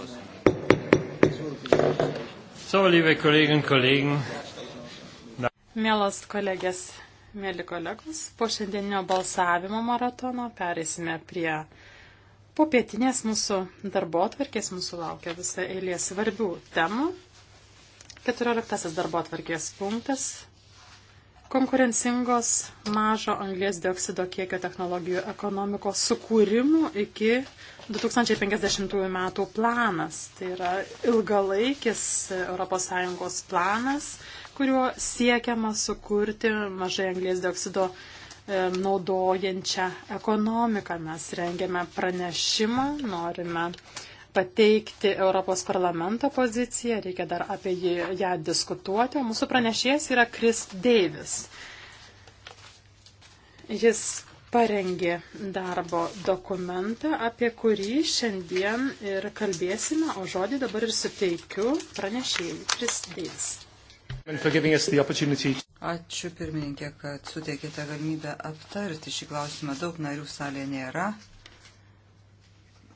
geschlossen. So, liebe Kolleginnen und Kollegen. Mielas kolegės, mėly kolegos, po šiandieninio balsavimo maratono perėsime prie popietinės mūsų darbo atvarkės, mūsų laukia visa eilė svarbių temų. 14 darbo atvarkės punktas konkurencingos mažo anglės dioksido kiekio technologijų ekonomikos sukūrimų iki 2050 metų planas. Tai yra ilgalaikis ES planas, kuriuo siekiama sukurti mažai anglės dioksido e, naudojančią ekonomiką. Mes rengiame pranešimą, norime uh, pateikti Europos parlamento poziciją, reikia dar apie jį, ją diskutuoti. O mūsų pranešėjas yra Kris Deivis. Jis parengė darbo dokumentą, apie kurį šiandien ir kalbėsime, o žodį dabar ir suteikiu pranešėjai Kris Deivis. Ačiū pirmininkė, kad suteikėte galimybę aptarti šį klausimą. Daug narių salėje nėra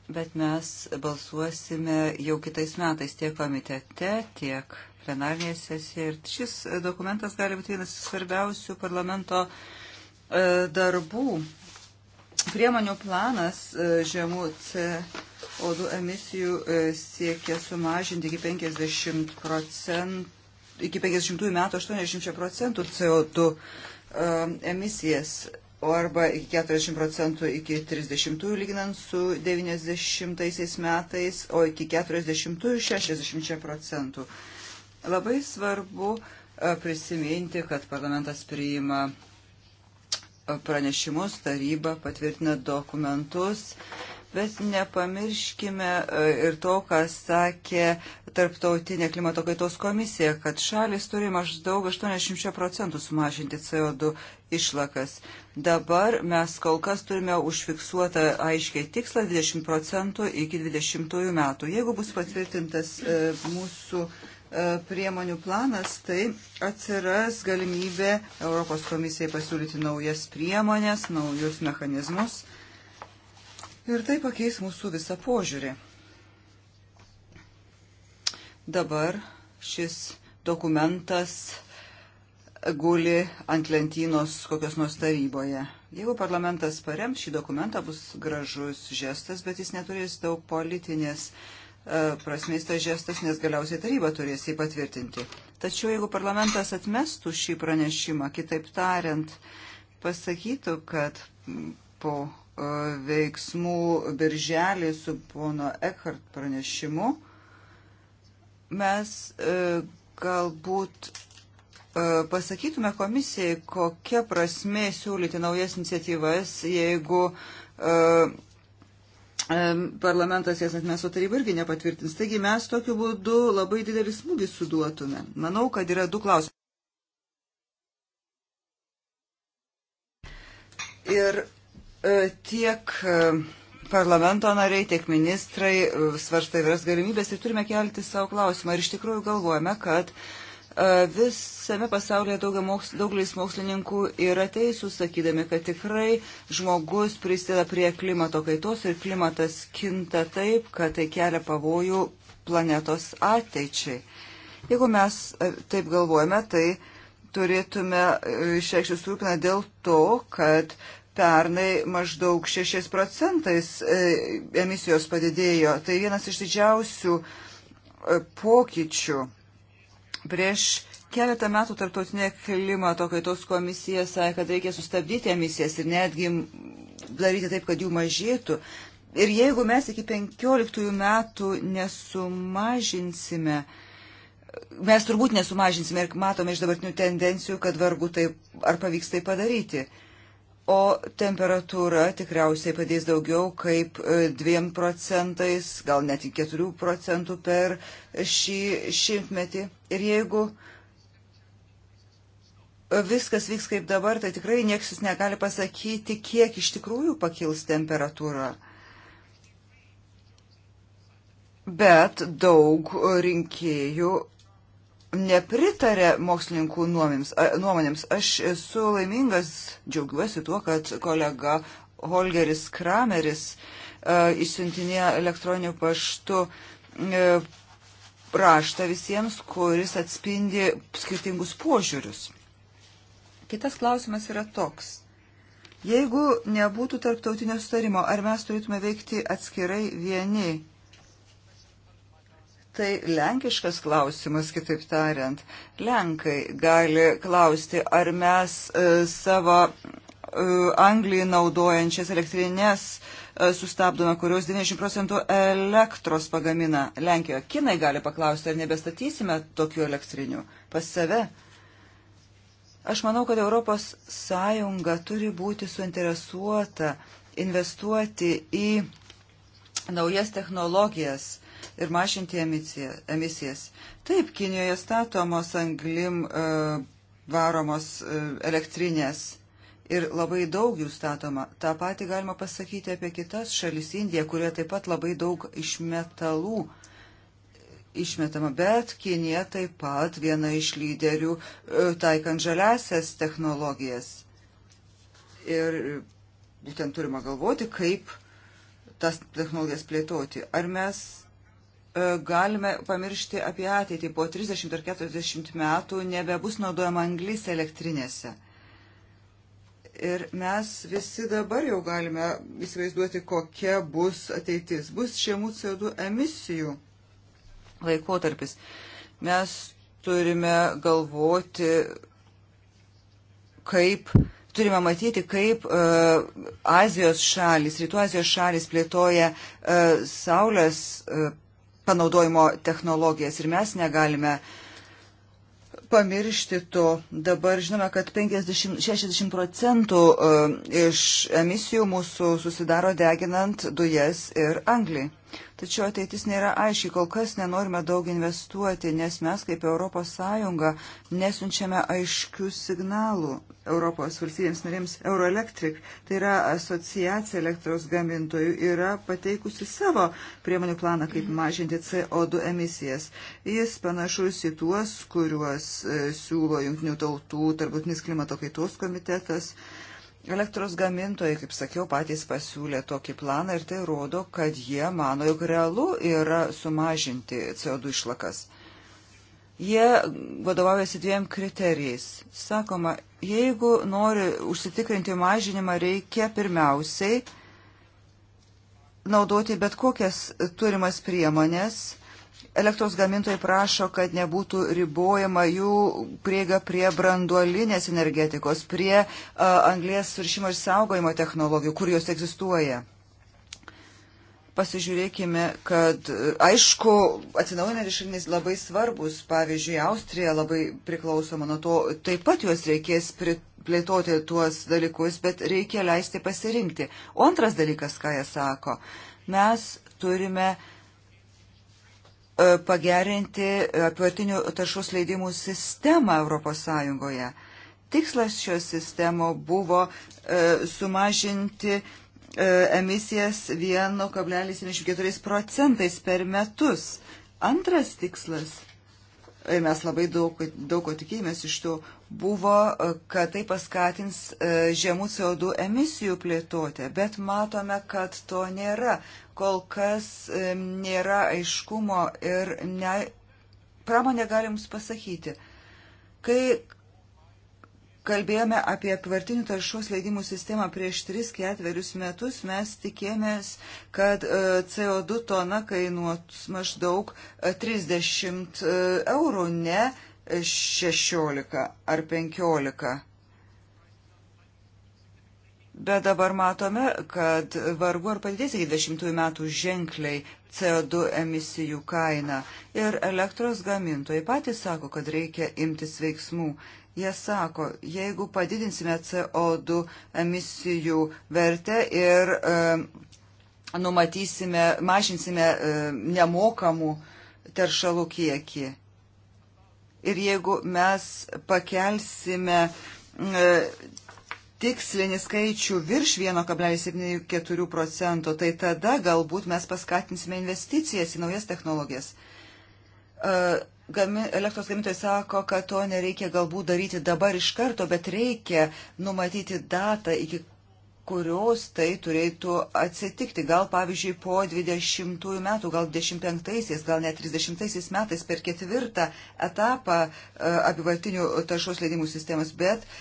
bet mes balsuosime jau kitais metais tiek komitete, tiek plenarnėje sesijoje. Ir šis dokumentas gali būti vienas svarbiausių parlamento e, darbų. Priemonių planas e, žemų CO2 emisijų e, siekia sumažinti iki 50 procentų, iki 50 metų 80 procentų CO2 emisijas o arba iki 40 procentų iki 30-ųjų lyginant su 90-aisiais metais, o iki 40-ųjų 60 procentų. Labai svarbu e, prisiminti, kad parlamentas priima e, pranešimus, taryba patvirtina dokumentus, bet nepamirškime e, ir to, ką sakė Tarptautinė klimato kaitos komisija, kad šalis turi maždaug 80 procentų sumažinti CO2 išlakas. Dabar mes kol kas turime užfiksuotą aiškiai tikslą 20 procentų iki 20 metų. Jeigu bus patvirtintas e, mūsų e, priemonių planas, tai atsiras galimybė Europos komisijai pasiūlyti naujas priemonės, naujus mechanizmus ir tai pakeis mūsų visą požiūrį. Dabar šis dokumentas guli ant lentynos kokios nors taryboje. Jeigu parlamentas parems šį dokumentą, bus gražus žestas, bet jis neturės daug politinės e, prasmės tas žestas, nes galiausiai taryba turės jį patvirtinti. Tačiau jeigu parlamentas atmestų šį pranešimą, kitaip tariant, pasakytų, kad po e, veiksmų birželį su pono Eckhart pranešimu mes e, galbūt E, pasakytume komisijai, kokia prasme siūlyti naujas iniciatyvas, jeigu e, e, parlamentas jas atmeso taryba irgi nepatvirtins. Taigi mes tokiu būdu labai didelį smūgį suduotume. Manau, kad yra du klausimai. Ir tiek parlamento nariai, tiek ministrai svarsta įvairias galimybės ir turime kelti savo klausimą. Ir iš tikrųjų galvojame, kad uh, E, visame pasaulyje daugelis mokslininkų yra teisūs, sakydami, kad tikrai žmogus prisideda prie klimato kaitos ir klimatas kinta taip, kad tai kelia pavojų planetos ateičiai. Jeigu mes e, taip galvojame, tai turėtume e, išreikšti surūpiną dėl to, kad pernai maždaug 6 procentais emisijos padidėjo. Tai vienas iš didžiausių pokyčių Prieš keletą metų tarptautinė klimato kaitos komisija sakė, kad reikia sustabdyti emisijas ir netgi daryti taip, kad jų mažėtų. Ir jeigu mes iki 15 metų nesumažinsime, mes turbūt nesumažinsime ir matome iš dabartinių tendencijų, kad vargu taip, ar pavyks tai padaryti. O temperatūra tikriausiai padės daugiau kaip 2 e, procentais, gal net 4 procentų per šį šimtmetį. Ir jeigu viskas vyks kaip dabar, tai tikrai nieks jūs negali pasakyti, kiek iš tikrųjų pakils temperatūra. Bet daug rinkėjų nepritarė mokslininkų nuomonėms. Aš esu laimingas, džiaugiuosi tuo, kad kolega Holgeris Krameris uh, išsiuntinė elektroniniu paštu uh, raštą visiems, kuris atspindi skirtingus požiūrius. Kitas klausimas yra toks. Jeigu nebūtų tarptautinio sutarimo, ar mes turėtume veikti atskirai vieni tai lenkiškas klausimas, kitaip tariant. Lenkai gali klausti, ar mes e, savo e, Anglijai naudojančias elektrinės e, sustabdome, kurios 90 procentų elektros pagamina Lenkijoje. Kinai gali paklausti, ar nebestatysime tokių elektrinių pas save. Aš manau, kad Europos Sąjunga turi būti suinteresuota investuoti į naujas technologijas, ir mažinti emisijas. Taip, Kinijoje statomos anglim e, varomos e, elektrinės ir labai daug jų statoma. Ta pati galima pasakyti apie kitas šalis Indiją, kurioje taip pat labai daug išmetalų e, išmetama, bet Kinija taip pat viena iš lyderių taikant žaliasias technologijas. Ir būtent turime galvoti, kaip tas technologijas plėtoti. Ar mes E, galime pamiršti apie ateitį. Po 30 ar 40 metų nebebus naudojama anglis elektrinėse. Ir mes visi dabar jau galime įsivaizduoti, kokia bus ateitis. Bus šiemų CO2 emisijų laikotarpis. Mes turime galvoti, kaip, turime matyti, kaip uh, Azijos šalis, Rytų Azijos šalis plėtoja uh, Saulės uh, panaudojimo technologijas ir mes negalime pamiršti to. Dabar žinome, kad 50, 60 procentų e, iš emisijų mūsų susidaro deginant dujas ir anglį. Tačiau ateitis nėra aiški, kol kas nenorime daug investuoti, nes mes kaip ES nesunčiame aiškių signalų Europos valstybėms narėms. Euroelektrik, tai yra asociacija elektros gamintojų, yra pateikusi savo priemonių planą, kaip mažinti CO2 emisijas. Jis panašus į tuos, kuriuos e, siūlo Junktinių tautų tarptautinis klimato kaitos komitetas. E, Elektros gamintojai, kaip sakiau, patys pasiūlė tokį planą ir tai rodo, kad jie mano, jog realu yra sumažinti CO2 išlakas. Jie vadovaujasi dviem kriterijais. Sakoma, jeigu nori užsitikrinti mažinimą, reikia pirmiausiai naudoti bet kokias turimas priemonės elektros gamintojai prašo, kad nebūtų ribojama jų prieiga prie branduolinės energetikos, prie uh, anglės surišimo ir saugojimo technologijų, kur jos egzistuoja. Pasižiūrėkime, kad e, aišku, atsinaujinantys šaltiniai labai svarbus. Pavyzdžiui, Austrija labai priklausoma nuo to, taip pat juos reikės plėtoti tuos dalykus, bet reikia leisti pasirinkti. O antras dalykas, ką jie sako, mes turime uh, E, pagerinti apivartinių taršos leidimų sistemą ES. Tikslas šios sistemo buvo e, sumažinti e, emisijas 1,74 procentais per metus. Antras tikslas, ir mes labai daug, daug ko tikėjomės iš to, buvo, kad tai paskatins žemų CO2 emisijų plėtotę, bet matome, kad to nėra kol kas nėra aiškumo ir ne, pramonė gali mums pasakyti. Kai kalbėjome apie apvartinių taršos leidimų sistemą prieš 3-4 metus, mes tikėjomės, kad e, CO2 tona kainuos maždaug 30 e, e, eurų, ne 16 ar 15. Bet dabar matome, kad vargu ar padidės iki 20 metų ženkliai CO2 emisijų kaina. Ir elektros gamintojai patys sako, kad reikia imtis veiksmų. Jie sako, jeigu padidinsime CO2 emisijų vertę ir e, numatysime, mažinsime e, nemokamų teršalų kiekį. Ir jeigu mes pakelsime e, tikslinį skaičių virš 1,74 procento, tai tada galbūt mes paskatinsime investicijas į naujas technologijas. E, gami, elektros gamintojai sako, kad to nereikia galbūt daryti dabar iš karto, bet reikia numatyti datą, iki kurios tai turėtų atsitikti. Gal pavyzdžiui po 20 metų, gal 25-aisiais, gal net 30-aisiais metais per ketvirtą etapą e, apivartinių taršos leidimų sistemas, bet uh,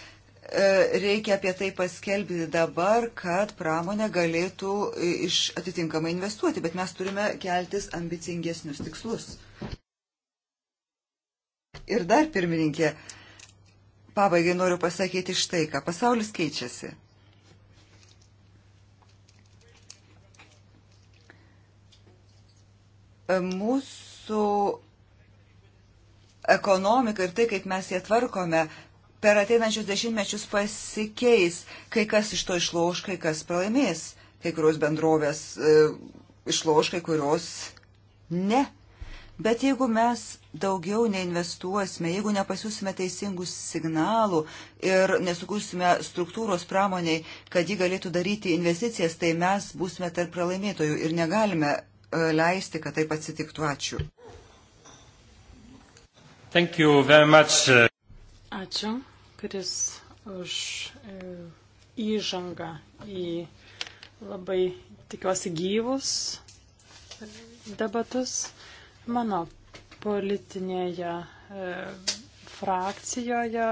E, reikia apie tai paskelbti dabar, kad pramonė galėtų e, iš atitinkamai investuoti, bet mes turime keltis ambicingesnius tikslus. Ir dar, pirmininkė, pabaigai noriu pasakyti štai ką. Pasaulis keičiasi. E, mūsų ekonomika ir tai, kaip mes ją tvarkome, per ateinančius dešimtmečius pasikeis, kai kas iš to išloš, kai kas pralaimės, kai kurios bendrovės e, išloš, kai kurios ne. Bet jeigu mes daugiau neinvestuosime, jeigu nepasiūsime teisingų signalų ir nesukursime struktūros pramoniai, kad ji galėtų daryti investicijas, tai mes būsime tarp pralaimėtojų ir negalime e, leisti, kad taip atsitiktų. Ačiū. Uh, Ačiū. Kris už e, įžangą į labai, tikiuosi, gyvus debatus. Mano politinėje e, frakcijoje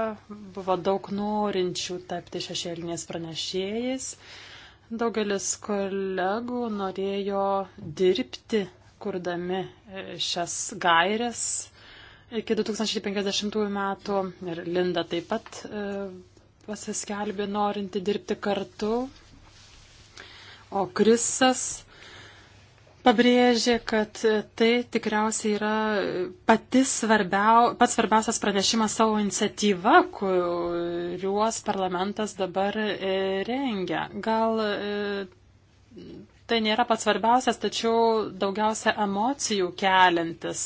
buvo daug norinčių tapti šešėlinės pranešėjais. Daugelis kolegų norėjo dirbti, kurdami e, šias gairias iki 2050 metų ir Linda taip pat e, pasiskelbė norinti dirbti kartu. O Krisas pabrėžė, kad tai tikriausiai yra pati svarbiau, pats svarbiausias pranešimas savo iniciatyva, kuriuos parlamentas dabar e, rengia. Gal e, tai nėra pats svarbiausias, tačiau daugiausia emocijų keliantis.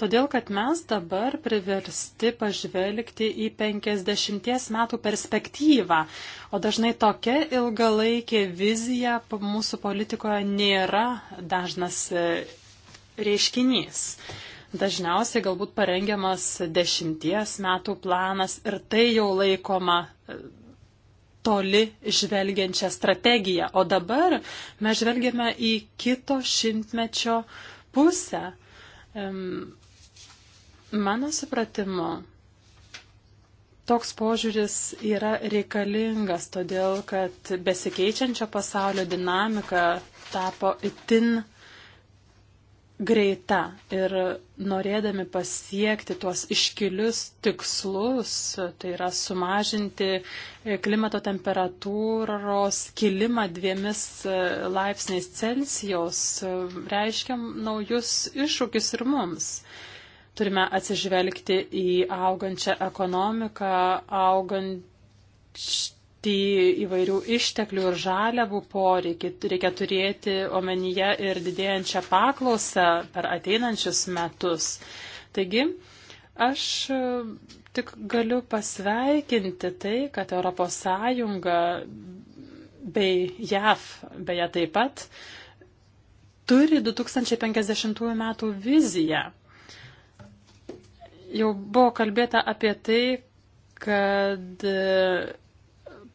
Todėl, kad mes dabar priversti pažvelgti į 50 metų perspektyvą, o dažnai tokia ilgalaikė vizija mūsų politikoje nėra dažnas e, reiškinys. Dažniausiai galbūt parengiamas dešimties metų planas ir tai jau laikoma e, toli žvelgiančią strategiją. O dabar mes žvelgiame į kito šimtmečio pusę. Mano supratimu, toks požiūris yra reikalingas, todėl kad besikeičiančio pasaulio dinamika tapo itin greita ir norėdami pasiekti tuos iškilius tikslus, tai yra sumažinti e, klimato temperatūros kilimą dviemis e, laipsniais Celsijaus, e, reiškia naujus iššūkius ir mums. Turime atsižvelgti į augančią ekonomiką, augančią įvairių išteklių ir žaliavų poreikį. Reikia turėti omenyje ir didėjančią paklausą per ateinančius metus. Taigi, aš e, tik galiu pasveikinti tai, kad ES bei JAV beje taip pat turi 2050 metų viziją. Jau buvo kalbėta apie tai, kad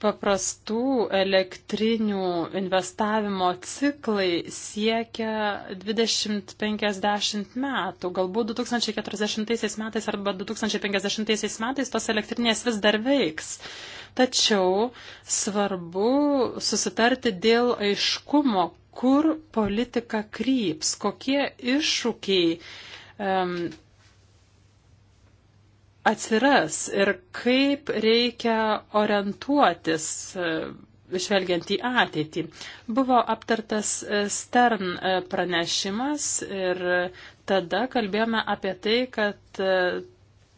paprastų elektrinių investavimo ciklai siekia 20-50 metų. Galbūt 2040 metais arba 2050 metais tos elektrinės vis dar veiks. Tačiau svarbu susitarti dėl aiškumo, kur politika kryps, kokie iššūkiai um, atsiras ir kaip reikia orientuotis e, žvelgiant į ateitį. Buvo aptartas e, Stern e, pranešimas ir tada kalbėjome apie tai, kad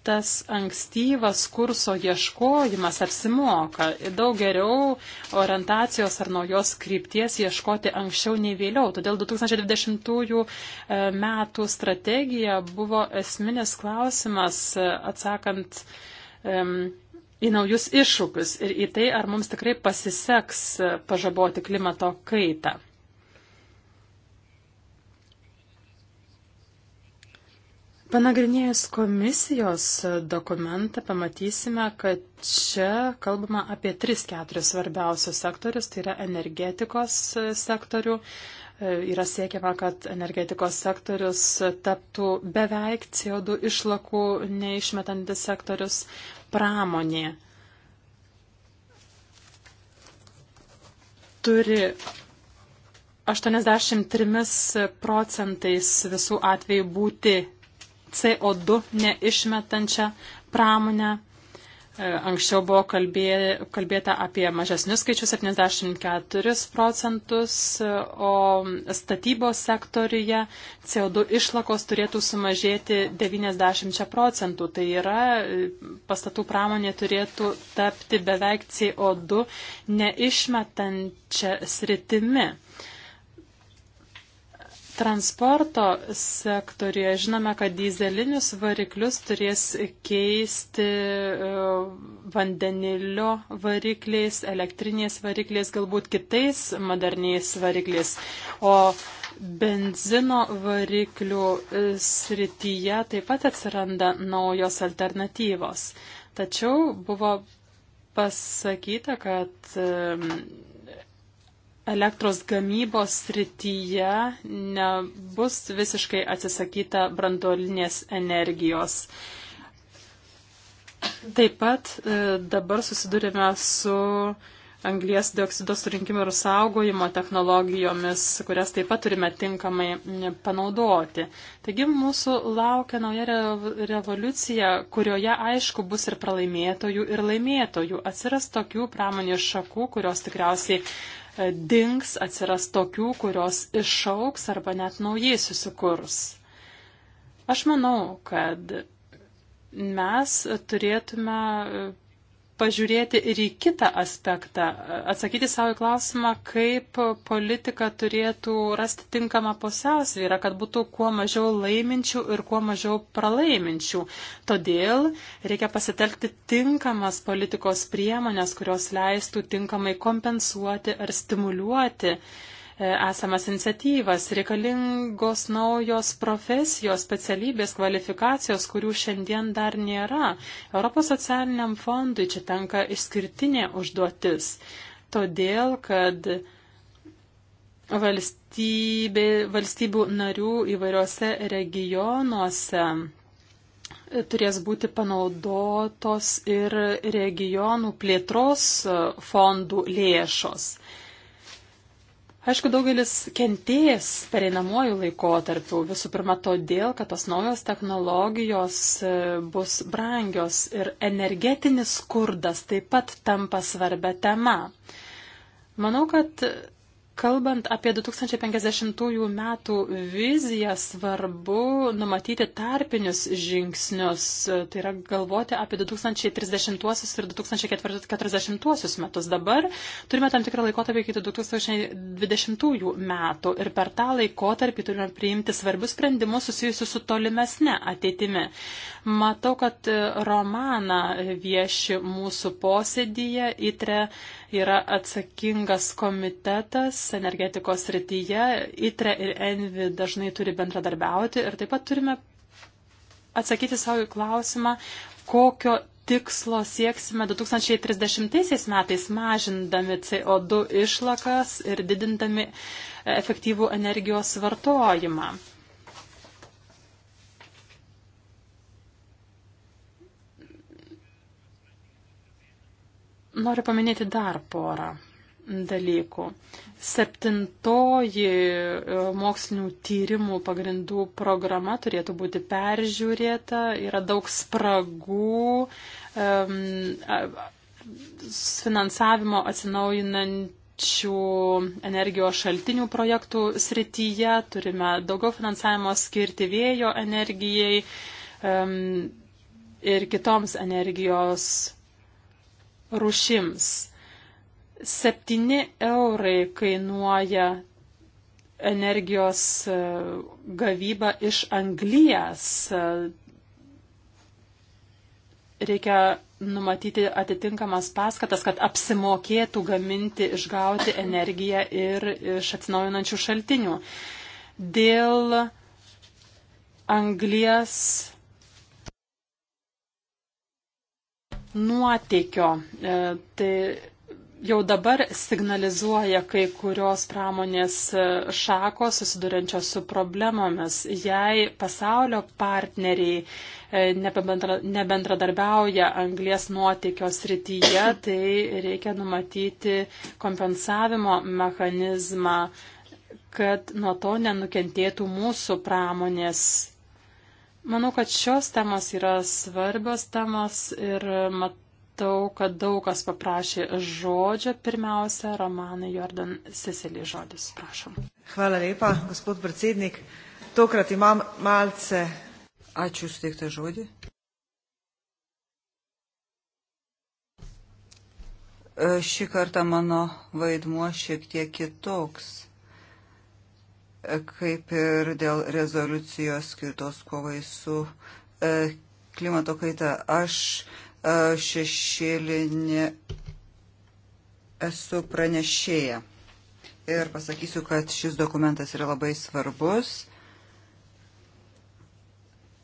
tas ankstyvas kurso ieškojimas apsimoka. Daug geriau orientacijos ar naujos krypties ieškoti anksčiau nei vėliau. Todėl 2020 e, metų strategija buvo esminis klausimas e, atsakant um, į naujus iššūkius ir į tai, ar mums tikrai pasiseks e, pažaboti klimato kaitą. Panagrinėjus komisijos dokumentą pamatysime, kad čia kalbama apie 3-4 svarbiausius sektorius, tai yra energetikos sektorių. E, yra siekiama, kad energetikos sektorius taptų beveik CO2 išlakų neišmetantis sektorius pramonė. Turi 83 procentais visų atvejų būti CO2 neišmetančią pramonę. E, anksčiau buvo kalbė, kalbėta apie mažesnius skaičius 74 procentus, e, o statybos sektorija CO2 išlakos turėtų sumažėti 90 procentų. Tai yra, e, pastatų pramonė turėtų tapti beveik CO2 neišmetančią sritimi. Transporto sektorija žinome, kad dizelinius variklius turės keisti e, vandenilio varikliais, elektrinės varikliais, galbūt kitais moderniais varikliais. O benzino variklių e, srityje taip pat atsiranda naujos alternatyvos. Tačiau buvo pasakyta, kad e, elektros gamybos srityje nebus visiškai atsisakyta brandolinės energijos. Taip pat e, dabar susidurime su anglies dioksido surinkimo ir saugojimo technologijomis, kurias taip pat turime tinkamai panaudoti. Taigi mūsų laukia nauja revoliucija, kurioje aišku bus ir pralaimėtojų, ir laimėtojų. Atsiras tokių pramonės šakų, kurios tikriausiai dings, atsiras tokių, kurios išauks arba net naujai susikurs. Aš manau, kad mes turėtume pažiūrėti ir į kitą aspektą, atsakyti savo į klausimą, kaip politika turėtų rasti tinkamą pusiausvyrą, kad būtų kuo mažiau laiminčių ir kuo mažiau pralaiminčių. Todėl reikia pasitelkti tinkamas politikos priemonės, kurios leistų tinkamai kompensuoti ar stimuliuoti uh, E, esamas iniciatyvas, reikalingos naujos profesijos, specialybės, kvalifikacijos, kurių šiandien dar nėra. Europos socialiniam fondui čia tenka išskirtinė užduotis, todėl kad valstybė, valstybių narių įvairiuose regionuose turės būti panaudotos ir regionų plėtros fondų lėšos. Aišku, daugelis kentės pereinamojų laikotarpių, visų pirma todėl, kad tos naujos technologijos e, bus brangios ir energetinis skurdas taip pat tampa svarbia tema. Manau, kad Kalbant apie 2050 metų viziją, svarbu numatyti tarpinius žingsnius, tai yra galvoti apie 2030 ir 2040 metus. Dabar turime tam tikrą laikotarpį iki 2020 metų ir per tą laikotarpį turime priimti svarbius sprendimus susijusius su tolimesne ateitimi. Matau, kad Romana vieši mūsų posėdyje įtre yra atsakingas komitetas energetikos rytyje, ITRE ir ENVI dažnai turi bendradarbiauti ir taip pat turime atsakyti savo į klausimą, kokio tikslo sieksime 2030 metais mažindami CO2 išlakas ir didindami efektyvų energijos vartojimą. Noriu paminėti dar porą dalykų. Septintoji e, mokslinių tyrimų pagrindų programa turėtų būti peržiūrėta, yra daug spragų um, finansavimo atsinaujinančių energijos šaltinių projektų srityje, turime daugiau finansavimo skirti vėjo energijai um, ir kitoms energijos rušims. 7 eurai kainuoja energijos e, gavyba iš anglijas. Reikia numatyti atitinkamas paskatas, kad apsimokėtų gaminti, išgauti energiją ir iš atsinaujinančių šaltinių. Dėl anglijas nuotekio. E, tai jau dabar signalizuoja kai kurios pramonės e, šakos susiduriančios su problemomis. Jei pasaulio partneriai e, nebendradarbiauja anglės nuotėkio srityje, tai reikia numatyti kompensavimo mechanizmą, kad nuo to nenukentėtų mūsų pramonės Manau, kad šios temos yra svarbios temos ir matau, kad daug kas paprašė žodžio. Pirmiausia, Romanai Jordan Sisilį žodis, prašom. Hvala lepa, gospod predsednik. Tokrat imam malce. Ačiū suteiktą žodį. E, šį kartą mano vaidmuo šiek tiek kitoks kaip ir dėl rezoliucijos skirtos kovai su e, klimato kaita. Aš e, šešėlinė esu pranešėja ir pasakysiu, kad šis dokumentas yra labai svarbus.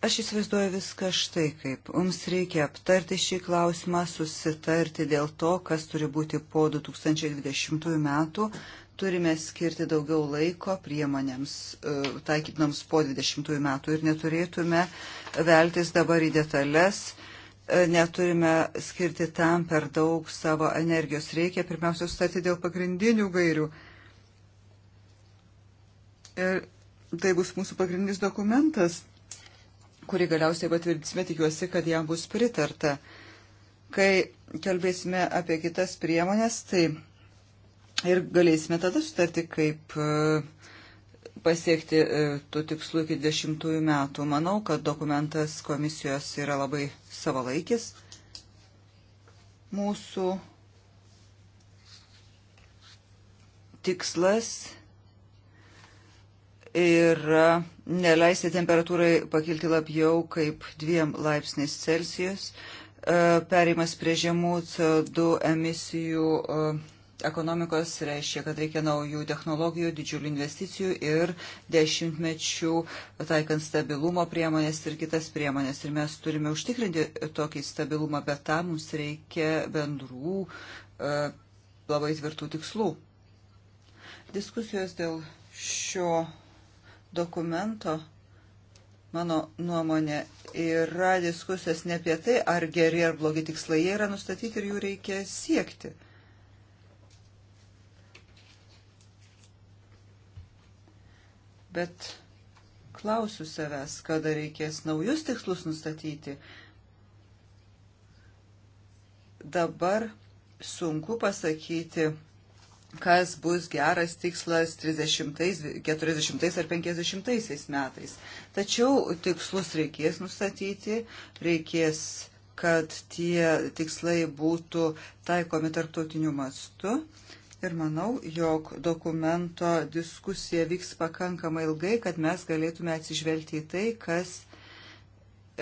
Aš įsivaizduoju viską štai kaip. Mums reikia aptarti šį klausimą, susitarti dėl to, kas turi būti po 2020 metų turime skirti daugiau laiko priemonėms e, taikytinoms po 20 metų ir neturėtume veltis dabar į detalės e, neturime skirti tam per daug savo energijos. Reikia pirmiausia sustatyti dėl pagrindinių gairių. Ir tai bus mūsų pagrindinis dokumentas, kurį galiausiai patvirtinsime, tikiuosi, kad jam bus pritarta. Kai kalbėsime apie kitas priemonės, tai ir galėsime tada sutarti, kaip e, pasiekti e, tų tikslų iki 20 metų. Manau, kad dokumentas komisijos yra labai savalaikis. Mūsų tikslas yra neleisti temperatūrai pakilti labiau kaip dviem laipsniais Celsius. E, Perimas prie žemų CO2 emisijų ekonomikos reiškia, kad reikia naujų technologijų, didžiulių investicijų ir dešimtmečių taikant stabilumo priemonės ir kitas priemonės. Ir mes turime užtikrinti tokį stabilumą, bet tam mums reikia bendrų e, labai tvirtų tikslų. Diskusijos dėl šio dokumento mano nuomonė, yra diskusijos ne apie tai, ar geri ar blogi tikslai jie yra nustatyti ir jų reikia siekti. bet klausiu savęs, kada reikės naujus tikslus nustatyti. Dabar sunku pasakyti, kas bus geras tikslas 30, 40 ar 50 metais. Tačiau tikslus reikės nustatyti, reikės, kad tie tikslai būtų taikomi tarptautiniu mastu ir manau, jog dokumento diskusija vyks pakankamai ilgai, kad mes galėtume atsižvelgti į tai, kas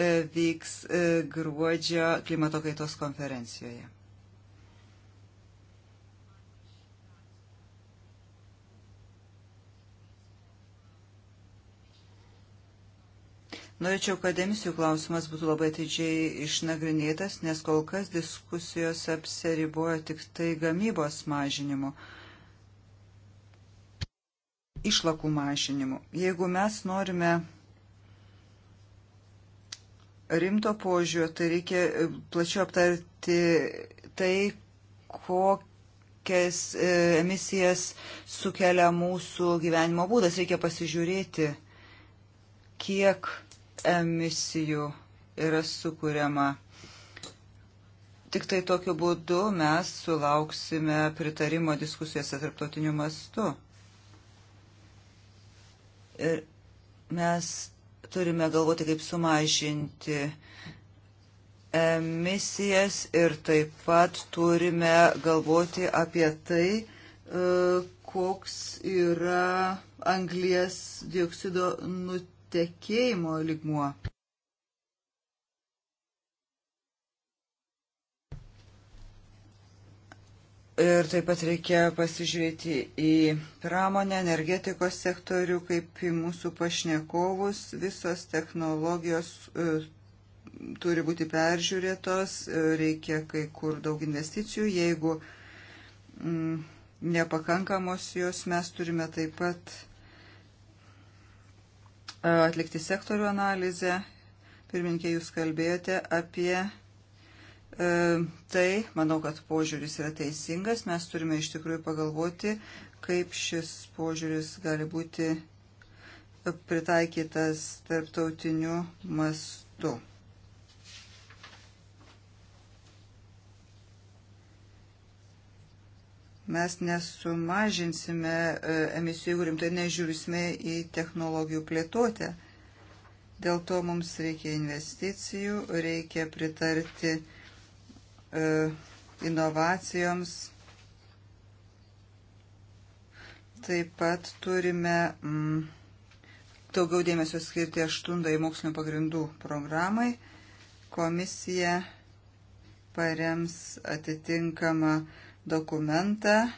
e, vyks e, gruodžio klimato kaitos konferencijoje. Norėčiau, kad emisijų klausimas būtų labai atidžiai išnagrinėtas, nes kol kas diskusijos apsiribojo tik tai gamybos mažinimu, išlakų mažinimu. Jeigu mes norime rimto požiūrio, tai reikia e, plačiau aptarti tai, kokias e, emisijas sukelia mūsų gyvenimo būdas. Reikia pasižiūrėti, kiek emisijų yra sukūriama. Tik tai tokiu būdu mes sulauksime pritarimo diskusijose tarptautiniu mastu. Ir mes turime galvoti, kaip sumažinti emisijas ir taip pat turime galvoti apie tai, e, koks yra anglies dioksido nutikimas tekėjimo ligmuo. Ir taip pat reikia pasižiūrėti į pramonę, energetikos sektorių, kaip į mūsų pašnekovus. Visos technologijos e, turi būti peržiūrėtos, e, reikia kai kur daug investicijų. Jeigu mm, nepakankamos jos, mes turime taip pat E, atlikti sektorių analizę. Pirminkė, jūs kalbėjote apie e, tai, manau, kad požiūris yra teisingas, mes turime iš tikrųjų pagalvoti, kaip šis požiūris gali būti pritaikytas tarptautiniu mastu. mes nesumažinsime e, emisijų, jeigu rimtai nežiūrėsime į technologijų plėtotę. Dėl to mums reikia investicijų, reikia pritarti e, inovacijoms. Taip pat turime mm, daugiau dėmesio skirti aštuntai mokslinio pagrindų programai. Komisija parems atitinkamą uh, dokumentą.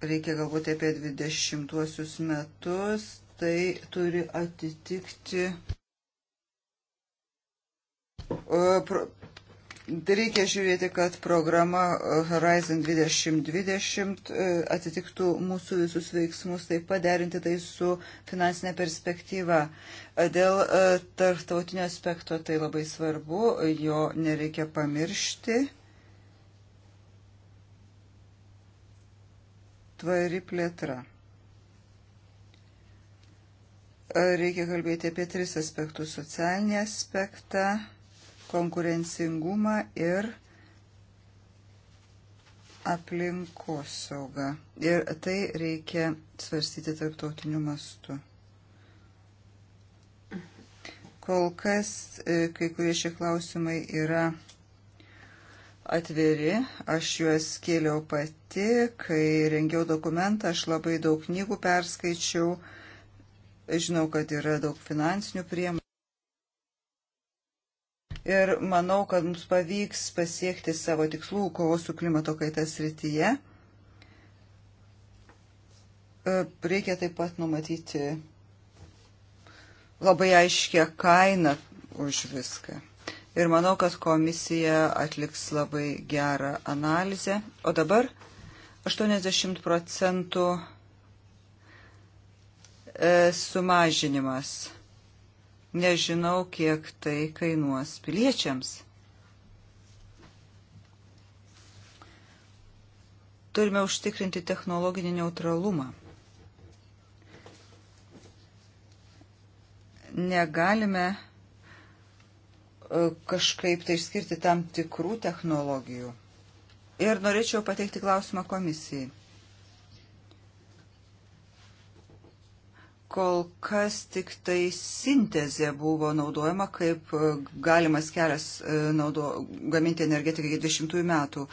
Reikia galvoti apie 20 metus. Tai turi atitikti. Tai reikia žiūrėti, kad programa Horizon 2020 e, atitiktų mūsų visus veiksmus, taip paderinti tai su finansinė perspektyva. Dėl e, tarptautinio aspekto tai labai svarbu, jo nereikia pamiršti. tvari plėtra. Reikia kalbėti apie tris aspektus - socialinį aspektą, konkurencingumą ir aplinkosaugą. Ir tai reikia svarstyti tarptautiniu mastu. Kol kas e, kai kurie šie klausimai yra atviri. Aš juos kėliau pati, kai rengiau dokumentą, aš labai daug knygų perskaičiau. Žinau, kad yra daug finansinių priemonių. Ir manau, kad mums pavyks pasiekti savo tikslų kovos su klimato kaitas rytyje. E, reikia taip pat numatyti labai aiškę kainą už viską ir manau, kad komisija atliks labai gerą analizę. O dabar 80 procentų e, sumažinimas. Nežinau, kiek tai kainuos piliečiams. Turime užtikrinti technologinį neutralumą. Negalime E, kažkaip tai išskirti tam tikrų technologijų. Ir norėčiau pateikti klausimą komisijai. Kol kas tik tai sintezė buvo naudojama kaip e, galimas kelias e, naudo, gaminti energetiką iki 20 metų.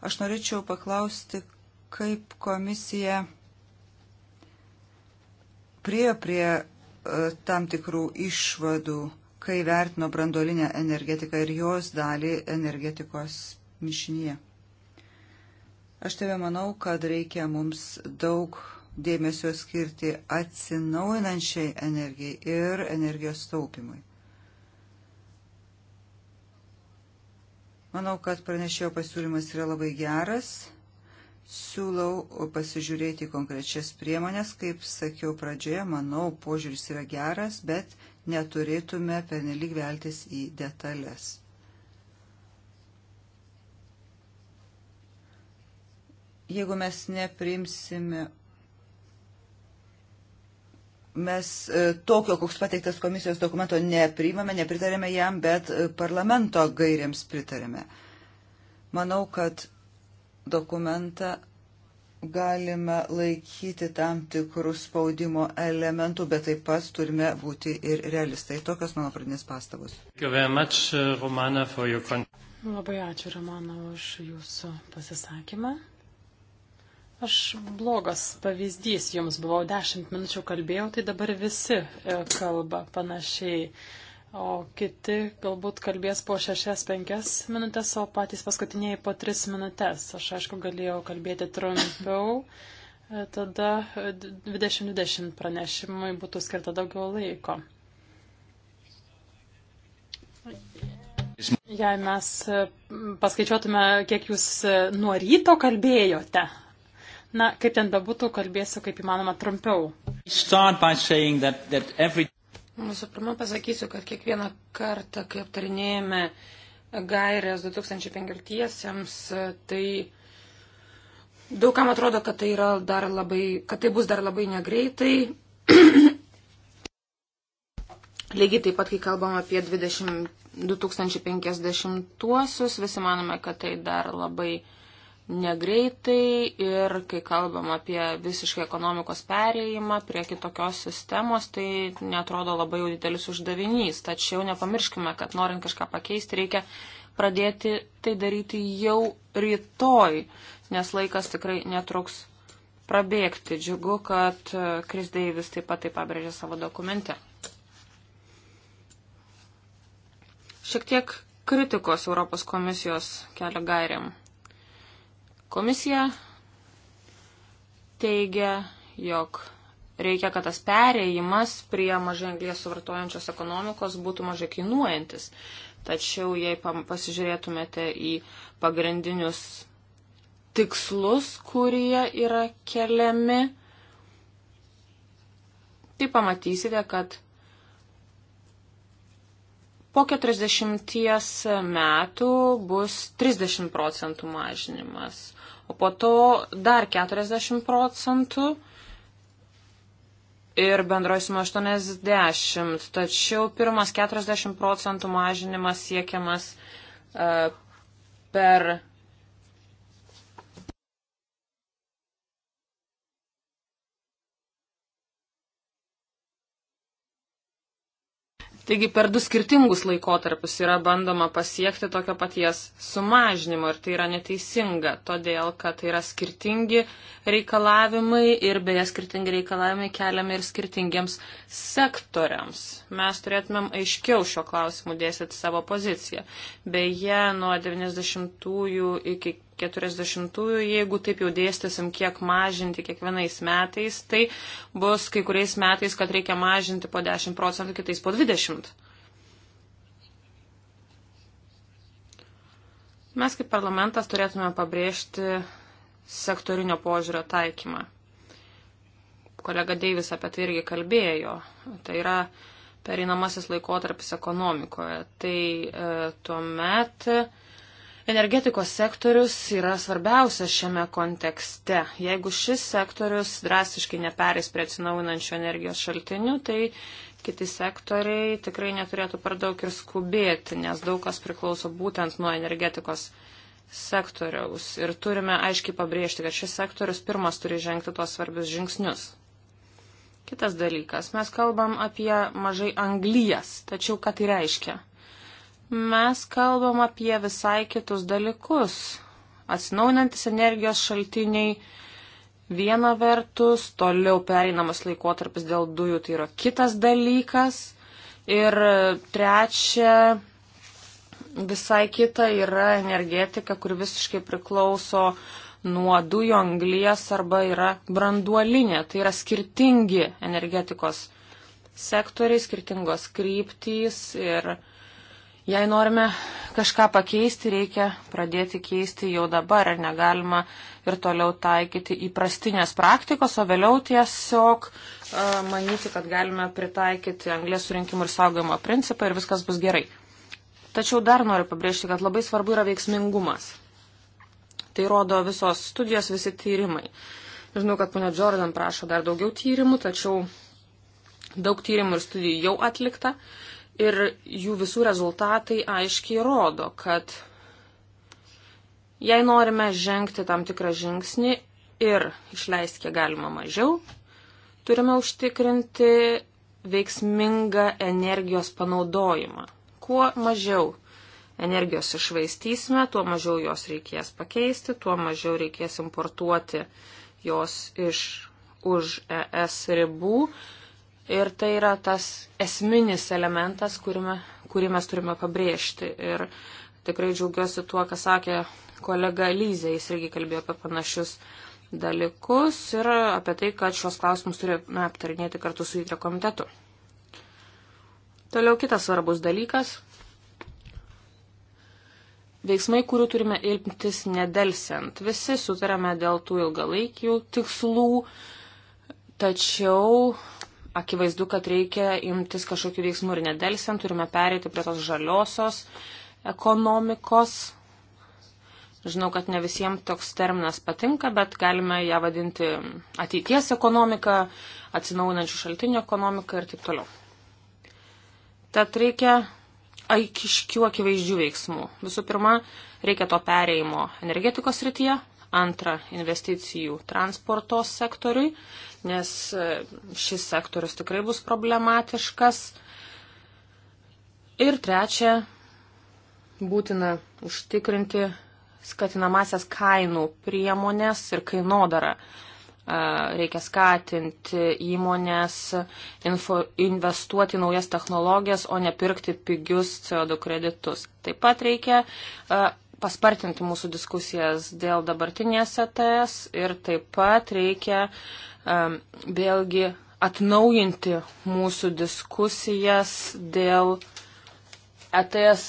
Aš norėčiau paklausti, kaip komisija prie prie tam tikrų išvadų kai vertino brandolinę energetiką ir jos dalį energetikos mišinyje. Aš tebe manau, kad reikia mums daug dėmesio skirti atsinaujinančiai energijai ir energijos taupimui. Manau, kad pranešėjo pasiūlymas yra labai geras. Siūlau pasižiūrėti konkrečias priemonės, kaip sakiau pradžioje, manau, požiūris yra geras, bet neturėtume pernelyg veltis į detalės. Jeigu mes neprimsime mes e, tokio, koks pateiktas komisijos dokumento, nepriimame, nepritarėme jam, bet e, parlamento gairiams pritarėme. Manau, kad dokumentą galime laikyti tam tikrų spaudimo elementų, bet taip pat turime būti ir realistai. Tokios mano pradinės pastabos. Much, uh, Romana, Labai ačiū, Romana, už jūsų pasisakymą. Aš blogas pavyzdys jums buvau, dešimt minučių kalbėjau, tai dabar visi e, kalba panašiai o kiti galbūt kalbės po 6-5 minutės, o patys paskutiniai po 3 minutės. Aš aišku galėjau kalbėti trumpiau, e, tada 2020 pranešimui būtų skirta daugiau laiko. Jei mes e, paskaičiuotume, kiek jūs e, nuo ryto kalbėjote, na, kaip ten bebūtų, kalbėsiu kaip įmanoma trumpiau. That, that every... Visų pirma, pasakysiu, kad kiekvieną kartą, kai aptarinėjame gairės 2015-iesiems, tai daug kam atrodo, kad tai, dar labai, kad tai bus dar labai negreitai. Lygiai taip pat, kai kalbam apie 20, 2050-uosius, visi manome, kad tai dar labai negreitai ir kai kalbam apie visiškai ekonomikos perėjimą prie kitokios sistemos, tai netrodo labai jau didelis uždavinys. Tačiau nepamirškime, kad norint kažką pakeisti, reikia pradėti tai daryti jau rytoj, nes laikas tikrai netruks prabėgti. Džiugu, kad Kris Deivis taip pat tai pabrėžė savo dokumente. Šiek tiek kritikos Europos komisijos kelio gairiam Komisija teigia, jog reikia, kad tas perėjimas prie mažai anglės suvartojančios ekonomikos būtų mažai kainuojantis. Tačiau jei pasižiūrėtumėte į pagrindinius tikslus, kurie yra keliami, tai pamatysite, kad po 40 metų bus 30 procentų mažinimas o po to dar 40 procentų ir bendroji suma 80. Tačiau pirmas 40 procentų mažinimas siekiamas uh, per Taigi per du skirtingus laikotarpius yra bandoma pasiekti tokio paties sumažinimo ir tai yra neteisinga, todėl kad tai yra skirtingi reikalavimai ir beje skirtingi reikalavimai keliami ir skirtingiems sektoriams. Mes turėtumėm aiškiau šio klausimu dėstyti savo poziciją. Beje, nuo 90-ųjų iki 40-ųjų, jeigu taip jau dėstysim, kiek mažinti kiekvienais metais, tai bus kai kuriais metais, kad reikia mažinti po 10 procentų, kitais po 20. Mes kaip parlamentas turėtume pabrėžti sektorinio požiūrio taikymą. Kolega Deivis apie tai irgi kalbėjo. Tai yra pereinamasis laikotarpis ekonomikoje. Tai e, tuomet met Energetikos sektorius yra svarbiausias šiame kontekste. Jeigu šis sektorius drastiškai neperės prie atsinaujinančių energijos šaltinių, tai kiti sektoriai tikrai neturėtų per daug ir skubėti, nes daug kas priklauso būtent nuo energetikos sektoriaus. Ir turime aiškiai pabrėžti, kad šis sektorius pirmas turi žengti tuos svarbius žingsnius. Kitas dalykas, mes kalbam apie mažai anglijas, tačiau ką tai reiškia? mes kalbam apie visai kitus dalykus. Atsinaujantis energijos šaltiniai viena vertus, toliau pereinamas laikotarpis dėl dujų tai yra kitas dalykas. Ir trečia, visai kita yra energetika, kur visiškai priklauso nuo dujų anglies arba yra branduolinė. Tai yra skirtingi energetikos sektoriai, skirtingos kryptys ir Jei norime kažką pakeisti, reikia pradėti keisti jau dabar ir negalima ir toliau taikyti įprastinės praktikos, o vėliau tiesiog manyti, kad galime pritaikyti anglės surinkimų ir saugojimo principą ir viskas bus gerai. Tačiau dar noriu pabrėžti, kad labai svarbu yra veiksmingumas. Tai rodo visos studijos, visi tyrimai. Žinau, kad ponia Jordan prašo dar daugiau tyrimų, tačiau daug tyrimų ir studijų jau atlikta. Uh, Ir jų visų rezultatai aiškiai rodo, kad jei norime žengti tam tikrą žingsnį ir išleisti kiek galima mažiau, turime užtikrinti veiksmingą energijos panaudojimą. Kuo mažiau energijos išvaistysime, tuo mažiau jos reikės pakeisti, tuo mažiau reikės importuoti jos iš už ES ribų Ir tai yra tas esminis elementas, kurime, kurį mes turime pabrėžti. Ir tikrai džiaugiuosi tuo, ką sakė kolega Lyzė, jis irgi kalbėjo apie panašius dalykus ir apie tai, kad šios klausimus turi na, aptarinėti kartu su įtrio komitetu. Toliau kitas svarbus dalykas. Veiksmai, kurių turime imtis nedelsiant. Visi sutarėme dėl tų ilgalaikių tikslų, tačiau akivaizdu, kad reikia imtis kažkokių veiksmų ir nedelsiant, turime pereiti prie tos žaliosios ekonomikos. Žinau, kad ne visiems toks terminas patinka, bet galime ją vadinti ateities ekonomika, atsinaujinančių šaltinių ekonomika ir taip toliau. Tad reikia aikiškių akivaizdžių veiksmų. Visų pirma, reikia to pereimo energetikos rytyje, Antra, investicijų transporto sektoriui, nes e, šis sektorius tikrai bus problematiškas. Ir trečia, būtina užtikrinti skatinamasias kainų priemonės ir kainodarą. E, reikia skatinti įmonės info, investuoti naujas technologijas, o ne pirkti pigius CO2 kreditus. Taip pat reikia e, paspartinti mūsų diskusijas dėl dabartinės ETS ir taip pat reikia um, vėlgi atnaujinti mūsų diskusijas dėl ETS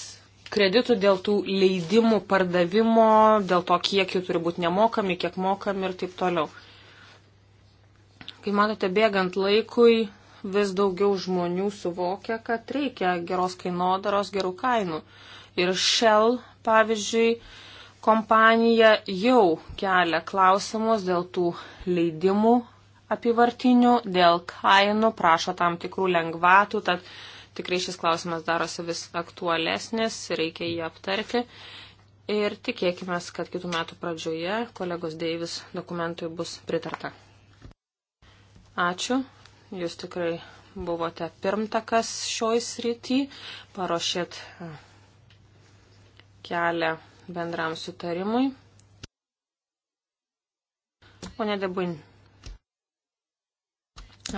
kreditų, dėl tų leidimų pardavimo, dėl to, kiek jų turi būti nemokami, kiek mokami ir taip toliau. Kai matote, bėgant laikui vis daugiau žmonių suvokia, kad reikia geros kainodaros, gerų kainų. Ir Shell pavyzdžiui, kompanija jau kelia klausimus dėl tų leidimų apivartinių, dėl kainų, prašo tam tikrų lengvatų, tad tikrai šis klausimas darosi vis aktualesnis, reikia jį aptarti. Ir tikėkime, kad kitų metų pradžioje kolegos Deivis dokumentui bus pritarta. Ačiū. Jūs tikrai buvote pirmtakas šioj srity, paruošėt kelią bendram sutarimui. Pone Debun.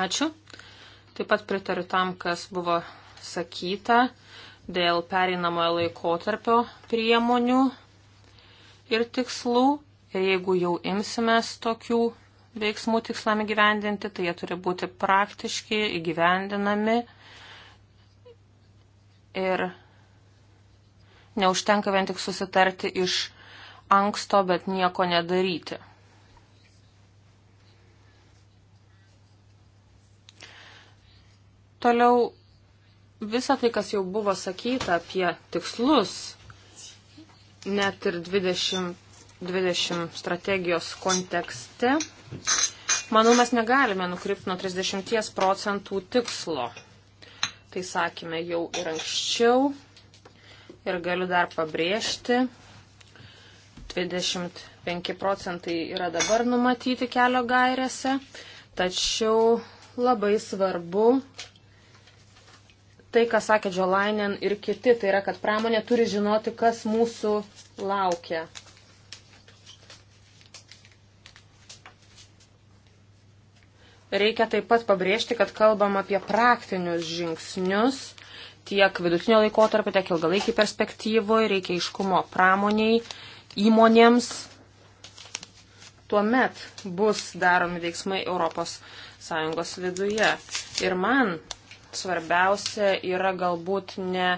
Ačiū. Taip pat pritariu tam, kas buvo sakyta dėl pereinamojo laikotarpio priemonių ir tikslų. Ir jeigu jau imsimės tokių veiksmų tikslam įgyvendinti, tai jie turi būti praktiški, įgyvendinami ir Neužtenka vien tik susitarti iš anksto, bet nieko nedaryti. Toliau visą tai, kas jau buvo sakyta apie tikslus, net ir 20, 20 strategijos kontekste, manau, mes negalime nukrypti nuo 30 procentų tikslo. Tai sakėme jau ir anksčiau ir galiu dar pabrėžti, 25 procentai yra dabar numatyti kelio gairėse, tačiau labai svarbu tai, ką sakė Džolainen ir kiti, tai yra, kad pramonė turi žinoti, kas mūsų laukia. Reikia taip pat pabrėžti, kad kalbam apie praktinius žingsnius tiek vidutinio laikotarpio, tiek ilgalaikį perspektyvoje, reikia iškumo pramoniai, įmonėms. Tuomet bus daromi veiksmai ES viduje. Ir man svarbiausia yra galbūt ne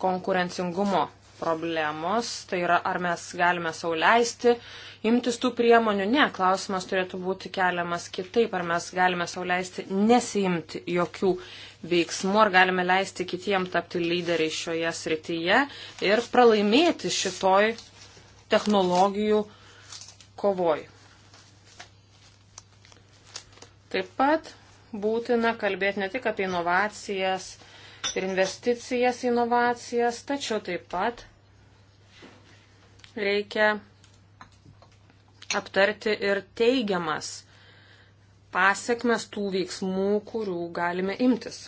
konkurencingumo problemos, tai yra ar mes galime sauliaisti imtis tų priemonių. Ne, klausimas turėtų būti keliamas kitaip, ar mes galime sauliaisti nesiimti jokių veiksmų, ar galime leisti kitiems tapti lyderiai šioje srityje ir pralaimėti šitoj technologijų kovoj. Taip pat būtina kalbėti ne tik apie inovacijas ir investicijas į inovacijas, tačiau taip pat reikia aptarti ir teigiamas pasiekmes tų veiksmų, kurių galime imtis.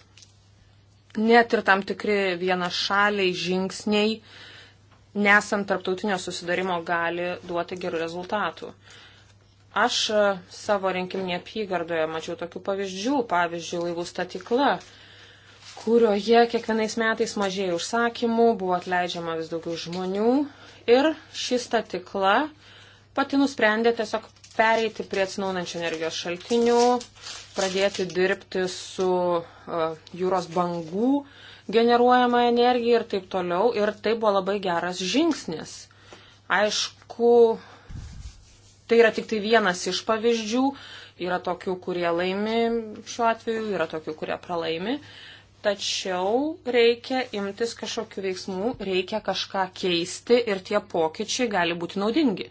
Net ir tam tikri vienašaliai žingsniai, nesant tarptautinio susidarimo, gali duoti gerų rezultatų. Aš e, savo rinkiminėje apygardoje mačiau tokių pavyzdžių, pavyzdžiui, laivų statykla, kurioje kiekvienais metais mažėjo užsakymų, buvo atleidžiama vis daugiau žmonių ir ši statykla pati nusprendė tiesiog pereiti prie atsinaunančių energijos šaltinių, pradėti dirbti su e, jūros bangų generuojama energija ir taip toliau. Ir tai buvo labai geras žingsnis. Aišku, tai yra tik tai vienas iš pavyzdžių. Yra tokių, kurie laimi šiuo atveju, yra tokių, kurie pralaimi. Tačiau reikia imtis kažkokių veiksmų, reikia kažką keisti ir tie pokyčiai gali būti naudingi.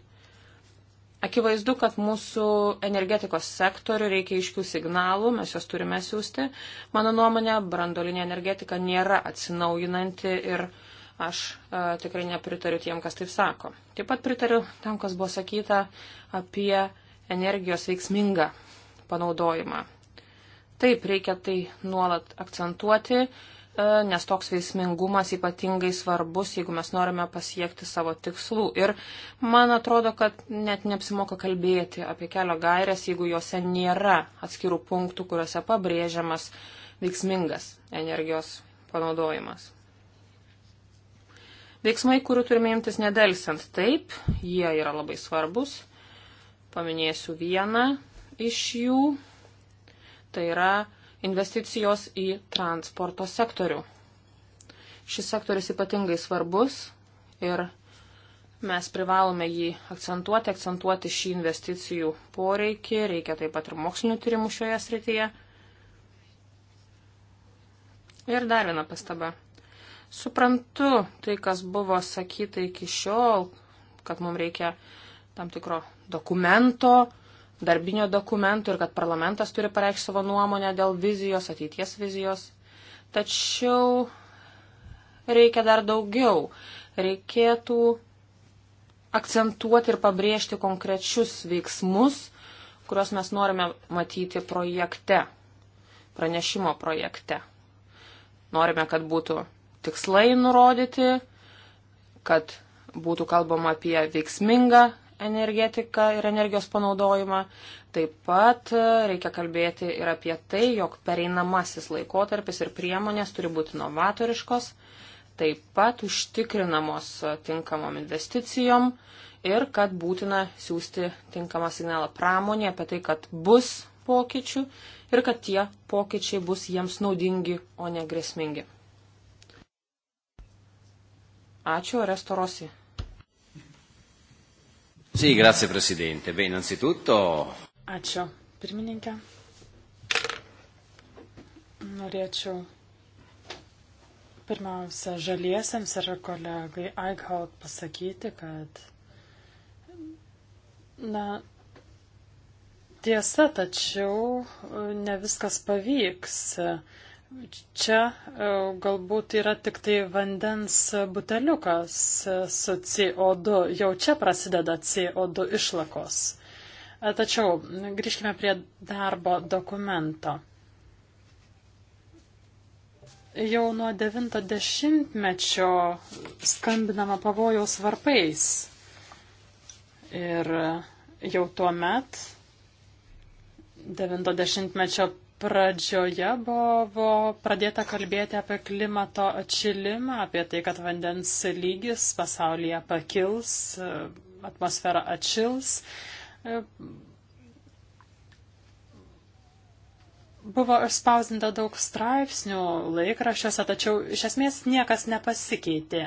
Akivaizdu, kad mūsų energetikos sektoriu reikia iškių signalų, mes juos turime siūsti. Mano nuomonė, brandolinė energetika nėra atsinaujinanti ir aš a, e, tikrai nepritariu tiem, kas taip sako. Taip pat pritariu tam, kas buvo sakyta apie energijos veiksmingą panaudojimą. Taip, reikia tai nuolat akcentuoti, E, nes toks veiksmingumas ypatingai svarbus, jeigu mes norime pasiekti savo tikslų. Ir man atrodo, kad net neapsimoka kalbėti apie kelio gairias, jeigu juose nėra atskirų punktų, kuriuose pabrėžiamas veiksmingas energijos panaudojimas. Veiksmai, kurių turime imtis nedelsiant, taip, jie yra labai svarbus. Paminėsiu vieną iš jų. Tai yra investicijos į transporto sektorių. Šis sektorius ypatingai svarbus ir mes privalome jį akcentuoti, akcentuoti šį investicijų poreikį, reikia taip pat ir mokslinių tyrimų šioje srityje. Ir dar viena pastaba. Suprantu tai, kas buvo sakyta iki šiol, kad mums reikia tam tikro dokumento, darbinio dokumentų ir kad parlamentas turi pareikšti savo nuomonę dėl vizijos, ateities vizijos. Tačiau reikia dar daugiau. Reikėtų akcentuoti ir pabrėžti konkrečius veiksmus, kuriuos mes norime matyti projekte, pranešimo projekte. Norime, kad būtų tikslai nurodyti, kad būtų kalbama apie veiksmingą energetiką ir energijos panaudojimą. Taip pat e, reikia kalbėti ir apie tai, jog pereinamasis laikotarpis ir priemonės turi būti novatoriškos, taip pat užtikrinamos e, tinkamom investicijom ir kad būtina siūsti tinkamą signalą pramonė apie tai, kad bus pokyčių ir kad tie pokyčiai bus jiems naudingi, o ne grėsmingi. Ačiū, Restorosi. Sì, grazie Presidente. Beh, innanzitutto. Ačiū, pirmininkė. Norėčiau pirmiausia žaliesiems ir kolegai Eichhout pasakyti, kad. Na, tiesa, tačiau e, ne viskas pavyks. Uh, Čia e, galbūt yra tik tai vandens buteliukas e, su CO2, jau čia prasideda CO2 išlakos. E, tačiau grįžkime prie darbo dokumento. Jau nuo 90-mečio skambinama pavojaus varpais. Ir jau tuo met 90-mečio pradžioje buvo pradėta kalbėti apie klimato atšilimą, apie tai, kad vandens lygis pasaulyje pakils, atmosfera atšils. Buvo išspausinta daug straipsnių laikraščiuose, tačiau iš esmės niekas nepasikeitė.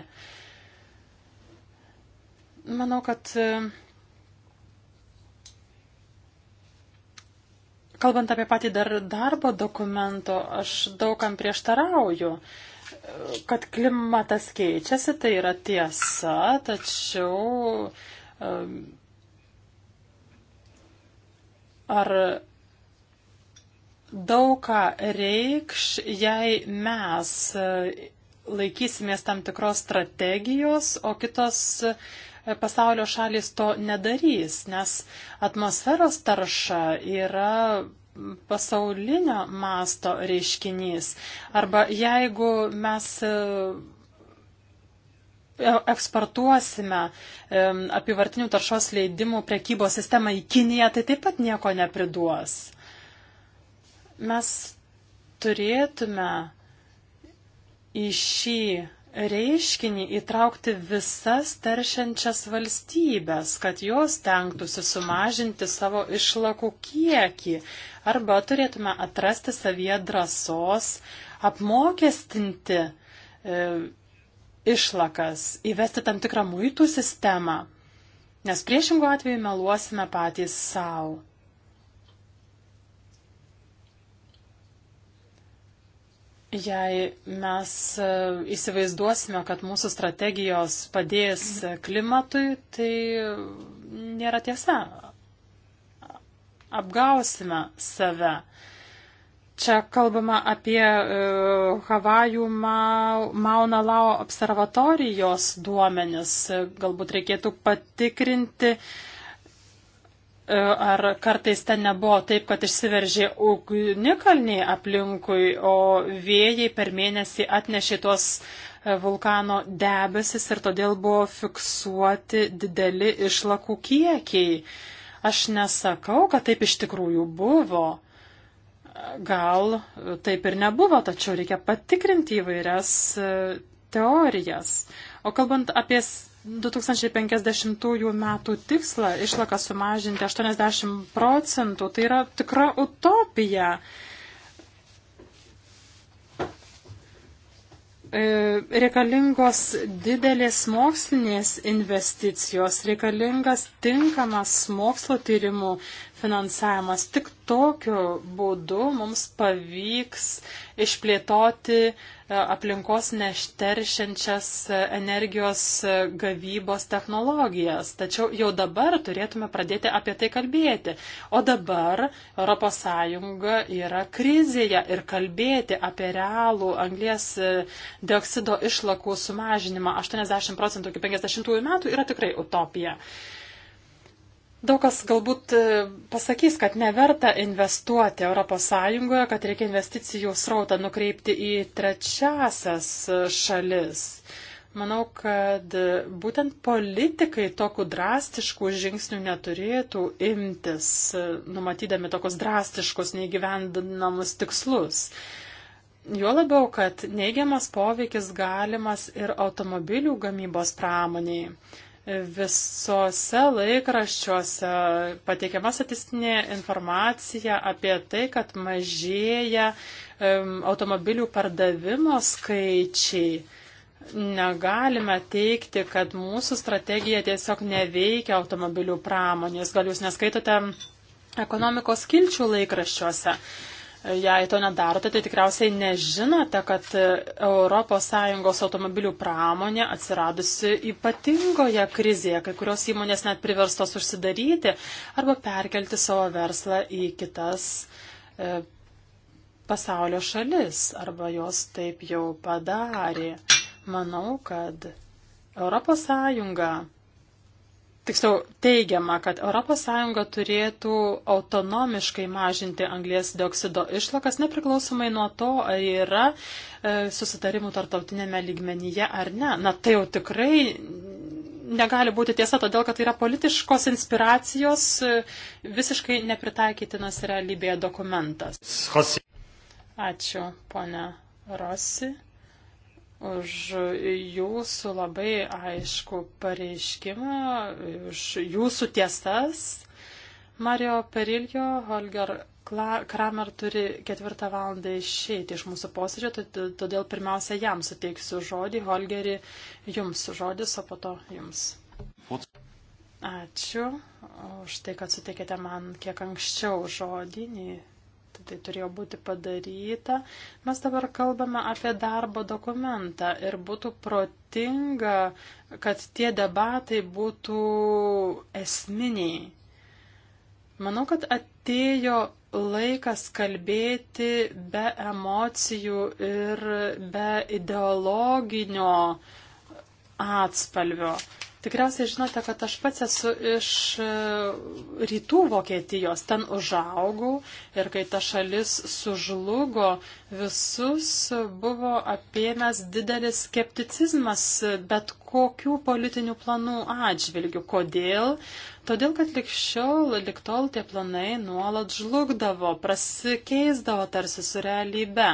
Manau, kad Kalbant apie patį dar darbo dokumento, aš daugam prieštarauju, kad klimatas keičiasi, tai yra tiesa, tačiau ar daug ką reikš, jei mes laikysimės tam tikros strategijos, o kitos pasaulio šalis to nedarys, nes atmosferos tarša yra pasaulinio masto reiškinys. Arba jeigu mes e, e, eksportuosime e, apivartinių taršos leidimų prekybos sistemą į Kiniją, tai taip pat nieko nepriduos. Mes turėtume į šį reiškinį įtraukti visas teršiančias valstybės, kad jos tenktųsi sumažinti savo išlakų kiekį, arba turėtume atrasti savie drąsos, apmokestinti e, išlakas, įvesti tam tikrą muitų sistemą, nes priešingų atveju meluosime patys savo. Jei mes e, įsivaizduosime, kad mūsų strategijos padės e, klimatui, tai nėra tiesa. Apgausime save. Čia kalbama apie uh, Havajų Mauna Lao observatorijos duomenis. Galbūt reikėtų patikrinti uh, E, ar kartais ten nebuvo taip, kad išsiveržė ugnikalniai aplinkui, o vėjai per mėnesį atnešė tuos e, vulkano debesis ir todėl buvo fiksuoti dideli išlakų kiekiai. Aš nesakau, kad taip iš tikrųjų buvo. Gal taip ir nebuvo, tačiau reikia patikrinti įvairias e, teorijas. O kalbant apie 2050 metų tikslą išlaką sumažinti 80 procentų, tai yra tikra utopija. E, reikalingos didelės mokslinės investicijos, reikalingas tinkamas mokslo tyrimų finansavimas. Tik tokiu būdu mums pavyks išplėtoti e, aplinkos nešteršiančias e, energijos e, gavybos technologijas. Tačiau jau dabar turėtume pradėti apie tai kalbėti. O dabar ES yra krizėje ir kalbėti apie realų anglės dioksido išlakų sumažinimą 80 procentų iki 50 metų yra tikrai utopija. Daug kas galbūt e, pasakys, kad neverta investuoti ES, kad reikia investicijų srautą nukreipti į trečiasias e, šalis. Manau, kad e, būtent politikai tokių drastiškų žingsnių neturėtų imtis, numatydami tokius drastiškus neįgyvendinamus tikslus. Juo labiau, kad neigiamas poveikis galimas ir automobilių gamybos pramoniai visose laikraščiuose pateikiama statistinė informacija apie tai, kad mažėja um, automobilių pardavimo skaičiai. Negalime teikti, kad mūsų strategija tiesiog neveikia automobilių pramonės. Gal jūs neskaitote ekonomikos kilčių laikraščiuose? Uh, Jei to nedarote, tai tikriausiai nežinote, kad ES automobilių pramonė atsiradusi ypatingoje krizėje, kai kurios įmonės net priverstos užsidaryti arba perkelti savo verslą į kitas e, pasaulio šalis, arba jos taip jau padarė. Manau, kad ES tiksliau teigiama, kad ES turėtų autonomiškai mažinti anglės dioksido išlakas, nepriklausomai nuo to, ar yra e, susitarimų tartautinėme lygmenyje ar ne. Na tai jau tikrai negali būti tiesa, todėl kad tai yra politiškos inspiracijos e, visiškai nepritaikytinas realybėje dokumentas. Ačiū, ponia Rosi už jūsų labai aišku pareiškimą, už jūsų tiesas. Mario Perilio, Holger Kramer turi ketvirtą valandą išeiti iš mūsų posėdžio, todėl pirmiausia jam suteiksiu žodį, Holgeri, jums žodis, o po to jums. Ačiū už tai, kad suteikėte man kiek anksčiau žodinį tai turėjo būti padaryta. Mes dabar kalbame apie darbo dokumentą ir būtų protinga, kad tie debatai būtų esminiai. Manau, kad atėjo laikas kalbėti be emocijų ir be ideologinio atspalvio. Tikriausiai žinote, kad aš pats esu iš e, rytų Vokietijos, ten užaugau ir kai ta šalis sužlugo, visus buvo apėmęs didelis skepticizmas bet kokių politinių planų atžvilgių. Kodėl? Todėl, kad likščiol, liktol tie planai nuolat žlugdavo, prasikeisdavo tarsi su realybe.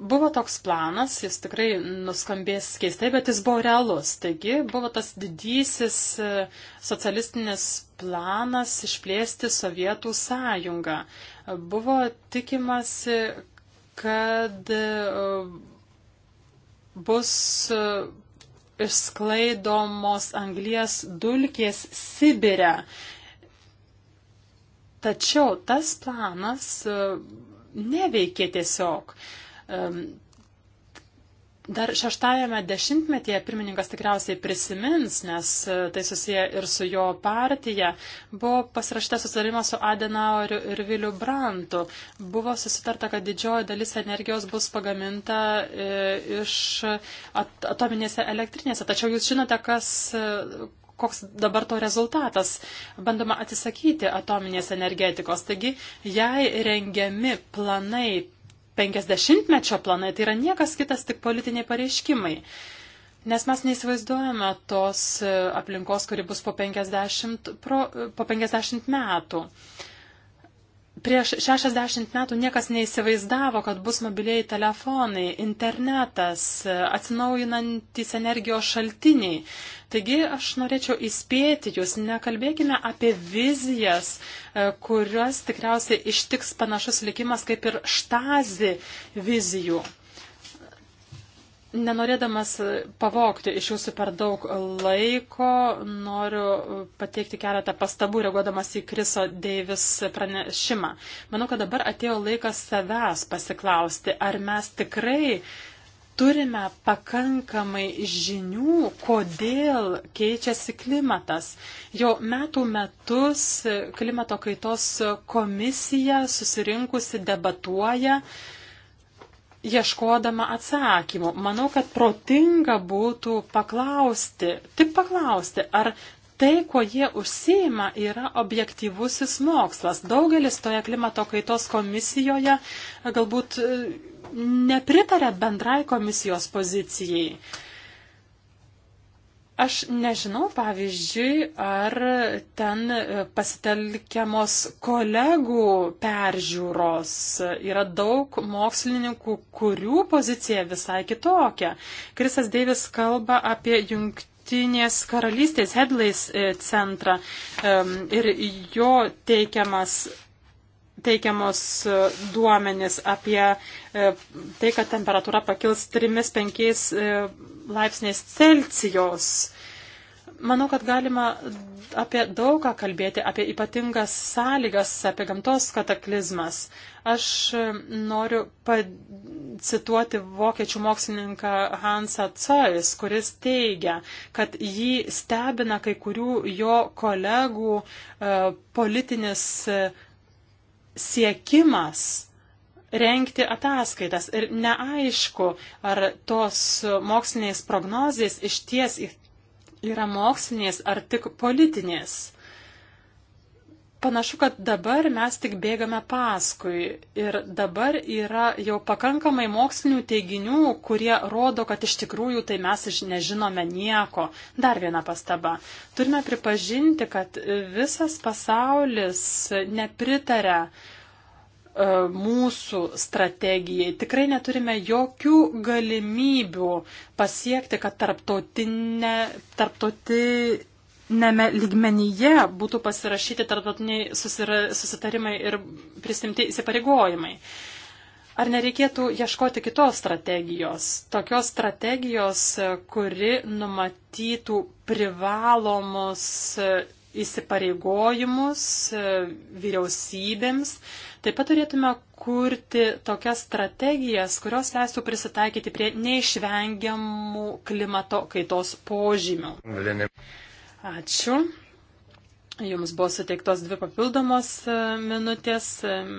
Buvo toks planas, jis tikrai nuskambės keistai, bet jis buvo realus. Taigi buvo tas didysis e, socialistinis planas išplėsti Sovietų sąjungą. Buvo tikimasi, kad e, bus e, išsklaidomos anglies dulkės Sibire. Tačiau tas planas neveikė tiesiog. Uh, Dar šeštajame dešimtmetyje pirmininkas tikriausiai prisimins, nes e, tai susiję ir su jo partija, buvo pasirašyta susitarimas su Adenaueriu ir Viliu Brantu. Buvo susitarta, kad didžioji dalis energijos bus pagaminta e, iš at atominėse elektrinėse. Tačiau jūs žinote, kas e, koks dabar to rezultatas. Bandoma atsisakyti atominės energetikos. Taigi, jei rengiami planai 50-mečio planai, tai yra niekas kitas, tik politiniai pareiškimai. Nes mes neįsivaizduojame tos aplinkos, kuri bus po 50, pro, po 50 metų. Uh, Prieš 60 metų niekas neįsivaizdavo, kad bus mobiliai telefonai, internetas, atsinaujinantis energijos šaltiniai. Taigi aš norėčiau įspėti jūs, nekalbėkime apie vizijas, e, kurios tikriausiai ištiks panašus likimas kaip ir štazi vizijų. Nenorėdamas pavokti iš jūsų per daug laiko, noriu pateikti keletą pastabų, reaguodamas į Kriso Deivis pranešimą. Manau, kad dabar atėjo laikas savęs pasiklausti, ar mes tikrai turime pakankamai žinių, kodėl keičiasi klimatas. Jau metų metus klimato kaitos komisija susirinkusi debatuoja ieškodama atsakymų. Manau, kad protinga būtų paklausti, tik paklausti, ar tai, kuo jie užsieima, yra objektyvusis mokslas. Daugelis toje klimato kaitos komisijoje e, galbūt e, nepritarė bendrai komisijos pozicijai. Aš nežinau, pavyzdžiui, ar ten e, pasitelkiamos kolegų peržiūros. Yra daug mokslininkų, kurių pozicija visai kitokia. Krisas Deivis kalba apie jungtinės karalystės Hedlais e, centrą ir jo teikiamas teikiamos e, duomenys apie e, tai, kad temperatūra pakils 3-5 e, laipsniais Celsijaus. Manau, kad galima apie daugą kalbėti, apie ypatingas sąlygas, apie gamtos kataklizmas. Aš noriu cituoti vokiečių mokslininką Hansą Ceus, kuris teigia, kad jį stebina kai kurių jo kolegų politinis siekimas renkti ataskaitas ir neaišku, ar tos mokslinės prognozijas iš ties yra mokslinės ar tik politinės. Panašu, kad dabar mes tik bėgame paskui ir dabar yra jau pakankamai mokslinių teiginių, kurie rodo, kad iš tikrųjų tai mes iš nežinome nieko. Dar viena pastaba. Turime pripažinti, kad visas pasaulis nepritaria e, mūsų strategijai. Tikrai neturime jokių galimybių pasiekti, kad tarptautinė, tarptautinė neme lygmenyje būtų pasirašyti tarptautiniai susitarimai ir prisimti įsipareigojimai. Ar nereikėtų ieškoti kitos strategijos, tokios strategijos, kuri numatytų privalomus įsipareigojimus e, vyriausybėms. Taip pat turėtume kurti tokias strategijas, kurios leistų prisitaikyti prie neišvengiamų klimato kaitos požymių. Lenė. Ačiū. Jums buvo suteiktos dvi papildomos e, minutės.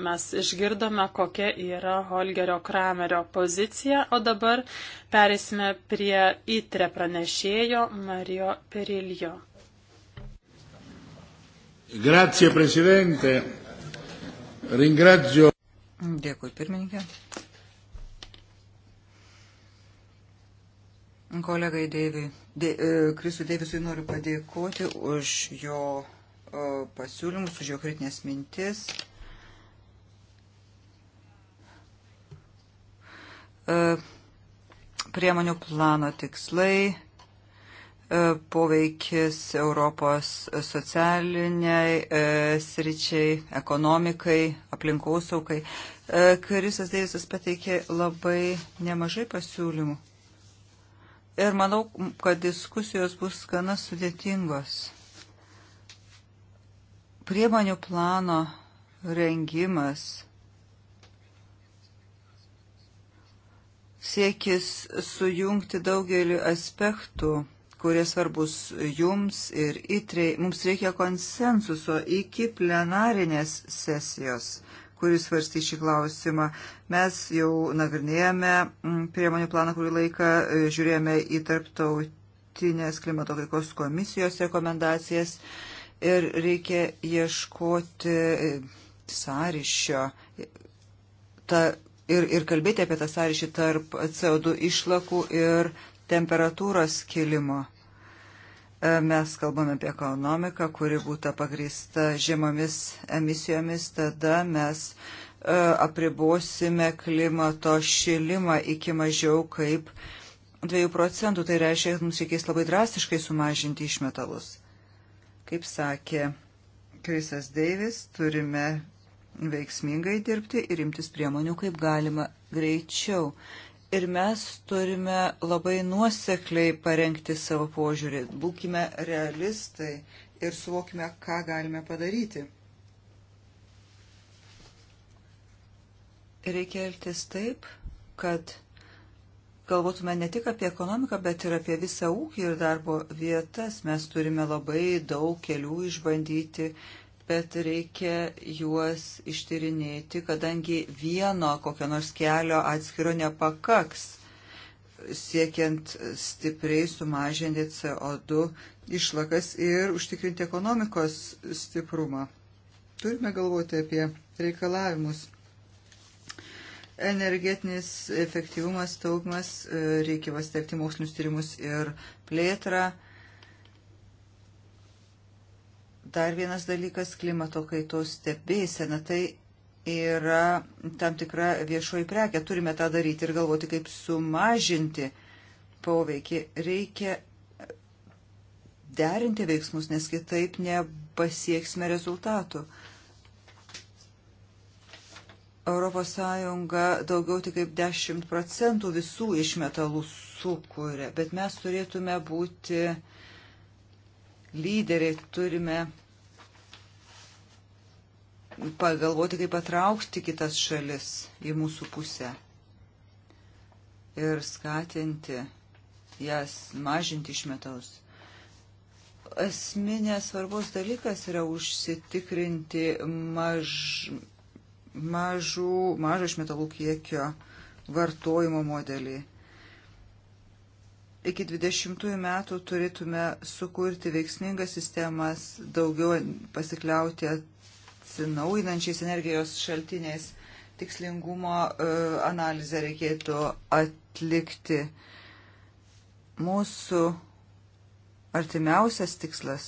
Mes išgirdome, kokia yra Holgerio Kramerio pozicija, o dabar perėsime prie įtre pranešėjo Mario Periljo. Grazie, prezidente. Ringrazio. Dėkui, pirmininkė. Kolegai Deiviui De, e, Krisui Deivisui noriu padėkoti už jo e, pasiūlymus, už jo kritinės mintis. E, priemonių plano tikslai, poveikis Europos socialiniai sričiai, ekonomikai, aplinkosaukai. Krisas Deivisas pateikė labai nemažai pasiūlymų. Ir manau, kad diskusijos bus gana sudėtingos. Priemonių plano rengimas, siekis sujungti daugelį aspektų, kurie svarbus jums ir įtrei, mums reikia konsensuso iki plenarinės sesijos kuris svarstys šį klausimą. Mes jau nagrinėjame mm, priemonių planą kurį laiką, e, žiūrėjome į tarptautinės klimato taikos komisijos rekomendacijas ir reikia ieškoti e, sąryšio ta, ir, ir kalbėti apie tą sąryšį tarp CO2 išlakų ir temperatūros kilimo. E, mes kalbame apie ekonomiką, kuri būtų pagrįsta žiemomis emisijomis, tada mes e, apribosime klimato šilimą iki mažiau kaip 2 procentų. Tai reiškia, kad mums reikės labai drastiškai sumažinti išmetalus. Kaip sakė Krisas Deivis, turime veiksmingai dirbti ir imtis priemonių kaip galima greičiau. Ir mes turime labai nuosekliai parengti savo požiūrį. Būkime realistai ir suvokime, ką galime padaryti. Reikia elgtis taip, kad galvotume ne tik apie ekonomiką, bet ir apie visą ūkį ir darbo vietas. Mes turime labai daug kelių išbandyti, uh, bet reikia juos ištyrinėti, kadangi vieno kokio nors kelio atskiro nepakaks, siekiant stipriai sumažinti CO2 išlakas ir užtikrinti ekonomikos stiprumą. Turime galvoti apie reikalavimus energetinis efektyvumas, taupimas, reikia pasitelkti mokslinius tyrimus ir plėtrą. Dar vienas dalykas - klimato kaitos stebėsena. Tai yra tam tikra viešoji prekia. Turime tą daryti ir galvoti, kaip sumažinti poveikį. Reikia derinti veiksmus, nes kitaip nepasieksime rezultatų. ES daugiau tik kaip 10 procentų visų išmetalų sukuria, bet mes turėtume būti uh, lyderiai turime pagalvoti, kaip patraukti kitas šalis į mūsų pusę ir skatinti jas mažinti išmetaus. Esminės svarbos dalykas yra užsitikrinti maž, mažų, mažo išmetalų kiekio vartojimo modelį iki 20 metų turėtume sukurti veiksmingas sistemas, daugiau pasikliauti atsinaujinančiais energijos šaltiniais, tikslingumo e, analizę reikėtų atlikti. Mūsų artimiausias tikslas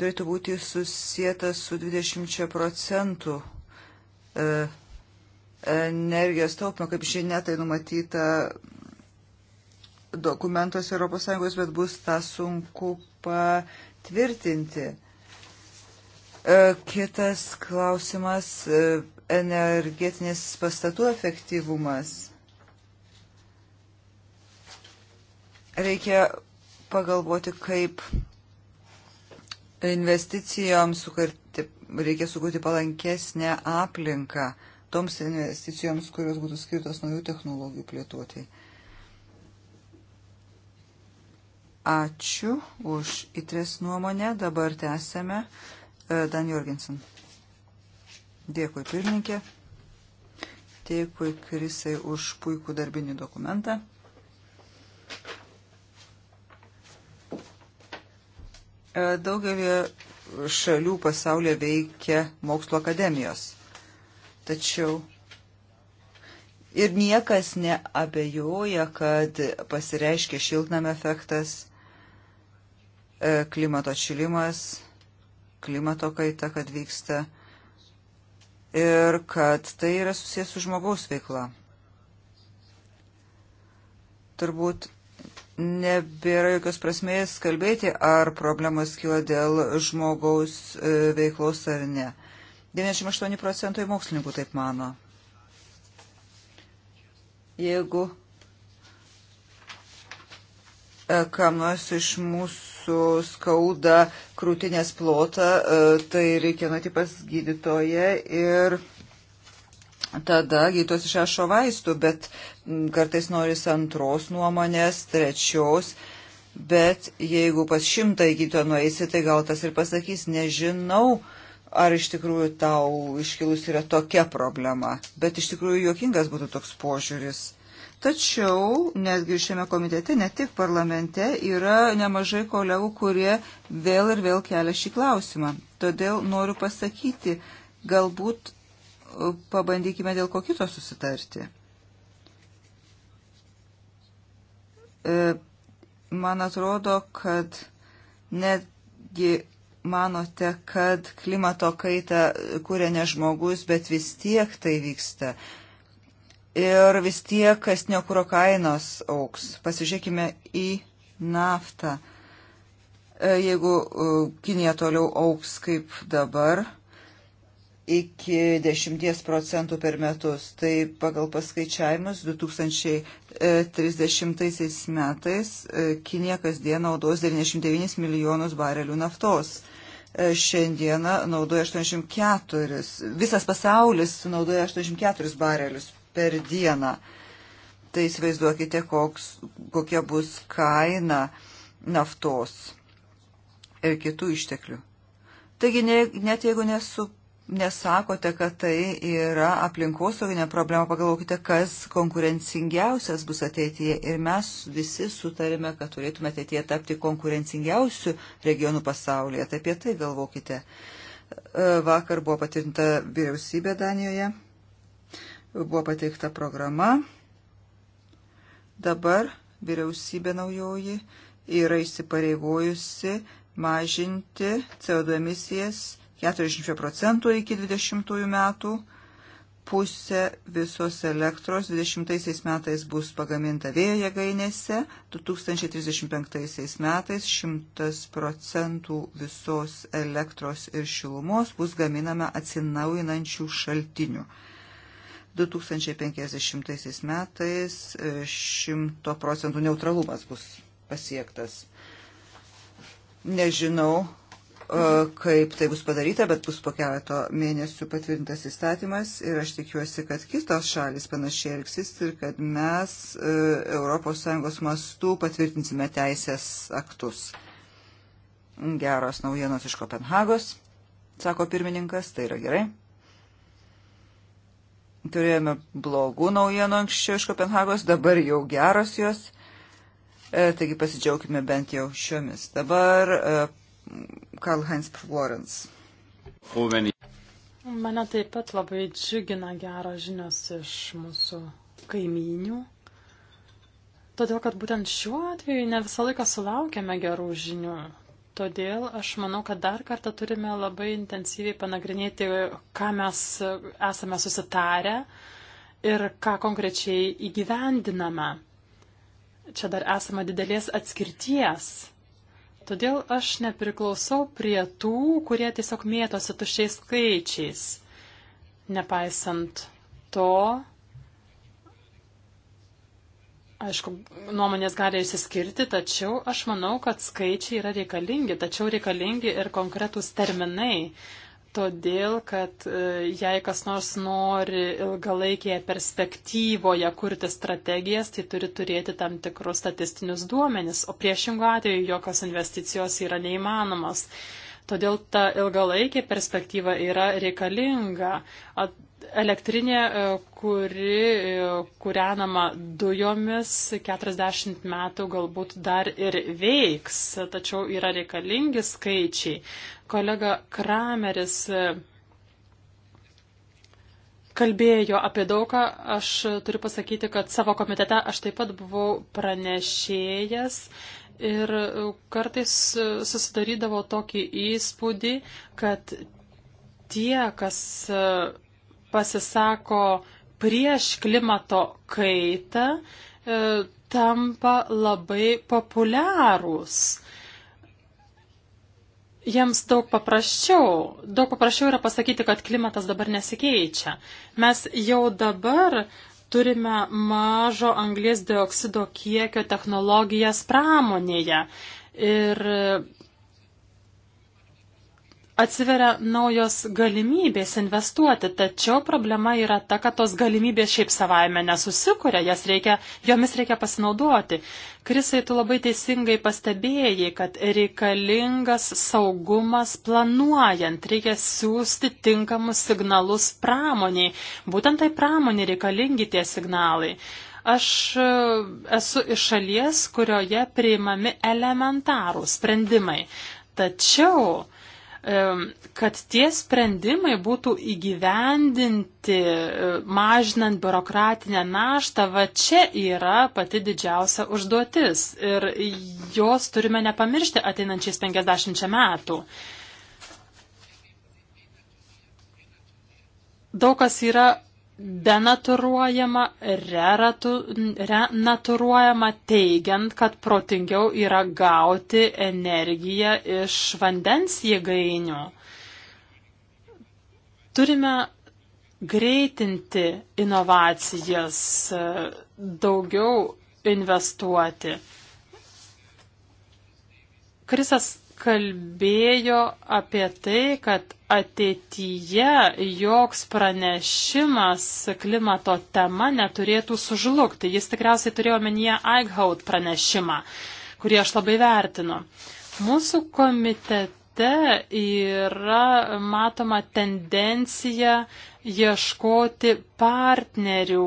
turėtų būti susijęs su 20 procentų e, energijos taupimo, kaip žinia, tai numatyta dokumentuose ES, bet bus tą sunku patvirtinti. E, kitas klausimas e, - energetinis pastatų efektyvumas. Reikia pagalvoti, kaip investicijoms sukurti, reikia sukurti palankesnę aplinką toms investicijoms, kurios būtų skirtos naujų technologijų plėtoti. Ačiū už įtres nuomonę. Dabar tęsėme e, Dan Jorgensen. Dėkui pirmininkė. Dėkui Krisai už puikų darbinį dokumentą. E, daugelį šalių pasaulyje veikia mokslo akademijos. Tačiau ir niekas neabejoja, kad pasireiškia šiltnam efektas E, klimato šilimas, klimato kaita, kad vyksta ir kad tai yra susijęs su žmogaus veikla. Turbūt nebėra jokios prasmės kalbėti, ar problemos kyla dėl žmogaus e, veiklos ar ne. 98 procentai mokslininkų taip mano. Jeigu e, kam nors iš mūsų skauda krūtinės plotą, e, tai reikia nuoti pas gydytoje ir tada gydytojas išrašo vaistų, bet kartais noris antros nuomonės, trečios. Bet jeigu pas šimtą gydytoją nueisi, tai gal tas ir pasakys, nežinau, ar iš tikrųjų tau iškilus yra tokia problema. Bet iš tikrųjų juokingas būtų toks požiūris. Tačiau netgi šiame komitete, ne tik parlamente, yra nemažai kolegų, kurie vėl ir vėl kelia šį klausimą. Todėl noriu pasakyti, galbūt e, pabandykime dėl ko kito susitarti. E, man atrodo, kad netgi manote, kad klimato kaitą kūrė ne žmogus, bet vis tiek tai vyksta ir vis tiek kasnio kūro kainos auks. Pasižiūrėkime į naftą. E, jeigu e, Kinija toliau auks kaip dabar, iki 10 procentų per metus, tai pagal paskaičiavimus 2030 metais e, Kinija kasdien naudos 99 milijonus barelių naftos šiandieną naudoja 84, visas pasaulis naudoja 84 barelius per dieną. Tai įsivaizduokite, koks, kokia bus kaina naftos ir kitų išteklių. Taigi ne, net jeigu nesu, nesakote, kad tai yra aplinkosauginė problema, pagalvokite, kas konkurencingiausias bus ateityje. Ir mes visi sutarime, kad turėtume ateityje tapti konkurencingiausių regionų pasaulyje. Tai apie tai galvokite. Vakar buvo patvirtinta vyriausybė Danijoje buvo pateikta programa. Dabar vyriausybė naujoji yra įsipareigojusi mažinti CO2 emisijas 40 procentų iki 20 metų. Pusė visos elektros 20 metais bus pagaminta vėjo jėgainėse, 2035 metais 100 procentų visos elektros ir šilumos bus gaminama atsinaujinančių šaltinių. 2050 metais 100 e, procentų neutralumas bus pasiektas. Nežinau, e, kaip tai bus padaryta, bet bus po keleto mėnesių patvirtintas įstatymas ir aš tikiuosi, kad kitos šalis panašiai elgsis ir kad mes ES mastų patvirtinsime teisės aktus. Geros naujienos iš Kopenhagos, sako pirmininkas, tai yra gerai. Turėjome blogų naujienų anksčiau iš Kopenhagos, dabar jau geros jos. E, taigi pasidžiaugime bent jau šiomis. Dabar e, Karl Heinz Florence. Mane taip pat labai džiugina geros žinios iš mūsų kaimynių. Todėl, kad būtent šiuo atveju ne visą laiką sulaukėme gerų žinių. Todėl aš manau, kad dar kartą turime labai intensyviai panagrinėti, ką mes esame susitarę ir ką konkrečiai įgyvendiname. Čia dar esame didelės atskirties. Todėl aš nepriklausau prie tų, kurie tiesiog mėtosi tušiais skaičiais. Nepaisant to, Aišku, nuomonės gali išsiskirti, tačiau aš manau, kad skaičiai yra reikalingi, tačiau reikalingi ir konkretūs terminai. Todėl, kad e, jei kas nors nori ilgalaikėje perspektyvoje kurti strategijas, tai turi turėti tam tikrus statistinius duomenis, o priešingų atveju jokios investicijos yra neįmanomas. Todėl ta ilgalaikė perspektyva yra reikalinga. Elektrinė, e, kuri e, kūrenama dujomis 40 metų galbūt dar ir veiks, tačiau yra reikalingi skaičiai. Kolega Krameris e, kalbėjo apie daugą, aš turiu pasakyti, kad savo komitete aš taip pat buvau pranešėjęs Ir e, kartais e, susidarydavo tokį įspūdį, kad tie, kas e, pasisako prieš klimato kaitą, tampa labai populiarūs jiems daug paprasčiau, daug paprasčiau yra pasakyti, kad klimatas dabar nesikeičia. Mes jau dabar turime mažo anglės dioksido kiekio technologijas pramonėje. Ir atsiveria naujos galimybės investuoti, tačiau problema yra ta, kad tos galimybės šiaip savaime nesusikuria, jas reikia, jomis reikia pasinaudoti. Krisai, tu labai teisingai pastebėjai, kad reikalingas saugumas planuojant, reikia siūsti tinkamus signalus pramoniai. Būtent tai pramoniai reikalingi tie signalai. Aš e, esu iš šalies, kurioje priimami elementarų sprendimai. Tačiau kad tie sprendimai būtų įgyvendinti, e, mažinant biurokratinę naštą, va čia yra pati didžiausia užduotis ir jos turime nepamiršti ateinančiais 50 metų. Daug kas yra denaturuojama, reratu, renaturuojama teigiant, kad protingiau yra gauti energiją iš vandens jėgainių. Turime greitinti inovacijas, daugiau investuoti. Krisas kalbėjo apie tai, kad ateityje joks pranešimas klimato tema neturėtų sužlugti. Jis tikriausiai turėjo omenyje Eichhout pranešimą, kurį aš labai vertinu. Mūsų komitete yra matoma tendencija ieškoti partnerių,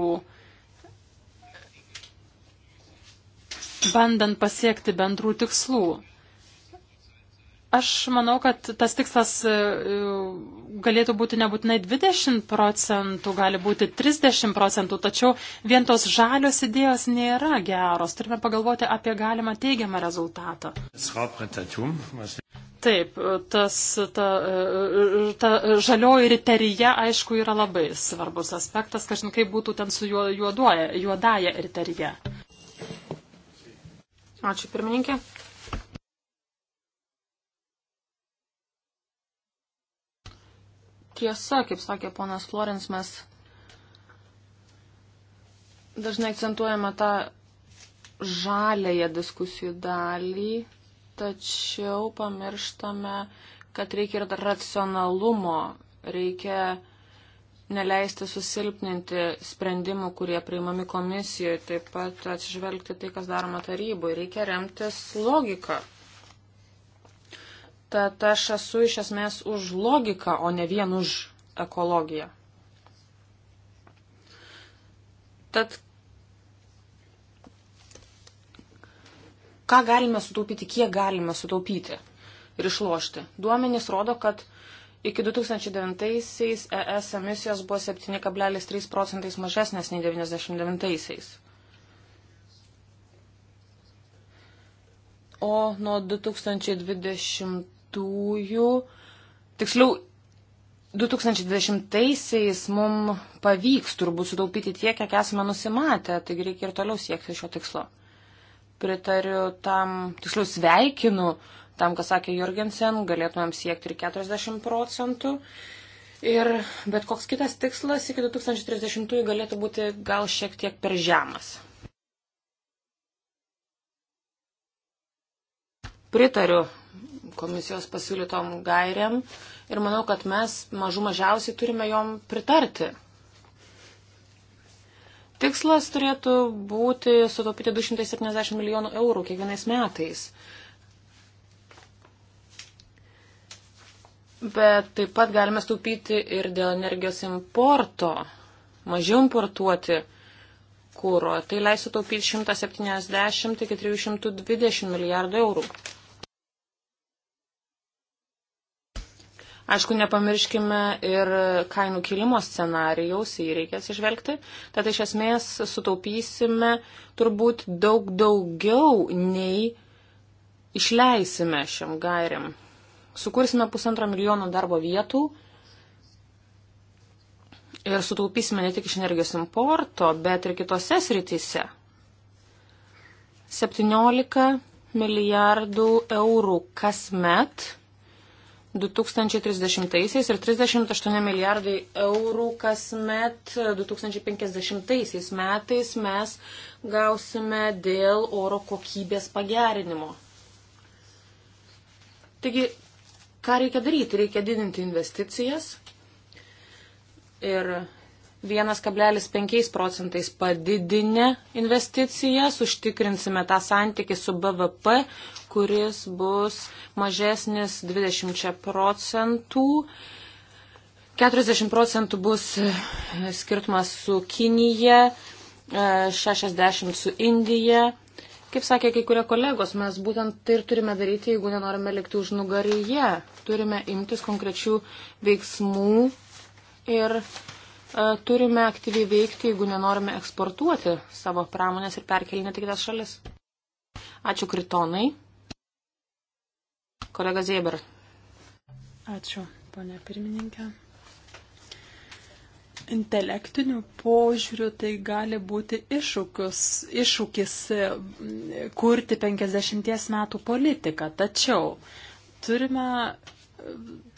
bandant pasiekti bendrų tikslų. Aš manau, kad tas tikslas e, e, galėtų būti nebūtinai 20 procentų, gali būti 30 procentų, tačiau vien tos žalios idėjos nėra geros. Turime pagalvoti apie galimą teigiamą rezultatą. Taip, tas, ta, e, ta žalioji riterija, aišku, yra labai svarbus aspektas, kažin kaip būtų ten su juodoja, juodaja riterija. Ačiū pirmininkė. tiesa, kaip sakė ponas Florins, mes dažnai akcentuojame tą žalėje diskusijų dalį, tačiau pamirštame, kad reikia ir racionalumo, reikia neleisti susilpninti sprendimų, kurie priimami komisijoje, taip pat atsižvelgti tai, kas daroma taryboje, reikia remtis logiką. Tad aš esu iš esmės už logiką, o ne vien už ekologiją. Tad ką galime sutaupyti, kiek galime sutaupyti ir išlošti. Duomenys rodo, kad iki 2009-aisiais ES emisijos buvo 7,3 procentais mažesnės nei 1999-aisiais. O nuo 2020 dujų. Tiksliau, 2020-aisiais mums pavyks turbūt sutaupyti tiek, kiek esame nusimatę, taigi reikia ir toliau siekti šio tikslo. Pritariu tam, tiksliau sveikinu tam, ką sakė Jurgensen, galėtumėm siekti ir 40 procentų. Ir bet koks kitas tikslas iki 2030-ųjų galėtų būti gal šiek tiek per žemas. Pritariu komisijos pasiūlytom gairiam ir manau, kad mes mažų mažiausiai turime jom pritarti. Tikslas turėtų būti sutaupyti 270 milijonų eurų kiekvienais metais. Bet taip pat galime stupyti ir dėl energijos importo, mažiau importuoti kūro. Tai leis sutaupyti 170 iki 320 milijardų eurų. Aišku, nepamirškime ir kainų kilimo scenarijaus, jį reikės išvelgti. Tad iš esmės sutaupysime turbūt daug daugiau nei išleisime šiam gairiam. Sukursime pusantro milijono darbo vietų ir sutaupysime ne tik iš energijos importo, bet ir kitose srityse. 17 milijardų eurų kasmet 2030 ir 38 milijardai eurų kasmet 2050 metais mes gausime dėl oro kokybės pagerinimo. Taigi, ką reikia daryti? Reikia didinti investicijas ir 1,5 procentais padidinę investicijas, užtikrinsime tą santykį su BVP, kuris bus mažesnis 20 procentų. 40 procentų bus e, skirtumas su Kinija, 60 e, su Indija. Kaip sakė kai kurie kolegos, mes būtent tai ir turime daryti, jeigu nenorime likti už nugaryje. Turime imtis konkrečių veiksmų ir turime aktyviai veikti, jeigu nenorime eksportuoti savo pramonės ir perkelinėti kitas šalis. Ačiū Kritonai. Kolega Zieber. Ačiū, ponė pirmininkė. Intelektiniu požiūriu tai gali būti iššūkis, iššūkis kurti 50 metų politiką, tačiau turime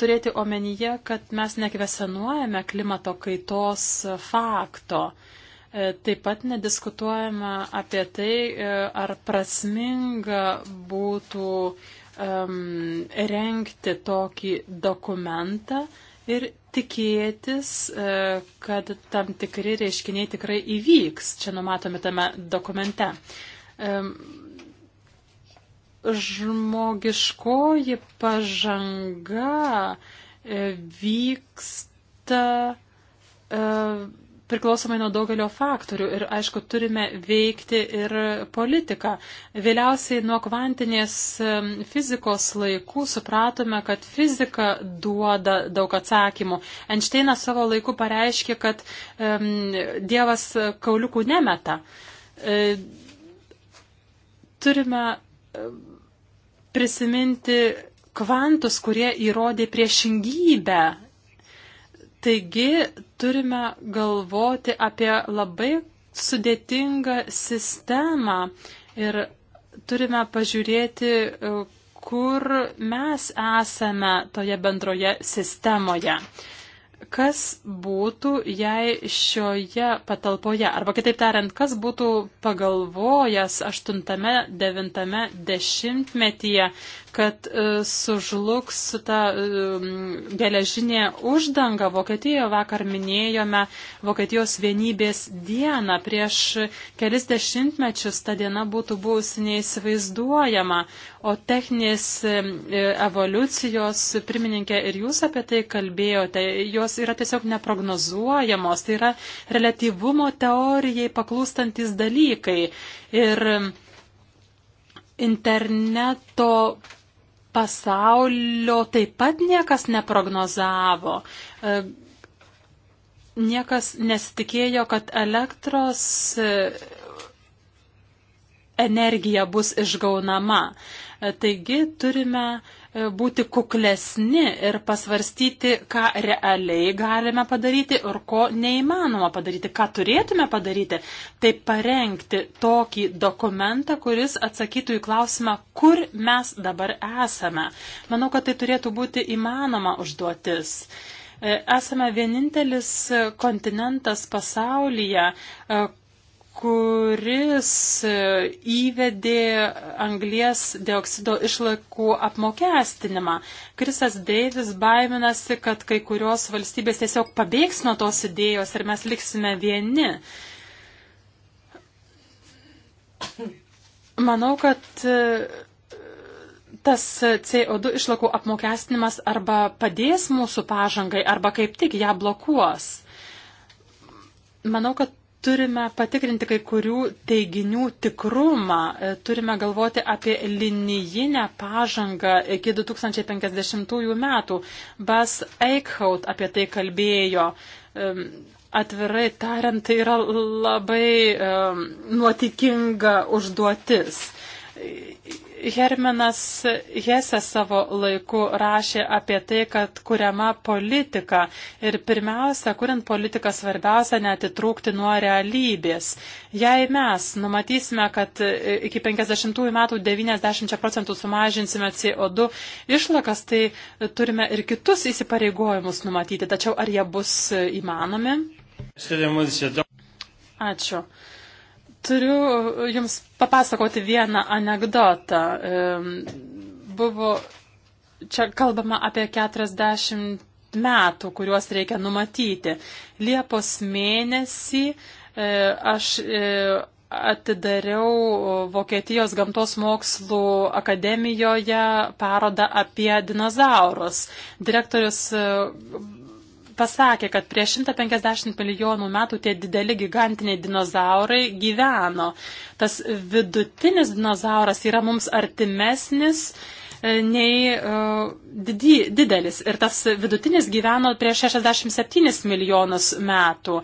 turėti omenyje, kad mes nekvesenuojame klimato kaitos fakto. E, taip pat nediskutuojama apie tai, e, ar prasminga būtų um, renkti tokį dokumentą ir tikėtis, e, kad tam tikri reiškiniai tikrai įvyks. Čia numatomi tame dokumente. Um, žmogiškoji pažanga e, vyksta e, priklausomai nuo daugelio faktorių ir, aišku, turime veikti ir politiką. Vėliausiai nuo kvantinės e, fizikos laikų supratome, kad fizika duoda daug atsakymų. Einšteinas savo laiku pareiškė, kad um, Dievas kauliukų nemeta. E, turime. Um, prisiminti kvantus, kurie įrodė priešingybę. Taigi turime galvoti apie labai sudėtingą sistemą ir turime pažiūrėti, e, kur mes esame toje bendroje sistemoje kas būtų, jei šioje patalpoje, arba kitaip tariant, kas būtų pagalvojęs 8, 9, 10 metyje, kad e, sužlugs ta e, geležinė uždanga. Vokietijoje vakar minėjome Vokietijos vienybės dieną. Prieš kelis dešimtmečius ta diena būtų buvusi neįsivaizduojama. O techninės e, evoliucijos, pirmininkė, ir jūs apie tai kalbėjote, jos yra tiesiog neprognozuojamos. Tai yra relativumo teorijai paklūstantis dalykai. Ir interneto pasaulio taip pat niekas neprognozavo. E, niekas nesitikėjo, kad elektros e, energija bus išgaunama. E, taigi turime uh, būti kuklesni ir pasvarstyti, ką realiai galime padaryti ir ko neįmanoma padaryti, ką turėtume padaryti, tai parengti tokį dokumentą, kuris atsakytų į klausimą, kur mes dabar esame. Manau, kad tai turėtų būti įmanoma užduotis. E, esame vienintelis kontinentas pasaulyje, e, kuris e, įvedė anglies dioksido išlaikų apmokestinimą. Krisas Deivis baiminasi, kad kai kurios valstybės tiesiog pabėgs nuo tos idėjos ir mes liksime vieni. Manau, kad e, tas CO2 išlakų apmokestinimas arba padės mūsų pažangai, arba kaip tik ją blokuos. Manau, kad turime patikrinti kai kurių teiginių tikrumą, e, turime galvoti apie linijinę pažangą iki 2050 metų. Bas Eichhout apie tai kalbėjo. E, atvirai tariant, tai yra labai um, nuotikinga užduotis. Hermenas Hese savo laiku rašė apie tai, kad kuriama politika ir pirmiausia, kuriant politiką svarbiausia netitrūkti nuo realybės. Jei mes numatysime, kad iki 50 metų 90 procentų sumažinsime CO2 išlakas, tai turime ir kitus įsipareigojimus numatyti. Tačiau ar jie bus įmanomi? Ačiū. Turiu uh, Jums papasakoti vieną anegdotą. Buvo čia kalbama apie 40 metų, kuriuos reikia numatyti. Liepos mėnesį e, aš e, atidariau Vokietijos gamtos mokslų akademijoje parodą apie dinozaurus. Direktorius e, pasakė, kad prieš 150 milijonų metų tie dideli gigantiniai dinozaurai gyveno. Tas vidutinis dinozauras yra mums artimesnis e, nei uh, e, didy, didelis. Ir tas vidutinis gyveno prieš 67 milijonus metų.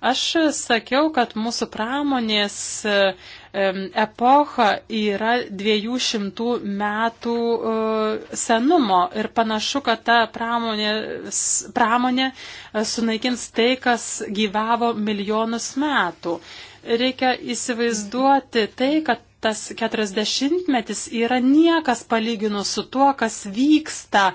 Aš sakiau, kad mūsų pramonės uh, epocha yra 200 metų e, senumo ir panašu, kad ta pramonė, pramonė e, sunaikins tai, kas gyvavo milijonus metų. Reikia įsivaizduoti tai, kad tas keturiasdešimtmetis yra niekas palyginus su tuo, kas vyksta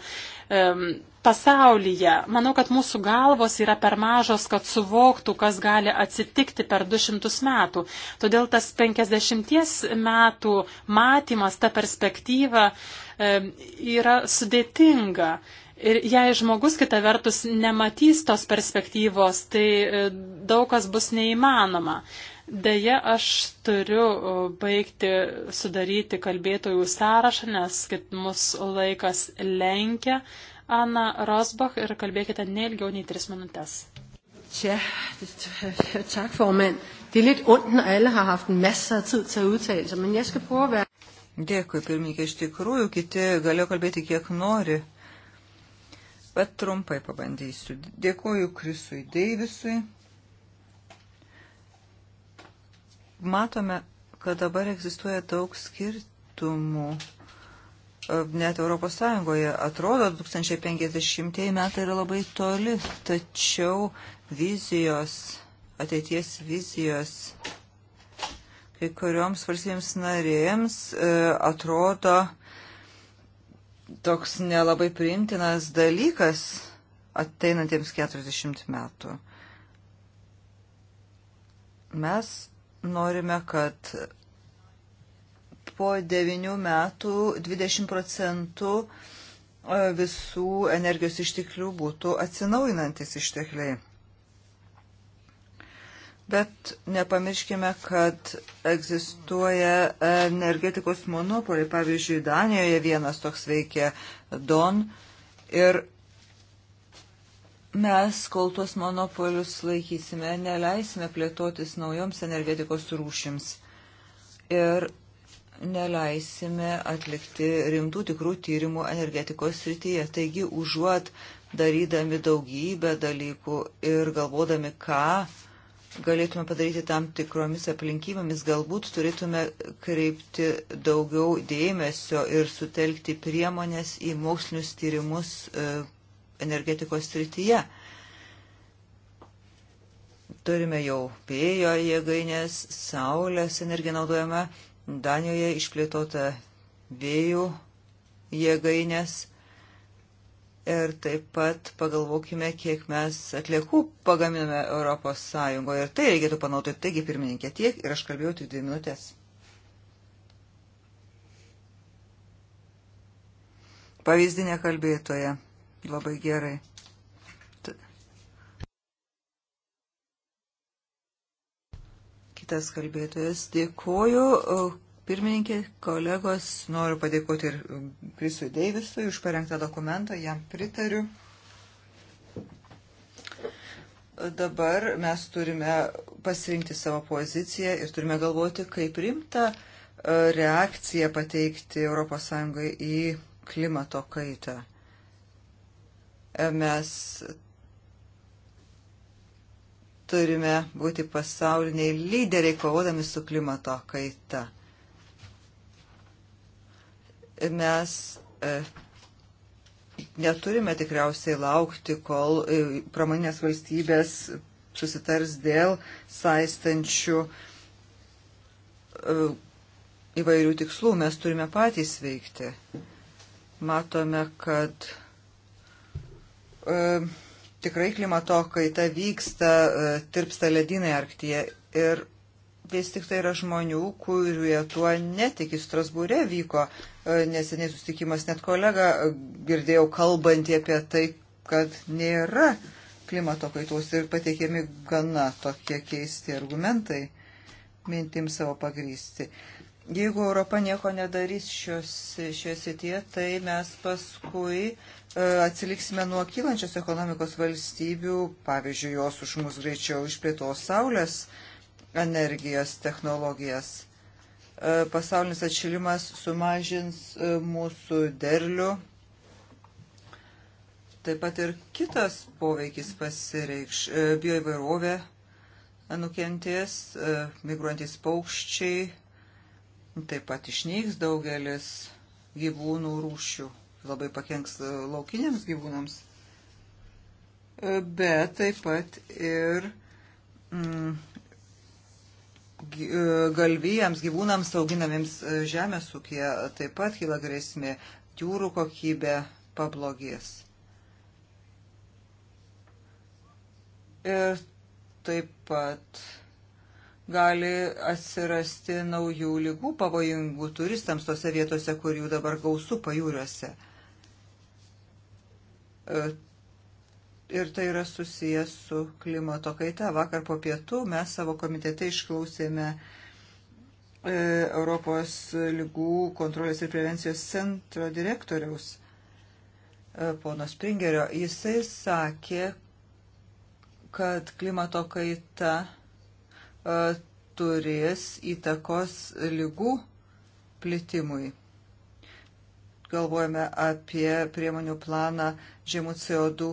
pasaulyje. Manau, kad mūsų galvos yra per mažos, kad suvoktų, kas gali atsitikti per 200 metų. Todėl tas 50 metų matymas, ta perspektyva e, yra sudėtinga. Ir jei žmogus kita vertus nematys tos perspektyvos, tai e, daug kas bus neįmanoma. Deja, aš turiu e, baigti sudaryti kalbėtojų sąrašą, nes kit mus laikas lenkia. Ana Rosbach ir kalbėkite neilgiau nei tris minutės. Tja, tak formand. Det er lidt ondt, når alle har haft en masse tid til at udtale sig, men jeg skal prøve at være... Dėkui, pirmininkė, iš tikrųjų, kiti galėjo kalbėti kiek nori, bet trumpai pabandysiu. Dėkuoju Krisui Deivisui. Matome, kad dabar egzistuoja daug skirtumų net Europos Sąjungoje. Atrodo, 2050 metai yra labai toli, tačiau vizijos, ateities vizijos kai kurioms valstybėms narėms e, atrodo toks nelabai priimtinas dalykas ateinantiems 40 metų. Mes norime, kad po 9 metų 20 procentų e, visų energijos išteklių būtų atsinaujinantis ištekliai. Bet nepamirškime, kad egzistuoja energetikos monopoliai. Pavyzdžiui, Danijoje vienas toks veikia Don ir mes, kol tuos monopolius laikysime, neleisime plėtotis naujoms energetikos rūšims. Ir neleisime atlikti rimtų tikrų tyrimų energetikos srityje. Taigi, užuot darydami daugybę dalykų ir galvodami, ką galėtume padaryti tam tikromis aplinkybėmis, galbūt turėtume kreipti daugiau dėmesio ir sutelkti priemonės į mokslinius tyrimus e, energetikos srityje. Turime jau vėjo jėgainės, saulės energiją naudojame Danijoje išplėtota vėjų jėgainės. Ir taip pat pagalvokime, kiek mes atliekų pagaminame Europos Sąjungoje. Ir tai reikėtų panaudoti. Taigi, pirmininkė, tiek ir aš kalbėjau tik dvi minutės. Pavyzdinė kalbėtoja. Labai gerai. kitas kalbėtojas. Dėkoju. Pirmininkė, kolegos, noriu padėkoti ir Krisui Deivisui už parengtą dokumentą, jam pritariu. Dabar mes turime pasirinkti savo poziciją ir turime galvoti, kaip rimta e, reakcija pateikti ES į klimato kaitą. E, mes turime būti pasauliniai lyderiai kovodami su klimato kaita. Mes e, neturime tikriausiai laukti, kol e, pramonės valstybės susitars dėl saistančių e, įvairių tikslų. Mes turime patys veikti. Matome, kad tikrai klimato kaita vyksta, e, tirpsta ledynai Arktyje ir vis tik tai yra žmonių, kurie tuo netiki. Strasbūre vyko e, neseniai susitikimas, net kolega e, girdėjau kalbantį apie tai, kad nėra klimato kaitos ir pateikiami gana tokie keisti argumentai mintim savo pagrysti. Jeigu Europa nieko nedarys šios, šioje srityje, tai mes paskui E, atsiliksime nuo kylančios ekonomikos valstybių, pavyzdžiui, jos už mus greičiau išplėtos saulės energijos technologijas. E, pasaulinis atšilimas sumažins e, mūsų derlių. Taip pat ir kitas poveikis pasireikš. Bioįvairovė nukentės, migruojantis paukščiai, taip pat išnyks daugelis gyvūnų rūšių labai pakenks e, laukiniams gyvūnams, e, bet taip pat ir mm, e, galvijams, gyvūnams auginamiems žemės ūkija taip pat kyla grėsmė, jūrų kokybė pablogės. Ir taip pat gali atsirasti naujų lygų pavojingų turistams tose vietose, kur jų dabar gausu pajūriuose. E, ir tai yra susijęs su klimato kaita. Vakar po pietų mes savo komitete išklausėme e, Europos lygų kontrolės ir prevencijos centro direktoriaus e, pono Springerio. Jisai sakė, kad klimato kaita turės įtakos lygų plitimui galvojame apie priemonių planą žemų CO2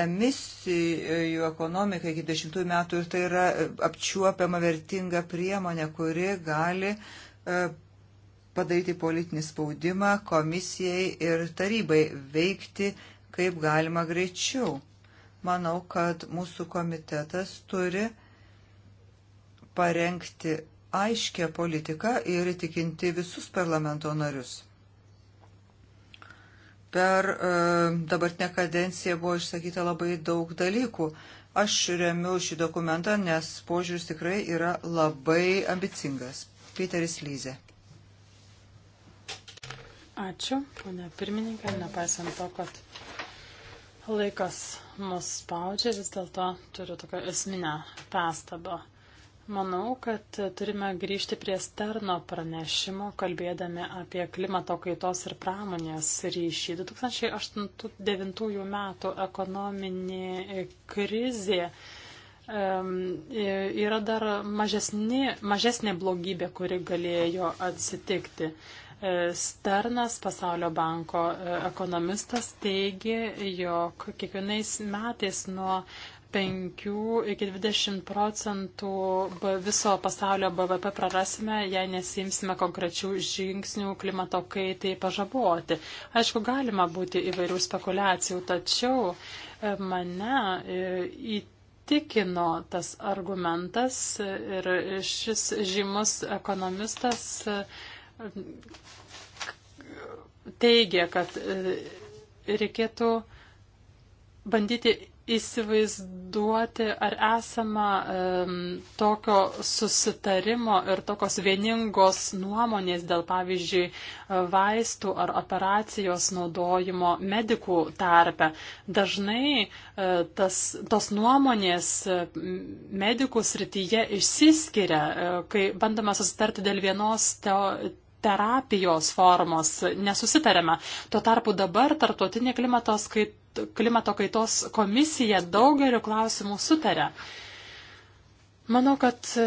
emisijų ekonomikai iki 10 metų ir tai yra apčiuopiama vertinga priemonė, kuri gali e, padaryti politinį spaudimą komisijai ir tarybai veikti kaip galima greičiau. Manau, kad mūsų komitetas turi parengti aiškę politiką ir įtikinti visus parlamento narius per e, dabartinę kadenciją buvo išsakyta labai daug dalykų. Aš remiu šį dokumentą, nes požiūris tikrai yra labai ambicingas. Peteris Lyze. Ačiū, ponia pirmininkė, nepaisant to, kad laikas mus spaudžia, vis dėlto turiu tokią esminę pastabą. Manau, kad turime grįžti prie Sterno pranešimo, kalbėdami apie klimato kaitos ir pramonės ryšį. 2008-2009 metų ekonominė krizė yra dar mažesnė, mažesnė blogybė, kuri galėjo atsitikti. E, Sternas, pasaulio banko e, ekonomistas, teigia, jog kiekvienais metais nuo 5 iki 20 procentų viso pasaulio BVP prarasime, jei nesimsime konkrečių žingsnių klimato kaitai pažaboti. Aišku, galima būti įvairių spekulacijų, tačiau e, mane e, įtikino tas argumentas ir šis žymus ekonomistas e, teigia, kad reikėtų bandyti įsivaizduoti, ar esama um, tokio susitarimo ir tokios vieningos nuomonės dėl, pavyzdžiui, vaistų ar operacijos naudojimo medikų tarpe. Dažnai uh, tas, tos nuomonės e, medikų srityje išsiskiria, uh, kai bandome susitarti dėl vienos teo, terapijos formos nesusitarėme. Tuo tarpu dabar tarptautinė klimatos kait, klimato kaitos komisija daugeliu klausimų sutarė. Manau, kad e,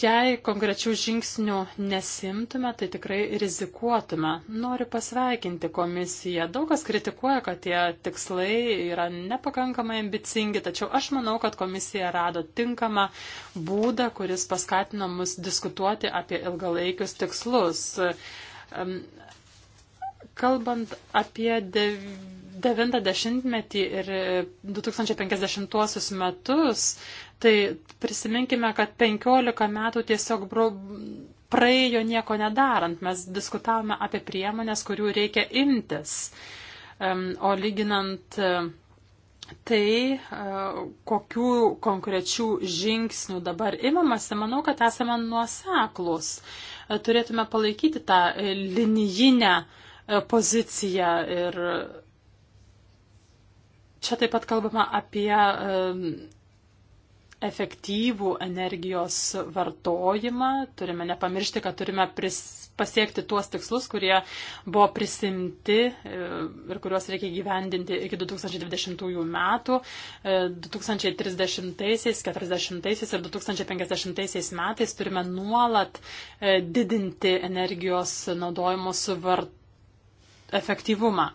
jei konkrečių žingsnių nesimtume, tai tikrai rizikuotume. Noriu pasveikinti komisiją. Daug kas kritikuoja, kad tie tikslai yra nepakankamai ambicingi, tačiau aš manau, kad komisija rado tinkamą būdą, kuris paskatino mus diskutuoti apie ilgalaikius tikslus. Kalbant apie dev 90-metį ir 2050 metus, tai prisiminkime, kad 15 metų tiesiog praėjo nieko nedarant. Mes diskutavome apie priemonės, kurių reikia imtis. O lyginant e, tai, e, kokių konkrečių žingsnių dabar imamasi, manau, kad esame nuoseklus. E, turėtume palaikyti tą linijinę poziciją ir Čia taip pat kalbama apie efektyvų energijos vartojimą. Turime nepamiršti, kad turime pris, pasiekti tuos tikslus, kurie buvo prisimti e, ir kuriuos reikia gyvendinti iki 2020 metų. 2030, e, 40 ir 2050 metais turime nuolat e, didinti energijos naudojimo suvartojimą efektyvumą.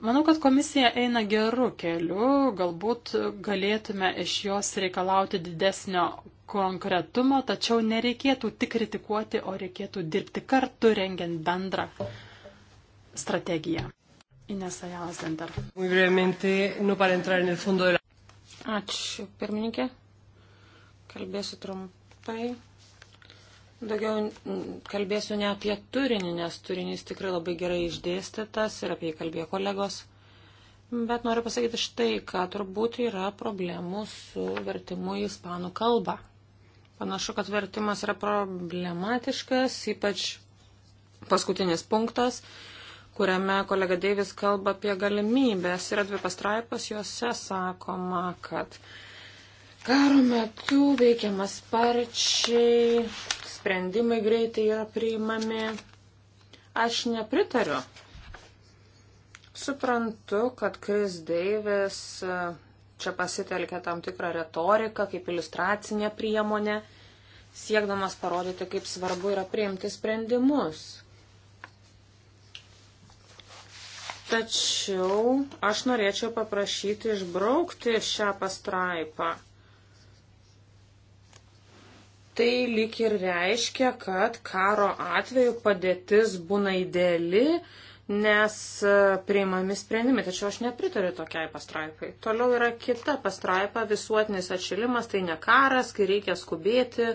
Manau, kad komisija eina geru keliu, galbūt galėtume iš jos reikalauti didesnio konkretumo, tačiau nereikėtų tik kritikuoti, o reikėtų dirbti kartu, rengiant bendrą strategiją. Inesa Jalasdenter. Ačiū, pirmininkė. Kalbėsiu trumpai. Daugiau kalbėsiu ne apie turinį, nes turinys tikrai labai gerai išdėstytas ir apie jį kalbėjo kolegos. Bet noriu pasakyti štai, kad turbūt yra problemų su vertimu į ispanų kalbą. Panašu, kad vertimas yra problematiškas, ypač paskutinis punktas, kuriame kolega Deivis kalba apie galimybės. Yra dvi pastraipos, juose sakoma, kad karo metu veikiamas sparčiai sprendimai greitai yra priimami. Aš nepritariu. Suprantu, kad Kris Deivis e, čia pasitelkė tam tikrą retoriką kaip iliustracinę priemonę, siekdamas parodyti, kaip svarbu yra priimti sprendimus. Tačiau aš norėčiau paprašyti išbraukti šią pastraipą tai lik ir reiškia, kad karo atveju padėtis būna ideali, nes e, priimami sprendimai. Tačiau aš nepritariu tokiai pastraipai. Toliau yra kita pastraipa - visuotinis atšilimas, tai ne karas, kai reikia skubėti,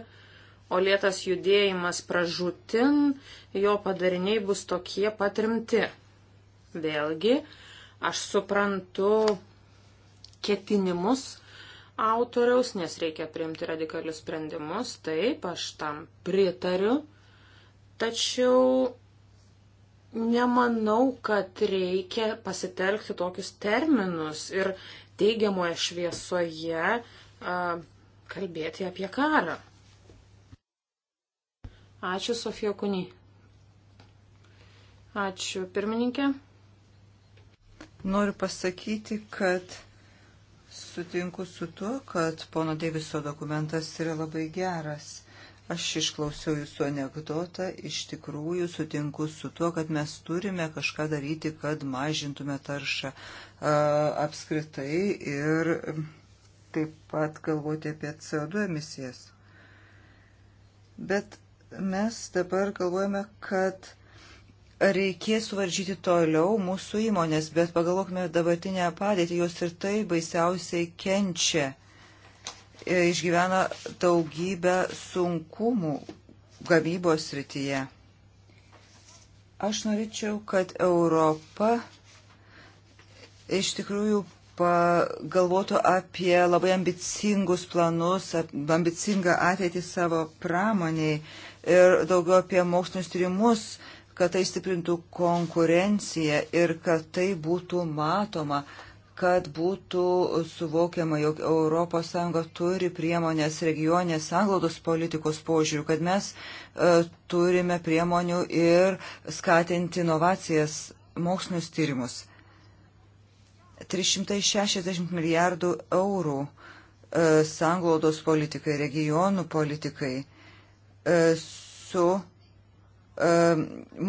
o lėtas judėjimas pražutin, jo padariniai bus tokie patrimti. Vėlgi, aš suprantu ketinimus autoriaus, nes reikia priimti radikalius sprendimus. Taip, aš tam pritariu. Tačiau nemanau, kad reikia pasitelkti tokius terminus ir teigiamoje šviesoje a, kalbėti apie karą. Ačiū, Sofija Kuny. Ačiū, pirmininkė. Noriu pasakyti, kad sutinku su tuo, kad pono Deiviso dokumentas yra labai geras. Aš išklausiau jūsų anegdotą, iš tikrųjų sutinku su tuo, kad mes turime kažką daryti, kad mažintume taršą apskritai ir taip pat galvoti apie CO2 emisijas. Bet mes dabar galvojame, kad reikės suvaržyti toliau mūsų įmonės, bet pagalvokime dabartinę padėtį, jos ir tai baisiausiai kenčia, e, išgyvena daugybę sunkumų gamybos rytyje. Aš norėčiau, kad Europa iš tikrųjų pagalvotų apie labai ambicingus planus, ambicingą ateitį savo pramoniai ir daugiau apie mokslinius tyrimus kad tai stiprintų konkurenciją ir kad tai būtų matoma, kad būtų suvokiama, jog ES turi priemonės regionės sanglaudos politikos požiūrių, kad mes e, turime priemonių ir skatinti inovacijas, mokslinius tyrimus. 360 milijardų eurų e, sanglaudos politikai, regionų politikai e, su E,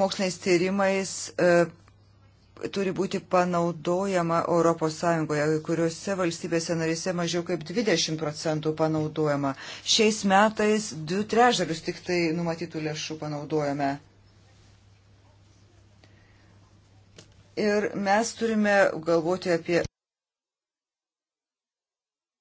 moksliniais tyrimais e, turi būti panaudojama ES, kuriuose valstybėse narėse mažiau kaip 20 procentų panaudojama. Šiais metais du trešdalius tik tai numatytų lėšų panaudojame. Ir mes turime galvoti apie.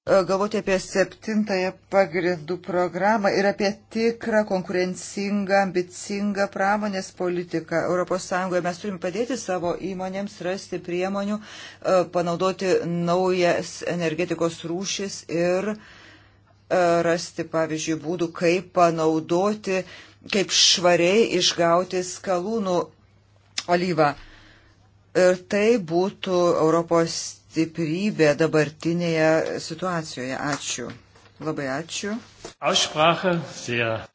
E, galvoti apie septintąją pagrindų programą ir apie tikrą konkurencingą, ambicingą pramonės politiką ES. Mes turime padėti savo įmonėms rasti priemonių, e, panaudoti naujas energetikos rūšis ir e, rasti, pavyzdžiui, būdų, kaip panaudoti, kaip švariai išgauti skalūnų alyvą. Ir tai būtų Europos stiprybė dabartinėje situacijoje. Ačiū. Labai ačiū. Aussprache sehr.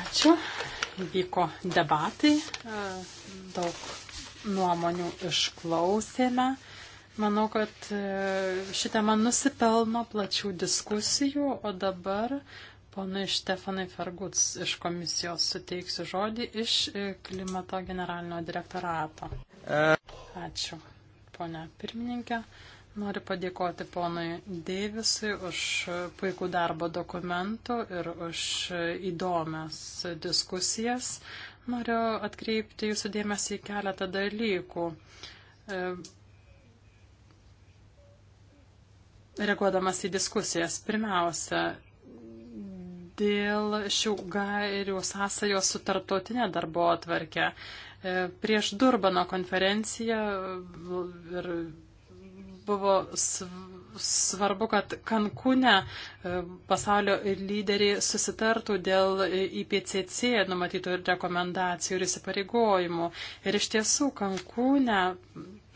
Ačiū. Vyko debatai, daug nuomonių išklausėme. Manau, kad e, šitą man nusipelno plačių diskusijų, o dabar ponui Štefanai Ferguts iš komisijos suteiksiu žodį iš e, klimato generalinio direktorato. E. Ačiū ponė pirmininkė. Noriu padėkoti ponui Deivisui už puikų darbą dokumentų ir už įdomias diskusijas. Noriu atkreipti jūsų dėmesį į keletą dalykų. E, reaguodamas į diskusijas, pirmiausia, dėl šių gairių sąsajos su tarptautinė darbo atvarkė. E, prieš Durbano konferenciją ir buvo svarbu, kad Kankune e, pasaulio lyderiai susitartų dėl IPCC numatytų rekomendacijų ir įsipareigojimų. Ir iš tiesų Kankune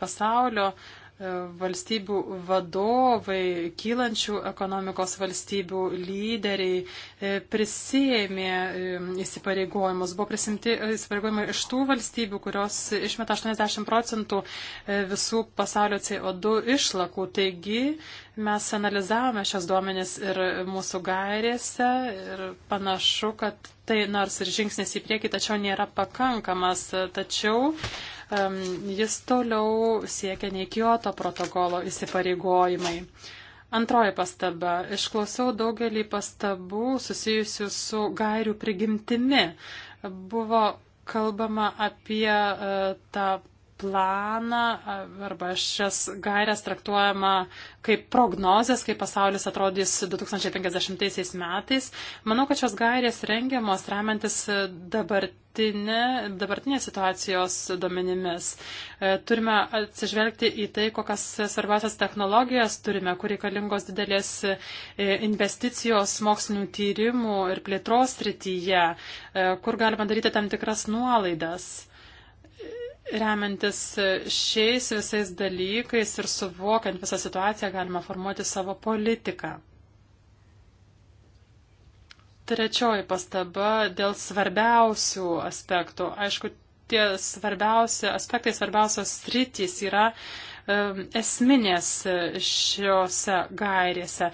pasaulio uh, E, valstybių vadovai, kylančių ekonomikos valstybių lyderiai e, prisėmė e, įsipareigojimus. Buvo prisimti įsipareigojimai iš tų valstybių, kurios išmeta 80 procentų visų pasaulio CO2 išlakų. Taigi mes analizavome šias duomenis ir mūsų gairėse ir panašu, kad tai nors ir žingsnis į priekį, tačiau nėra pakankamas. Tačiau Jis toliau siekia nei Kyoto protokolo įsipareigojimai. Antroji pastaba. Išklausiau daugelį pastabų susijusių su gairių prigimtimi. Buvo kalbama apie e, tą planą e, arba šias gairias traktuojama kaip prognozės, kaip pasaulis atrodys 2050 metais. Manau, kad šios gairės rengiamos remiantis dabar dabartinė, dabartinė situacijos domenimis. E, turime atsižvelgti į tai, kokias svarbiausias technologijas turime, kur reikalingos didelės e, investicijos mokslinių tyrimų ir plėtros srityje, e, kur galima daryti tam tikras nuolaidas remiantis šiais visais dalykais ir suvokiant visą situaciją galima formuoti savo politiką. Trečioji pastaba dėl svarbiausių aspektų. Aišku, tie svarbiausi aspektai, svarbiausios sritys yra um, esminės šiuose gairėse,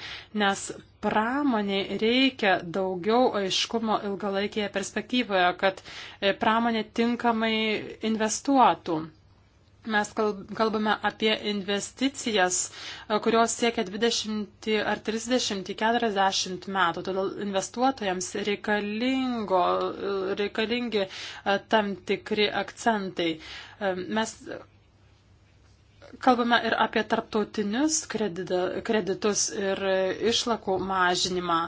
nes pramoniai reikia daugiau aiškumo ilgalaikėje perspektyvoje, kad e, pramonė tinkamai investuotų. Mes kalbame apie investicijas, e, kurios siekia 20 ar 30, 40 metų. Todėl investuotojams e, reikalingi e, tam tikri akcentai. Mes kalbame ir apie tarptautinius kreditus ir išlakų mažinimą.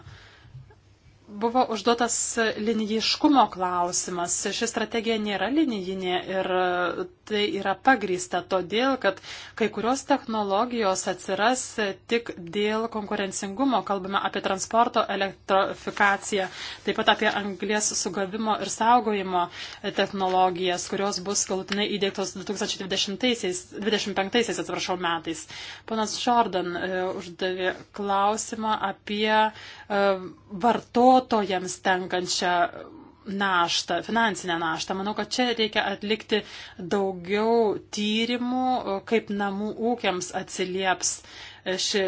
Buvo užduotas linijiškumo klausimas. Ši strategija nėra linijinė ir tai yra pagrįsta todėl, kad kai kurios technologijos atsiras tik dėl konkurencingumo. Kalbame apie transporto elektrofikaciją, taip pat apie anglės sugavimo ir saugojimo technologijas, kurios bus galutinai įdėktos 2025 atsiprašau, metais. Ponas Jordan e, uždavė klausimą apie e, vartotojų vartotojams tenkančią naštą, finansinę naštą. Manau, kad čia reikia atlikti daugiau tyrimų, kaip namų ūkiams atsilieps ši,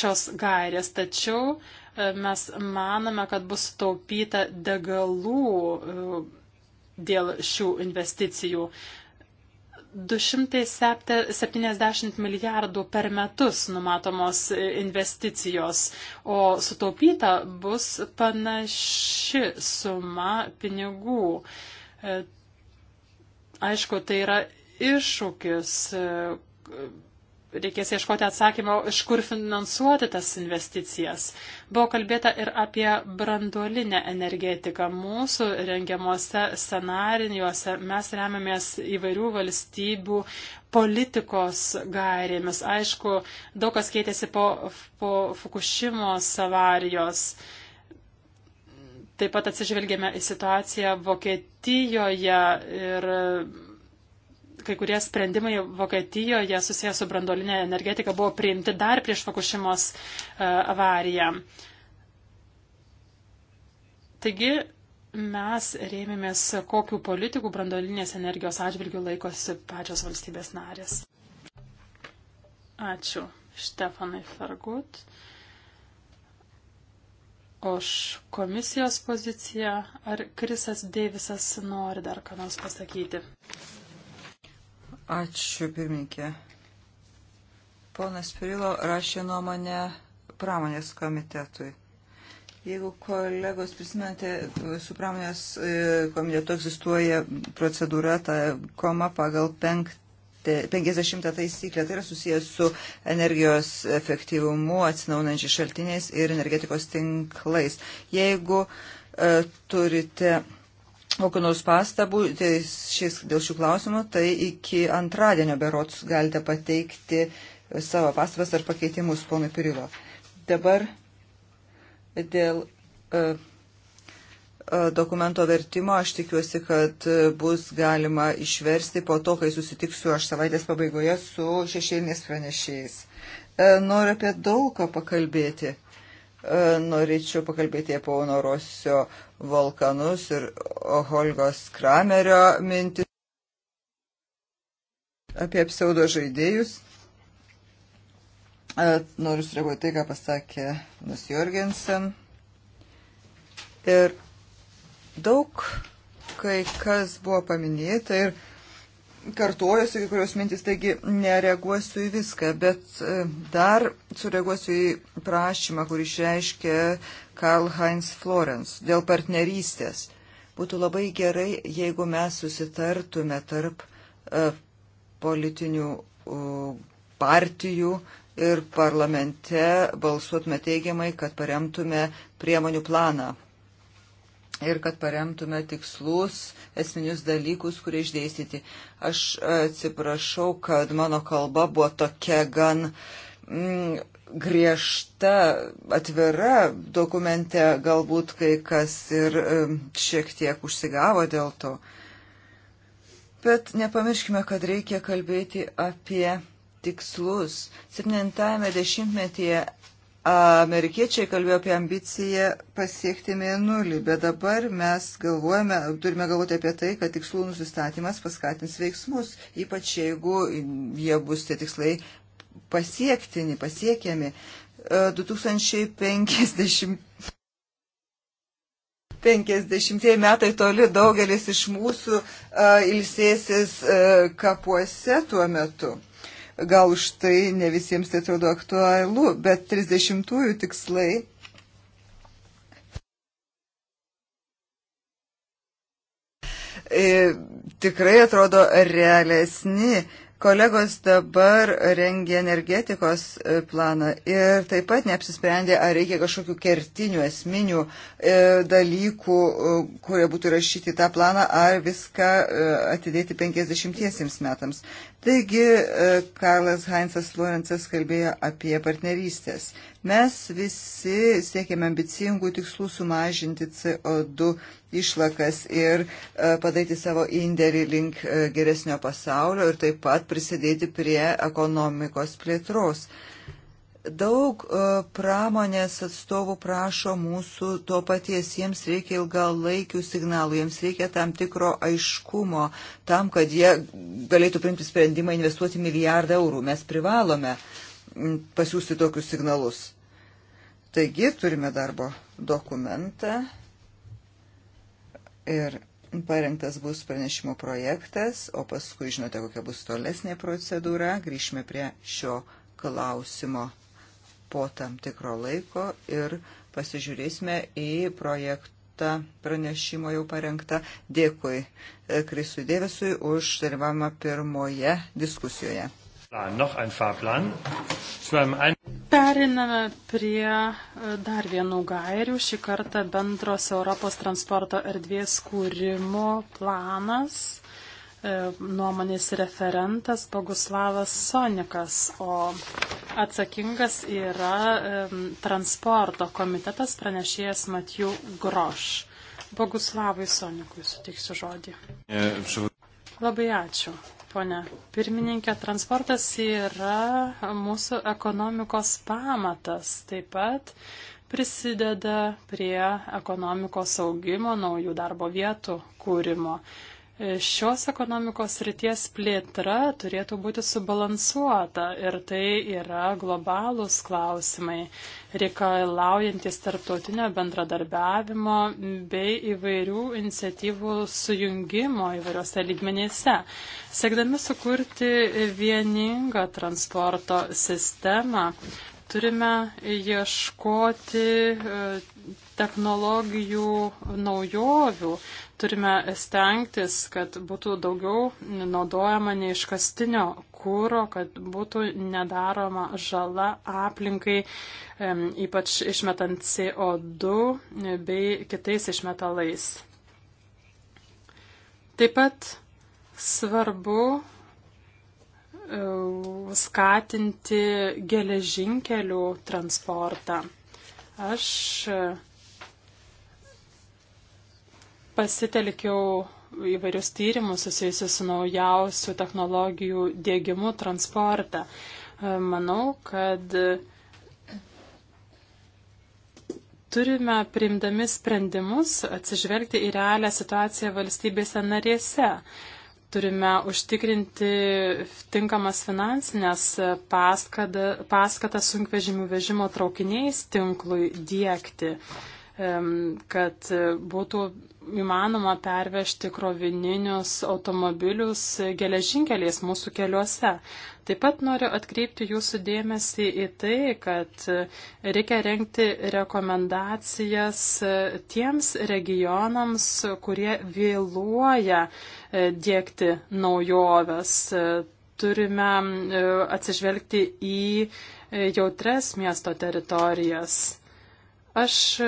šios gairės. Tačiau e, mes manome, kad bus taupyta degalų e, dėl šių investicijų. 270 milijardų per metus numatomos investicijos, o sutaupyta bus panaši suma pinigų. E, aišku, tai yra iššūkis reikės ieškoti atsakymo, iš kur finansuoti tas investicijas. Buvo kalbėta ir apie branduolinę energetiką. Mūsų rengiamuose scenariniuose mes remiamės įvairių valstybių politikos gairėmis. Aišku, daug kas keitėsi po, po Fukushimos avarijos. Taip pat atsižvelgėme į situaciją Vokietijoje ir kai kurie sprendimai Vokietijoje susijęs su brandolinė energetika buvo priimti dar prieš Fukushimos e, avariją. Taigi mes rėmėmės, kokiu politikų brandolinės energijos atžvilgių laikosi pačios valstybės narės. Ačiū Štefanai Fergut už komisijos poziciją. Ar Krisas Deivisas nori dar ką nors pasakyti? Ačiū, pirmininkė. Ponas Pirilo rašė nuomonę pramonės komitetui. Jeigu kolegos prisimenate, su pramonės e, komitetu egzistuoja procedūra, ta koma pagal penktą. 50 taisyklė tai yra susijęs su energijos efektyvumu, atsinaunančiais šaltiniais ir energetikos tinklais. Jeigu e, turite e, kokiu nors pastabų tai šis, dėl šių klausimų, tai iki antradienio berots galite pateikti savo pastabas ar pakeitimus, ponui Pirilo. Dabar dėl e, e dokumento vertimo aš tikiuosi, kad e, bus galima išversti po to, kai susitiksiu aš savaitės pabaigoje su šešėlinės pranešėjais. E, noriu apie daugą pakalbėti. E, norėčiau pakalbėti apie Pauno Rosio vulkanus ir Holgos Kramerio mintis apie pseudo žaidėjus. E, noriu sureaguoti tai, ką pasakė Nus Jorgensen. Ir daug kai kas buvo paminėta ir kartuojasi kai kurios mintis, taigi nereaguosiu į viską, bet e, dar sureaguosiu į prašymą, kurį išreiškė Karl Heinz Florence dėl partnerystės. Būtų labai gerai, jeigu mes susitartume tarp e, politinių partijų ir parlamente balsuotume teigiamai, kad paremtume priemonių planą ir kad paremtume tikslus, esminius dalykus, kurie išdėstyti. Aš atsiprašau, kad mano kalba buvo tokia gan mm, griežta, atvira dokumente, galbūt kai kas ir mm, šiek tiek užsigavo dėl to. Bet nepamirškime, kad reikia kalbėti apie tikslus. 70-metyje Amerikiečiai kalbėjo apie ambiciją pasiekti mėnulį, bet dabar mes galvojame, turime galvoti apie tai, kad tikslų nusistatymas paskatins veiksmus, ypač jeigu jie bus tie tikslai pasiektini, pasiekiami. 2050 e, 50 metai toli daugelis iš mūsų uh, ilsėsis uh, kapuose tuo metu gal už tai ne visiems tai atrodo aktualu, bet 30-ųjų tikslai e, tikrai atrodo realesni Kolegos dabar rengia energetikos e, planą ir taip pat neapsisprendė, ar reikia kažkokių kertinių, esminių e, dalykų, e, kurie būtų rašyti tą planą, ar viską atidėti 50 metams. Taigi Karlas Heinzas Lorenzas kalbėjo apie partnerystės. Mes visi siekiame ambicingų tikslų sumažinti CO2 išlakas ir e, padaryti savo indėlį link e, geresnio pasaulio ir taip pat prisidėti prie ekonomikos plėtros. Daug e, pramonės atstovų prašo mūsų to paties, jiems reikia ilgalaikių signalų, jiems reikia tam tikro aiškumo, tam, kad jie galėtų priimti sprendimą investuoti milijardą eurų. Mes privalome uh, pasiūsti tokius signalus. Taigi turime darbo dokumentą ir parengtas bus pranešimo projektas, o paskui žinote, kokia bus tolesnė procedūra. Grįžime prie šio klausimo po tam tikro laiko ir pasižiūrėsime į projektą pranešimo jau parengtą. Dėkui e, Krisui Dėvesui už dalyvavimą pirmoje diskusijoje. Äh, Periname prie e, dar vienų gairių, šį kartą bendros Europos transporto erdvės kūrimo planas, e, nuomonės referentas Boguslavas Sonikas, o atsakingas yra e, transporto komitetas pranešėjas Matijų Groš. Boguslavui Sonikui suteiksiu žodį. Labai ačiū ponė pirmininkė. Transportas yra mūsų ekonomikos pamatas. Taip pat prisideda prie ekonomikos augimo, naujų darbo vietų kūrimo šios ekonomikos ryties plėtra turėtų būti subalansuota ir tai yra globalūs klausimai, reikalaujantis tarptautinio bendradarbiavimo bei įvairių iniciatyvų sujungimo įvairiose lygmenėse. Siekdami sukurti vieningą transporto sistemą, turime ieškoti e, technologijų naujovių, Turime stengtis, kad būtų daugiau naudojama neiškastinio kūro, kad būtų nedaroma žala aplinkai, ypač išmetant CO2 e, bei kitais išmetalais. Taip pat svarbu e, skatinti geležinkelių transportą. Aš e, pasitelkiau įvairius tyrimus susijusius su naujausių technologijų dėgymu transporte. Manau, kad turime priimdami sprendimus atsižvelgti į realią situaciją valstybėse narėse. Turime užtikrinti tinkamas finansinės paskatas sunkvežimių vežimo traukiniais tinklui dėkti kad būtų įmanoma pervežti krovininius automobilius geležinkeliais mūsų keliuose. Taip pat noriu atkreipti jūsų dėmesį į tai, kad reikia renkti rekomendacijas tiems regionams, kurie vėluoja e, dėkti naujoves. Turime e, atsižvelgti į e, jautres miesto teritorijas. Aš e,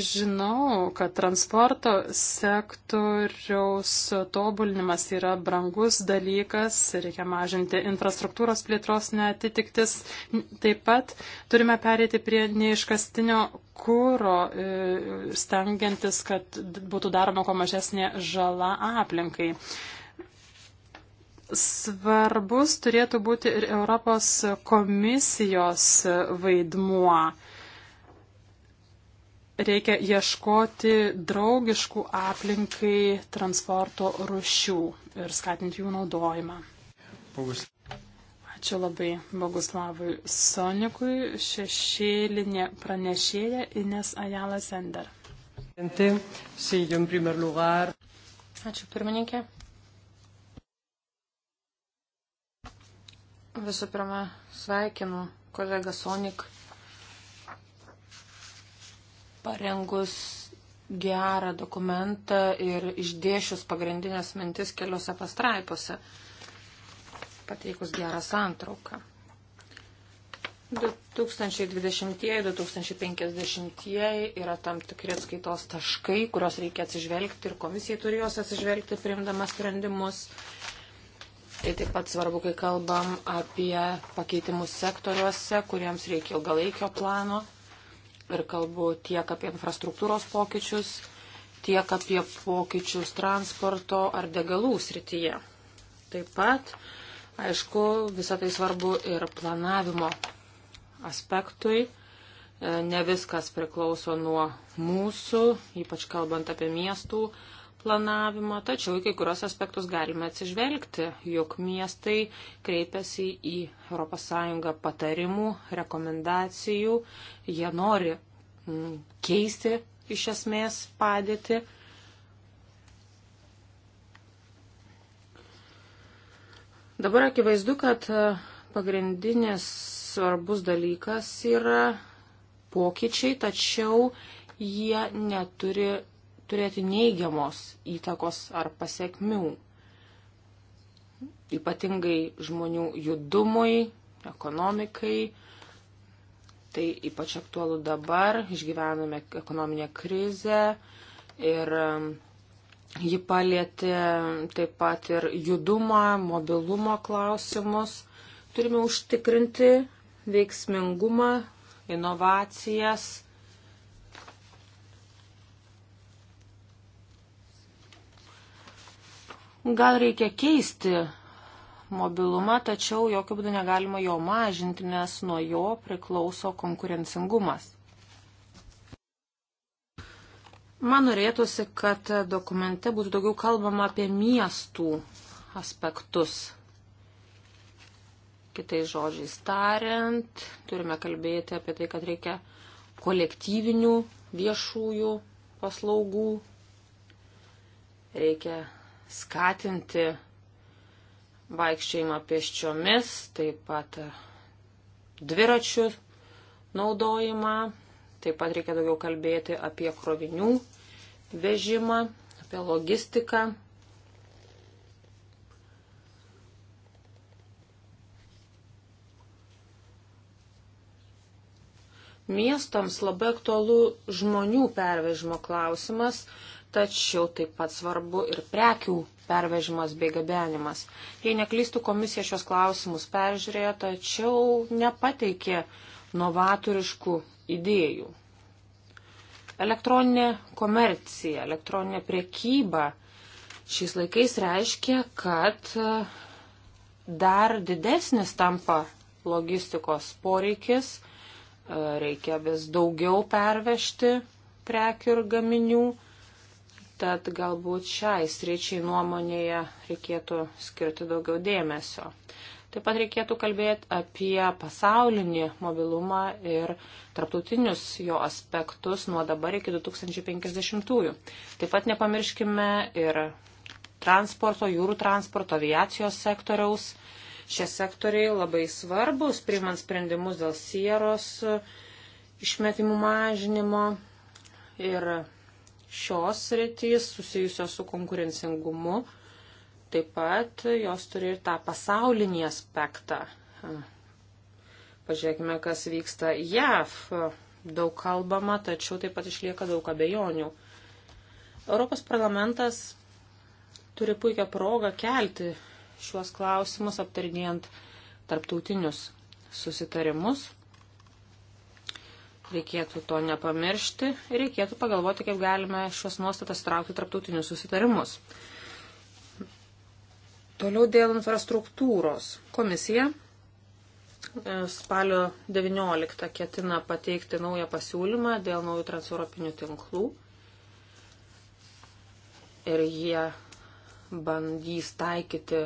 žinau, kad transporto sektoriaus tobulinimas yra brangus dalykas, reikia mažinti infrastruktūros plėtros netitiktis. Taip pat turime pereiti prie neiškastinio kūro, e, stengiantis, kad būtų daroma ko mažesnė žala aplinkai. Svarbus turėtų būti ir Europos komisijos vaidmuo reikia ieškoti draugiškų aplinkai transporto rušių ir skatinti jų naudojimą. Bogus. Ačiū labai Boguslavui Sonikui, šešėlinė pranešėja Ines Ajala Sender. Ačiū pirmininkė. Visų pirma, sveikinu kolegą Sonik parengus gerą dokumentą ir išdėšius pagrindinės mintis keliose pastraipose, pateikus gerą santrauką. 2020-2050 yra tam tikri atskaitos taškai, kurios reikia atsižvelgti ir komisija turi juos atsižvelgti, priimdama sprendimus. Tai taip pat svarbu, kai kalbam apie pakeitimus sektoriuose, kuriems reikia ilgalaikio plano ir kalbu tiek apie infrastruktūros pokyčius, tiek apie pokyčius transporto ar degalų srityje. Taip pat, aišku, visą tai svarbu ir planavimo aspektui. E, ne viskas priklauso nuo mūsų, ypač kalbant apie miestų planavimą, tačiau į kai kurios aspektus galime atsižvelgti, jog miestai kreipiasi į ES patarimų, rekomendacijų, jie nori mm, keisti iš esmės padėti. Dabar akivaizdu, kad e, pagrindinis svarbus dalykas yra pokyčiai, tačiau jie neturi turėti neigiamos įtakos ar pasiekmių, ypatingai žmonių judumui, ekonomikai. Tai ypač aktualu dabar, išgyvename ekonominę krizę ir um, ji palėtė taip pat ir judumą, mobilumo klausimus. Turime užtikrinti veiksmingumą, inovacijas Gal reikia keisti mobilumą, tačiau jokių būdų negalima jo mažinti, nes nuo jo priklauso konkurencingumas. Man norėtųsi, kad dokumente būtų daugiau kalbama apie miestų aspektus. Kitais žodžiais tariant, turime kalbėti apie tai, kad reikia kolektyvinių viešųjų paslaugų, reikia skatinti vaikščiojimą pėsčiomis, taip pat dviračių naudojimą, taip pat reikia daugiau kalbėti apie krovinių vežimą, apie logistiką. Miestams labai aktualu žmonių pervežimo klausimas, tačiau taip pat svarbu ir prekių pervežimas bei gabenimas. Jei neklystų, komisija šios klausimus peržiūrėjo, tačiau nepateikė novatoriškų idėjų. Elektroninė komercija, elektroninė priekyba šiais laikais reiškia, kad e, dar didesnis tampa logistikos poreikis, e, reikia vis daugiau pervežti prekių ir gaminių Tad galbūt šiai sričiai nuomonėje reikėtų skirti daugiau dėmesio. Taip pat reikėtų kalbėti apie pasaulinį mobilumą ir tarptautinius jo aspektus nuo dabar iki 2050-ųjų. Taip pat nepamirškime ir transporto, jūrų transporto, aviacijos sektoriaus. Šie sektoriai labai svarbus, priimant sprendimus dėl sieros išmetimų mažinimo ir šios rytys susijusios su konkurencingumu, taip pat jos turi ir tą pasaulinį aspektą. Pažiūrėkime, kas vyksta JAV. Daug kalbama, tačiau taip pat išlieka daug abejonių. Europos parlamentas turi puikią progą kelti šiuos klausimus aptarinėjant tarptautinius susitarimus. Reikėtų to nepamiršti ir reikėtų pagalvoti, kaip galime šios nuostatas traukti tarptautinius susitarimus. Toliau dėl infrastruktūros. Komisija e, spalio 19 ketina pateikti naują pasiūlymą dėl naujų transeuropinių tinklų. Ir jie bandys taikyti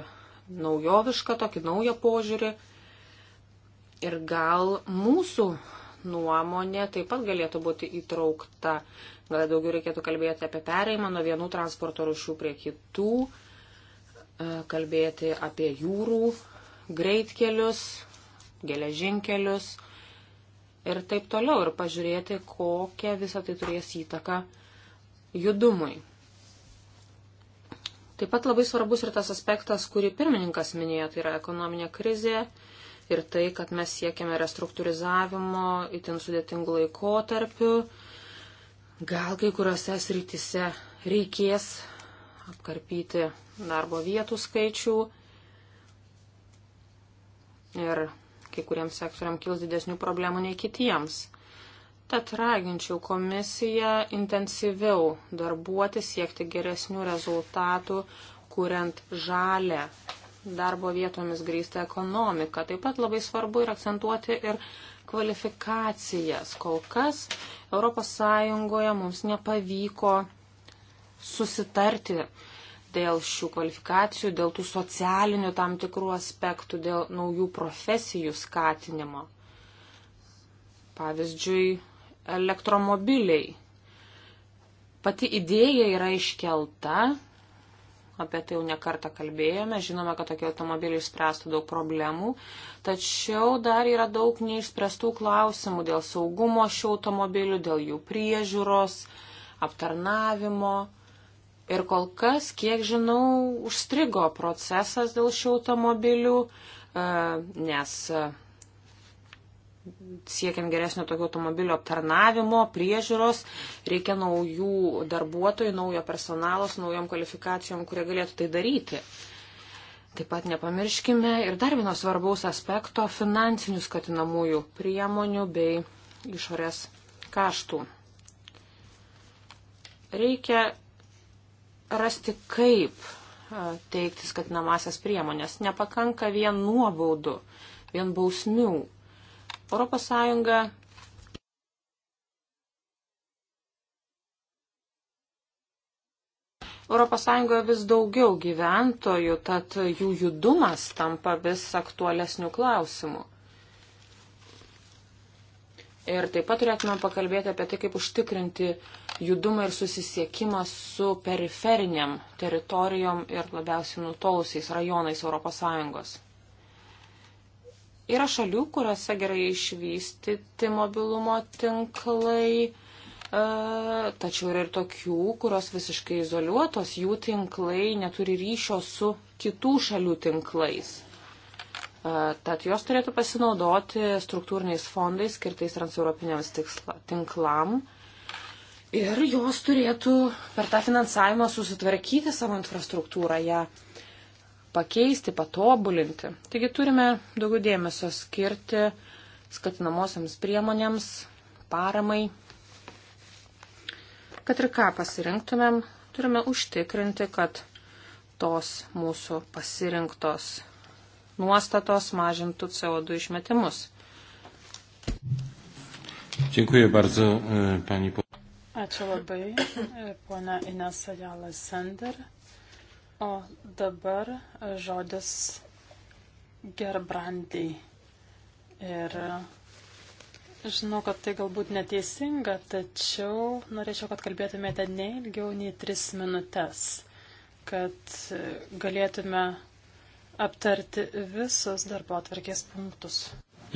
naujovišką, tokį naują požiūrį. Ir gal mūsų nuomonė taip pat galėtų būti įtraukta. Gal daugiau reikėtų kalbėti apie pereimą nuo vienų transporto rušių prie kitų, e, kalbėti apie jūrų, greitkelius, geležinkelius ir taip toliau ir pažiūrėti, kokią visą tai turės įtaką judumui. Taip pat labai svarbus ir tas aspektas, kurį pirmininkas minėjo, tai yra ekonominė krizė, ir tai, kad mes siekiame restruktūrizavimo itin sudėtingų laikotarpių. Gal kai kuriuose srityse reikės apkarpyti darbo vietų skaičių ir kai kuriems sektoriam kils didesnių problemų nei kitiems. Tad raginčiau komisiją intensyviau darbuoti, siekti geresnių rezultatų, kuriant žalę darbo vietomis grįstą ekonomiką. Taip pat labai svarbu ir akcentuoti ir kvalifikacijas. Kol kas ES mums nepavyko susitarti dėl šių kvalifikacijų, dėl tų socialinių tam tikrų aspektų, dėl naujų profesijų skatinimo. Pavyzdžiui, elektromobiliai. Pati idėja yra iškelta, apie tai jau nekartą kalbėjome, žinome, kad tokie automobiliai išspręstų daug problemų, tačiau dar yra daug neišspręstų klausimų dėl saugumo šių automobilių, dėl jų priežiūros, aptarnavimo. Ir kol kas, kiek žinau, užstrigo procesas dėl šių automobilių, e, nes siekiant geresnio tokio automobilio aptarnavimo, priežiūros, reikia naujų darbuotojų, naujo personalo su naujom kvalifikacijom, kurie galėtų tai daryti. Taip pat nepamirškime ir dar vieno svarbaus aspekto - finansinių skatinamųjų priemonių bei išorės kaštų. Reikia rasti, kaip teikti skatinamasias priemonės. Nepakanka vien nuobaudų, vien bausmių Europos Sąjunga Europos Sąjungoje vis daugiau gyventojų, tad jų judumas tampa vis aktualesnių klausimų. Ir taip pat turėtume pakalbėti apie tai, kaip užtikrinti judumą ir susisiekimą su periferiniam teritorijom ir labiausiai nutolusiais rajonais Europos Sąjungos. Yra šalių, kuriuose gerai išvystyti mobilumo tinklai, e, tačiau yra ir tokių, kurios visiškai izoliuotos, jų tinklai neturi ryšio su kitų šalių tinklais. E, tad jos turėtų pasinaudoti struktūriniais fondais skirtais transeuropiniams tinklam. Ir jos turėtų per tą finansavimą susitvarkyti savo infrastruktūrą, ją ja pakeisti, patobulinti. Taigi turime daugiau dėmesio skirti skatinamosiams priemonėms, paramai. Kad ir ką pasirinktumėm, turime užtikrinti, kad tos mūsų pasirinktos nuostatos mažintų CO2 išmetimus. Dziękuję bardzo, e, pani. Ačiū labai, e, ponia Inesa Jala Sender. O dabar žodis gerbrandiai. Ir žinau, kad tai galbūt neteisinga, tačiau norėčiau, kad kalbėtumėte ne ilgiau nei tris minutės, kad galėtume aptarti visus darbo atvarkės punktus.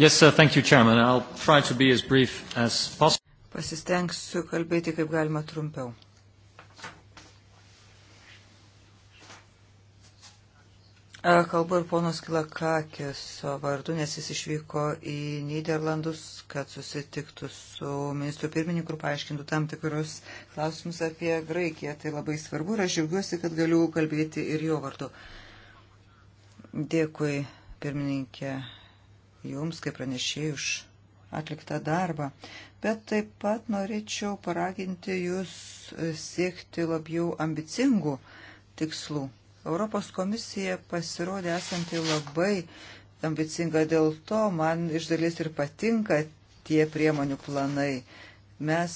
Yes, sir, thank you, Chairman. I'll try to be as brief as possible. Pasistengsiu kalbėti kaip galima trumpiau. Kalbu ir ponos Kilakakės vardu, nes jis išvyko į Niderlandus, kad susitiktų su ministru pirmininku ir paaiškintų tam tikrus klausimus apie Graikiją. Tai labai svarbu ir aš džiaugiuosi, kad galiu kalbėti ir jo vardu. Dėkui, pirmininkė, jums, kaip pranešėjai, už atliktą darbą. Bet taip pat norėčiau paraginti jūs siekti labiau ambicingų tikslų Europos komisija pasirodė esanti labai ambicinga, dėl to man iš dalies ir patinka tie priemonių planai. Mes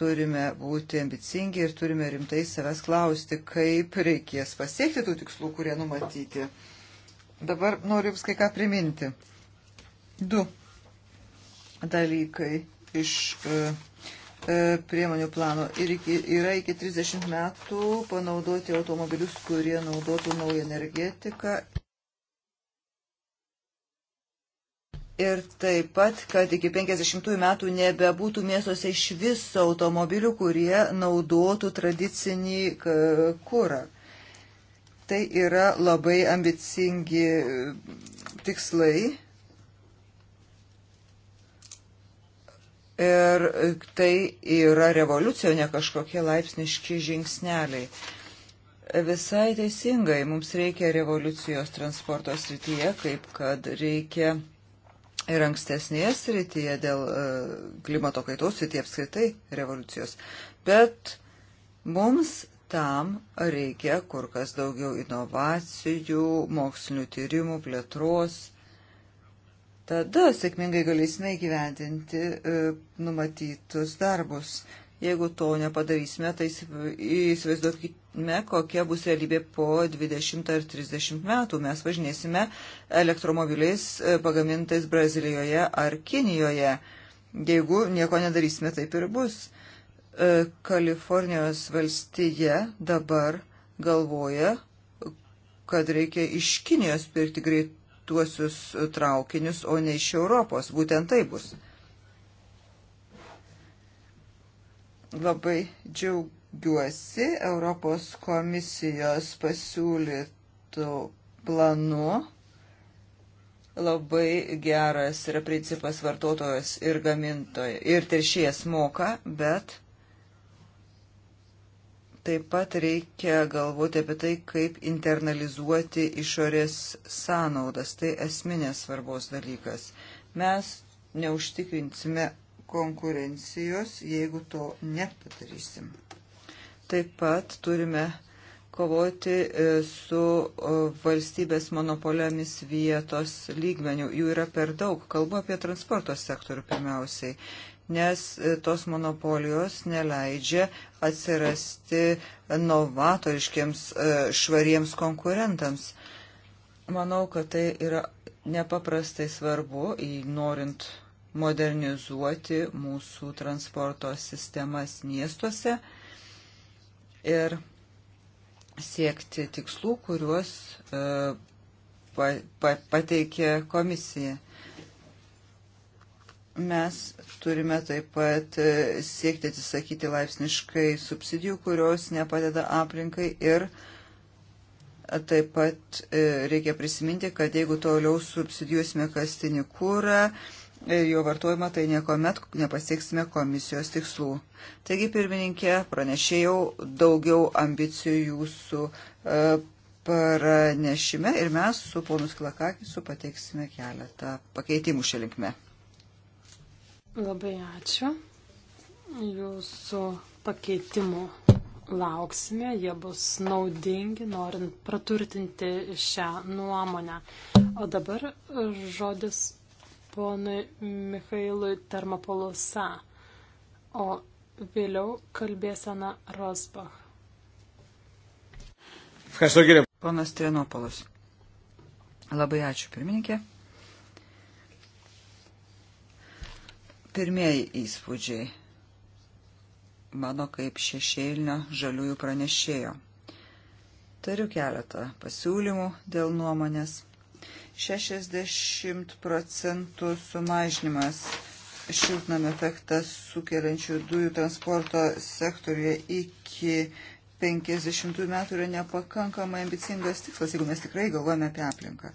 turime būti ambicingi ir turime rimtai savęs klausti, kaip reikės pasiekti tų tikslų, kurie numatyti. Dabar noriu Jums kai ką priminti. Du dalykai iš. Uh, E, priemonių plano ir iki, yra iki 30 metų panaudoti automobilius, kurie naudotų naują energetiką. Ir taip pat, kad iki 50 metų nebebūtų miestuose iš viso automobilių, kurie naudotų tradicinį e, kūrą. Tai yra labai ambicingi e, tikslai Ir tai yra revoliucija, ne kažkokie laipsniški žingsneliai. Visai teisingai, mums reikia revoliucijos transporto srityje, kaip kad reikia ir ankstesnėje srityje dėl e, klimato kaitos srityje apskritai revoliucijos. Bet mums tam reikia kur kas daugiau inovacijų, mokslinių tyrimų, plėtros Tada sėkmingai galėsime įgyvendinti e, numatytus darbus. Jeigu to nepadarysime, tai įsivaizduokime, kokia bus realybė po 20 ar 30 metų. Mes važinėsime elektromobiliais e, pagamintais Brazilijoje ar Kinijoje. Jeigu nieko nedarysime, taip ir bus. E, Kalifornijos valstija dabar galvoja, kad reikia iš Kinijos pirkti greit greituosius traukinius, o ne iš Europos. Būtent tai bus. Labai džiaugiuosi Europos komisijos pasiūlytų planu. Labai geras yra principas vartotojas ir gamintojas ir teršėjas moka, bet Taip pat reikia galvoti apie tai, kaip internalizuoti išorės sąnaudas. Tai esminės svarbos dalykas. Mes neužtikrinsime konkurencijos, jeigu to nepadarysim. Taip pat turime kovoti e, su e, valstybės monopoliomis vietos lygmenių. Jų yra per daug. Kalbu apie transporto sektorių pirmiausiai nes e, tos monopolijos neleidžia atsirasti novatoriškiams e, švariems konkurentams. Manau, kad tai yra nepaprastai svarbu, norint modernizuoti mūsų transporto sistemas miestuose ir siekti tikslų, kuriuos e, pateikė komisija. Mes turime taip pat e, siekti atsisakyti laipsniškai subsidijų, kurios nepadeda aplinkai ir e, taip pat e, reikia prisiminti, kad jeigu toliau subsidijuosime kastinį kūrą, ir jo vartojimą, tai niekuomet nepasieksime komisijos tikslų. Taigi, pirmininkė, pranešėjau daugiau ambicijų jūsų e, pranešime ir mes su ponus Klakakisu pateiksime keletą pakeitimų šią linkmę. Labai ačiū. Jūsų pakeitimų lauksime, jie bus naudingi, norint praturtinti šią nuomonę. O dabar žodis ponui Mikhailui Termopolusa, o vėliau kalbėsena Rosbach. Ponas Trienopolas. Labai ačiū, pirmininkė. Pirmieji įspūdžiai mano kaip šešėlinio žaliųjų pranešėjo. Turiu keletą pasiūlymų dėl nuomonės. 60 procentų sumažinimas šiltnamio efektą sukeliančių dujų transporto sektoriuje iki 50 metų yra nepakankamai ambicingas tikslas, jeigu mes tikrai galvojame apie aplinką.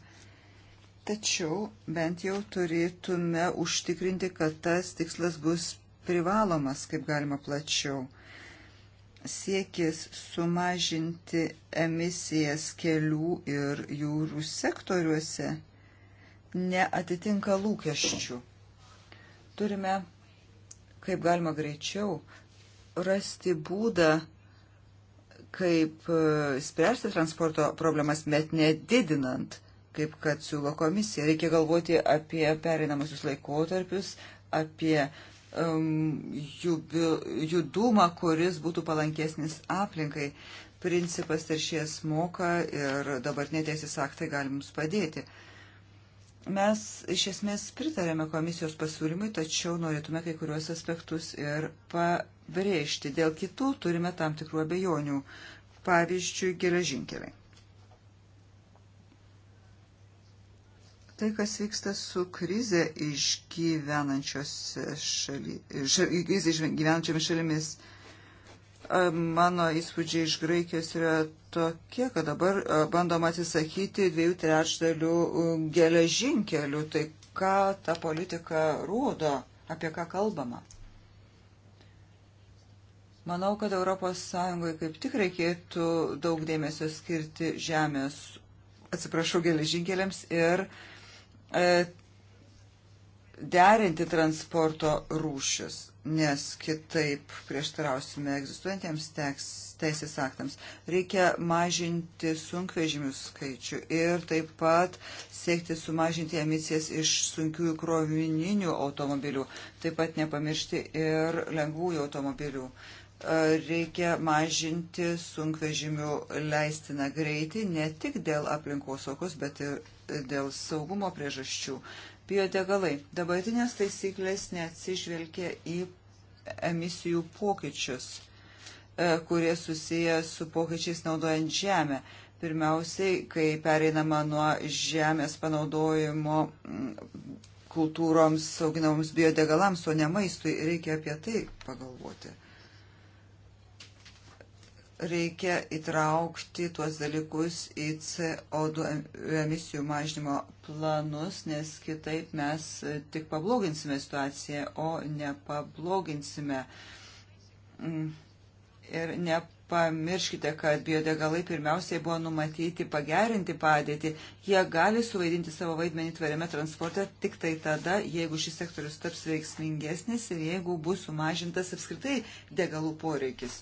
Tačiau bent jau turėtume užtikrinti, kad tas tikslas bus privalomas, kaip galima plačiau. Siekis sumažinti emisijas kelių ir jūrų sektoriuose neatitinka lūkesčių. Turime, kaip galima greičiau, rasti būdą, kaip e, spręsti transporto problemas, bet nedidinant kaip kad siūlo komisija. Reikia galvoti apie pereinamosius laikotarpius, apie um, judumą, kuris būtų palankesnis aplinkai. Principas teršies moka ir dabartinė teisės aktai gali mums padėti. Mes iš esmės pritarėme komisijos pasiūlymui, tačiau norėtume kai kuriuos aspektus ir pabrėžti. Dėl kitų turime tam tikrų abejonių. Pavyzdžiui, geležinkeliai. tai, kas vyksta su krize išgyvenančios šaly, krize išgyvenančiomis šalimis. Mano įspūdžiai iš Graikijos yra tokie, kad dabar bandoma atsisakyti dviejų trečdalių geležinkelių. Tai ką ta politika rodo, apie ką kalbama? Manau, kad ES kaip tik reikėtų daug dėmesio skirti žemės, atsiprašau, geležinkeliams ir uh, E, derinti transporto rūšius, nes kitaip prieštarausime egzistuojantiems teks, teisės aktams. Reikia mažinti sunkvežimių skaičių ir taip pat siekti sumažinti emisijas iš sunkiųjų krovininių automobilių, taip pat nepamiršti ir lengvųjų automobilių e, reikia mažinti sunkvežimių leistiną greitį ne tik dėl aplinkosaugos, bet ir dėl saugumo priežasčių. Biodegalai. Dabartinės taisyklės neatsižvelgia į emisijų pokyčius, e, kurie susiję su pokyčiais naudojant žemę. Pirmiausiai, kai pereinama nuo žemės panaudojimo kultūroms auginamoms biodegalams, o ne maistui, reikia apie tai pagalvoti reikia įtraukti tuos dalykus į CO2 emisijų mažnymo planus, nes kitaip mes e, tik pabloginsime situaciją, o ne pabloginsime. Mm. Ir nepamirškite, kad biodegalai pirmiausiai buvo numatyti pagerinti padėtį. Jie gali suvaidinti savo vaidmenį tvariame transporte tik tai tada, jeigu šis sektorius taps veiksmingesnis ir jeigu bus sumažintas apskritai degalų poreikis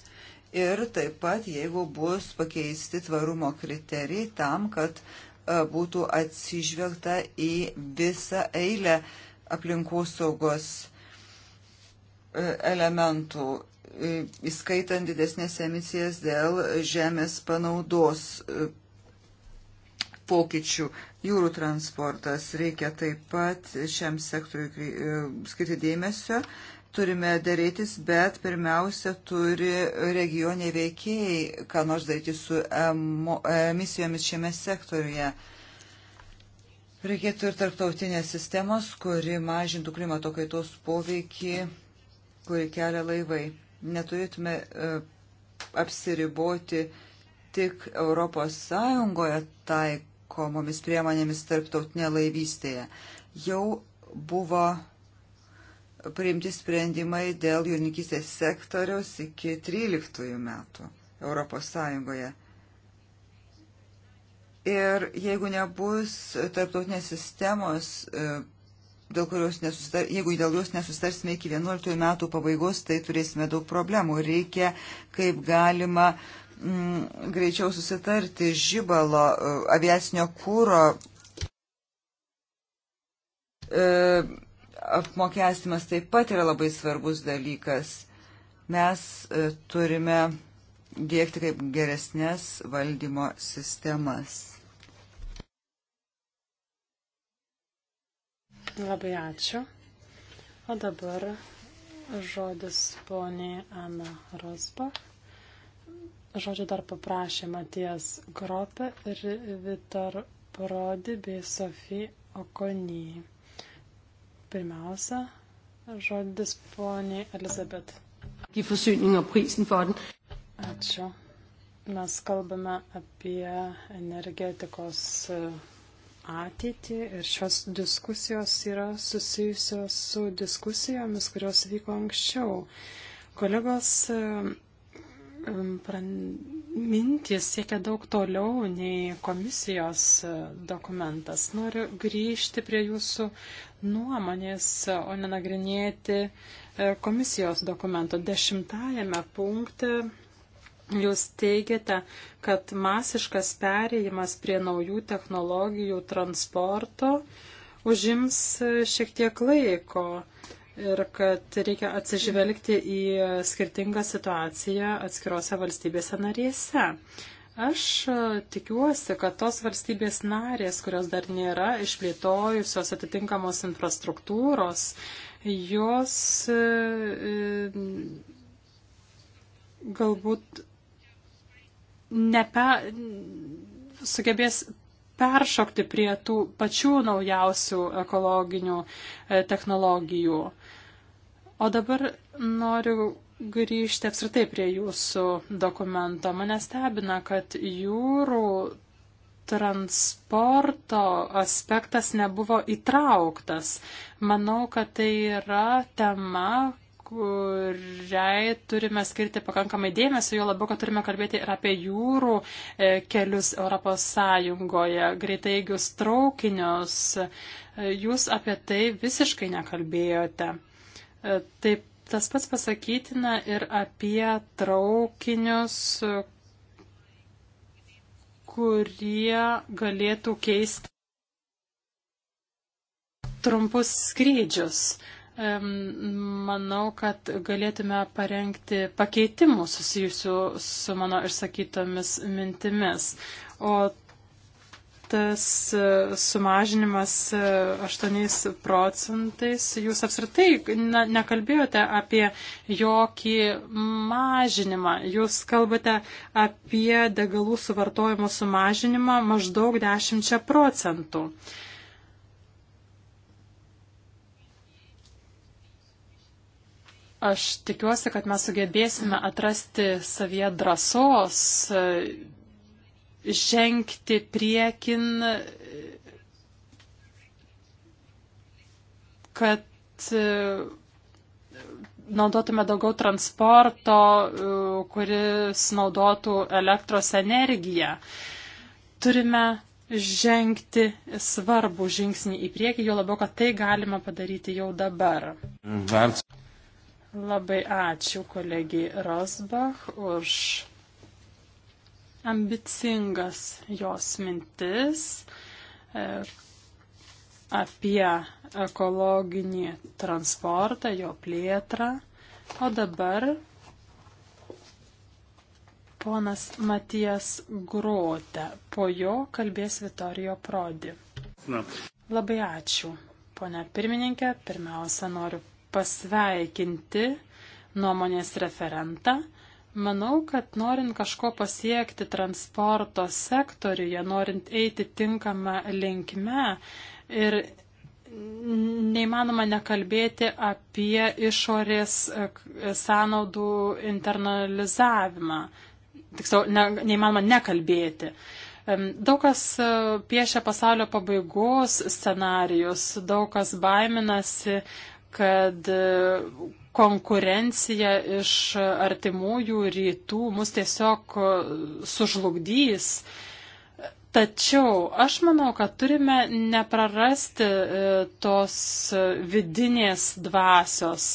ir taip pat, jeigu bus pakeisti tvarumo kriterijai tam, kad e, būtų atsižvelgta į visą eilę aplinkosaugos e, elementų, e, įskaitant didesnės emisijas dėl žemės panaudos pokyčių. Jūrų transportas reikia taip pat šiam sektoriui skirti dėmesio turime dėrėtis, bet pirmiausia turi regioniai veikėjai, ką nors daryti su emisijomis šiame sektoriuje. Reikėtų ir tarptautinės sistemos, kuri mažintų klimato kaitos poveikį, kuri kelia laivai. Neturėtume e, apsiriboti tik ES taikomomis priemonėmis tarptautinė laivystėje. Jau buvo priimti sprendimai dėl jūrininkystės sektoriaus iki 13 metų Europos Sąjungoje. Ir jeigu nebus tarptautinės sistemos, e, dėl kurios nesustar, jeigu dėl jos nesustarsime iki 11 metų pabaigos, tai turėsime daug problemų. Reikia kaip galima mm, greičiau susitarti žibalo e, aviacinio kūro. E, apmokestimas taip pat yra labai svarbus dalykas. Mes e, turime dėkti kaip geresnės valdymo sistemas. Labai ačiū. O dabar žodis poniai Ana Rosbach. Žodžio dar paprašė Matijas Grope ir Vitor Prodi bei Sofija Okonyje. Pirmiausia, žodis poniai Elizabet. Ačiū. Mes kalbame apie energetikos e, ateitį ir šios diskusijos yra susijusios su diskusijomis, kurios vyko anksčiau. Kolegos e, mintys siekia daug toliau nei komisijos e, dokumentas. Noriu grįžti prie jūsų nuomonės, o nenagrinėti e, komisijos dokumento. Dešimtajame punkte jūs teigiate, kad masiškas perėjimas prie naujų technologijų transporto užims e, šiek tiek laiko ir kad reikia atsižvelgti į skirtingą situaciją atskirose valstybėse narėse. Aš e, tikiuosi, kad tos valstybės narės, kurios dar nėra išplėtojusios atitinkamos infrastruktūros, jos e, e, galbūt nepe, sugebės peršokti prie tų pačių naujausių ekologinių technologijų. O dabar noriu grįžti apskritai prie jūsų dokumento. Mane stebina, kad jūrų transporto aspektas nebuvo įtrauktas. Manau, kad tai yra tema, kuriai turime skirti pakankamai dėmesio, jo labiau, kad turime kalbėti ir apie jūrų e, kelius Europos Sąjungoje, greitaigius traukinius. E, jūs apie tai visiškai nekalbėjote. E, taip, tas pats pasakytina ir apie traukinius, kurie galėtų keisti trumpus skrydžius. Manau, kad galėtume parengti pakeitimų susijusių su mano išsakytomis mintimis. O tas e, sumažinimas 8 e, procentais, jūs apskritai ne, nekalbėjote apie jokį mažinimą. Jūs kalbate apie degalų suvartojimo sumažinimą maždaug 10 procentų. Aš tikiuosi, kad mes sugebėsime atrasti savie drąsos žengti priekin, kad e, naudotume daugiau transporto, e, kuris naudotų elektros energiją. Turime žengti svarbų žingsnį į priekį, jo labiau, kad tai galima padaryti jau dabar. Vart. Labai ačiū kolegijai Rosbach už ambicingas jos mintis e, apie ekologinį transportą, jo plėtrą. O dabar ponas Matijas Grote, po jo kalbės Vitorijo Prodi. Na. Labai ačiū, ponia pirmininkė. Pirmiausia, noriu pasveikinti nuomonės referentą. Manau, kad norint kažko pasiekti transporto sektoriuje, norint eiti tinkamą linkme ir neįmanoma nekalbėti apie išorės e, sąnaudų internalizavimą. Tiksliau, ne, neįmanoma nekalbėti. Daug kas e, piešia pasaulio pabaigos scenarius, daug kas baiminasi kad e, konkurencija iš artimųjų rytų mus tiesiog e, sužlugdys. Tačiau aš manau, kad turime neprarasti e, tos vidinės dvasios.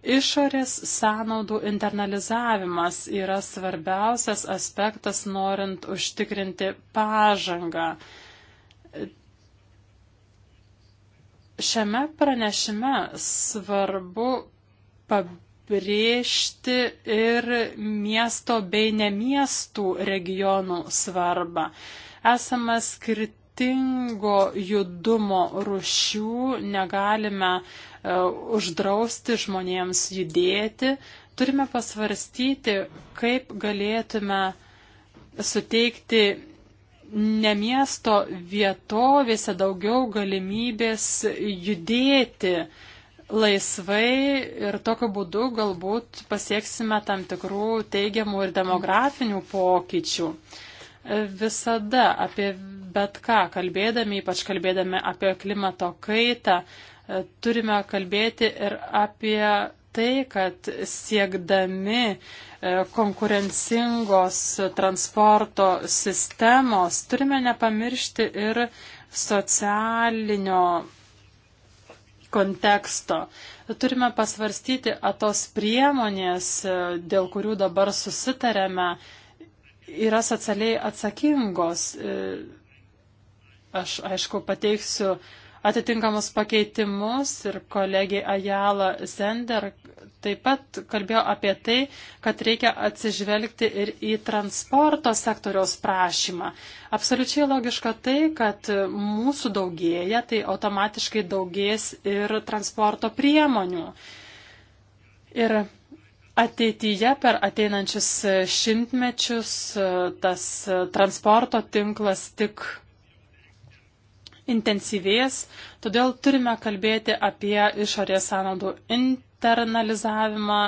Išorės sąnaudų internalizavimas yra svarbiausias aspektas norint užtikrinti pažangą. Šiame pranešime svarbu pabrėžti ir miesto bei ne miestų regionų svarbą. Esame skirti skirtingo judumo rušių negalime uh, uždrausti žmonėms judėti, turime pasvarstyti, kaip galėtume suteikti ne miesto vietovėse daugiau galimybės judėti laisvai ir tokiu būdu galbūt pasieksime tam tikrų teigiamų ir demografinių pokyčių. Visada apie bet ką kalbėdami, ypač kalbėdami apie klimato kaitą, turime kalbėti ir apie tai, kad siekdami e, konkurencingos transporto sistemos turime nepamiršti ir socialinio konteksto. Turime pasvarstyti, ar tos priemonės, e, dėl kurių dabar susitarėme, yra socialiai atsakingos. E, aš, aišku, pateiksiu atitinkamus pakeitimus ir kolegė Ajala Zender taip pat kalbėjo apie tai, kad reikia atsižvelgti ir į transporto sektoriaus prašymą. Absoliučiai logiška tai, kad mūsų daugėja, tai automatiškai daugės ir transporto priemonių. Ir ateityje per ateinančius šimtmečius tas transporto tinklas tik intensyvės, todėl turime kalbėti apie išorės sąnaudų internalizavimą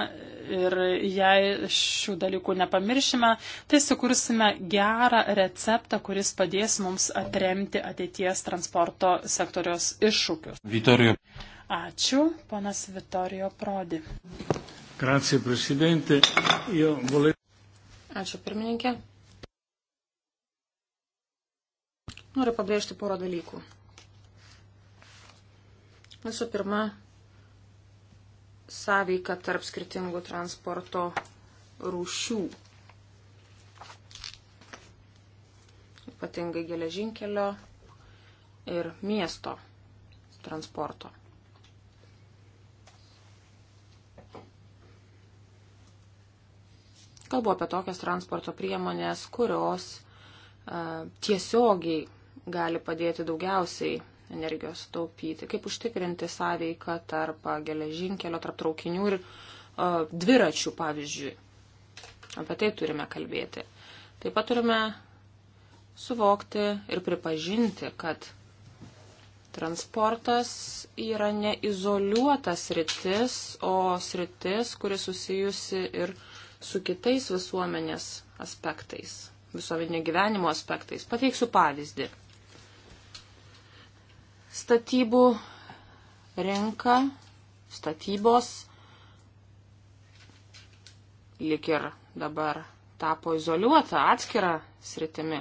ir jei šių dalykų nepamiršime, tai sukursime gerą receptą, kuris padės mums atremti ateities transporto sektoriaus iššūkius. Vitorijo. Ačiū, ponas Vitorijo Prodi. Grazie, prezidente. Io volevo. Ačiū, pirmininkė. Noriu pabrėžti porą dalykų. Visų pirma, sąveika tarp skirtingų transporto rūšių. Ypatingai geležinkelio ir miesto transporto. Kalbu apie tokias transporto priemonės, kurios e, tiesiogiai gali padėti daugiausiai energijos taupyti, kaip užtikrinti sąveiką tarp geležinkelio, tarp traukinių ir uh, dviračių, pavyzdžiui. Apie tai turime kalbėti. Taip pat turime suvokti ir pripažinti, kad transportas yra ne izoliuotas sritis, o sritis, kuri susijusi ir su kitais visuomenės aspektais, visuomenio gyvenimo aspektais. Pateiksiu pavyzdį statybų rinka, statybos lik ir dabar tapo izoliuota atskira sritimi.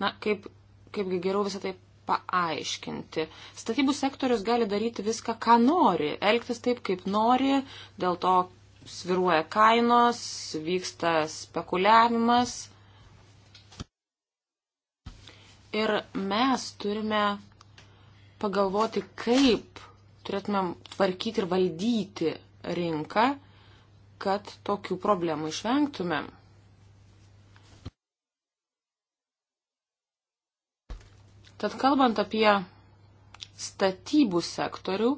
Na, kaip, kaipgi geriau visą tai paaiškinti. Statybų sektorius gali daryti viską, ką nori, elgtis taip, kaip nori, dėl to sviruoja kainos, vyksta spekuliavimas. Ir mes turime pagalvoti, kaip turėtumėm tvarkyti ir valdyti rinką, kad tokių problemų išvengtumėm. Tad kalbant apie statybų sektorių,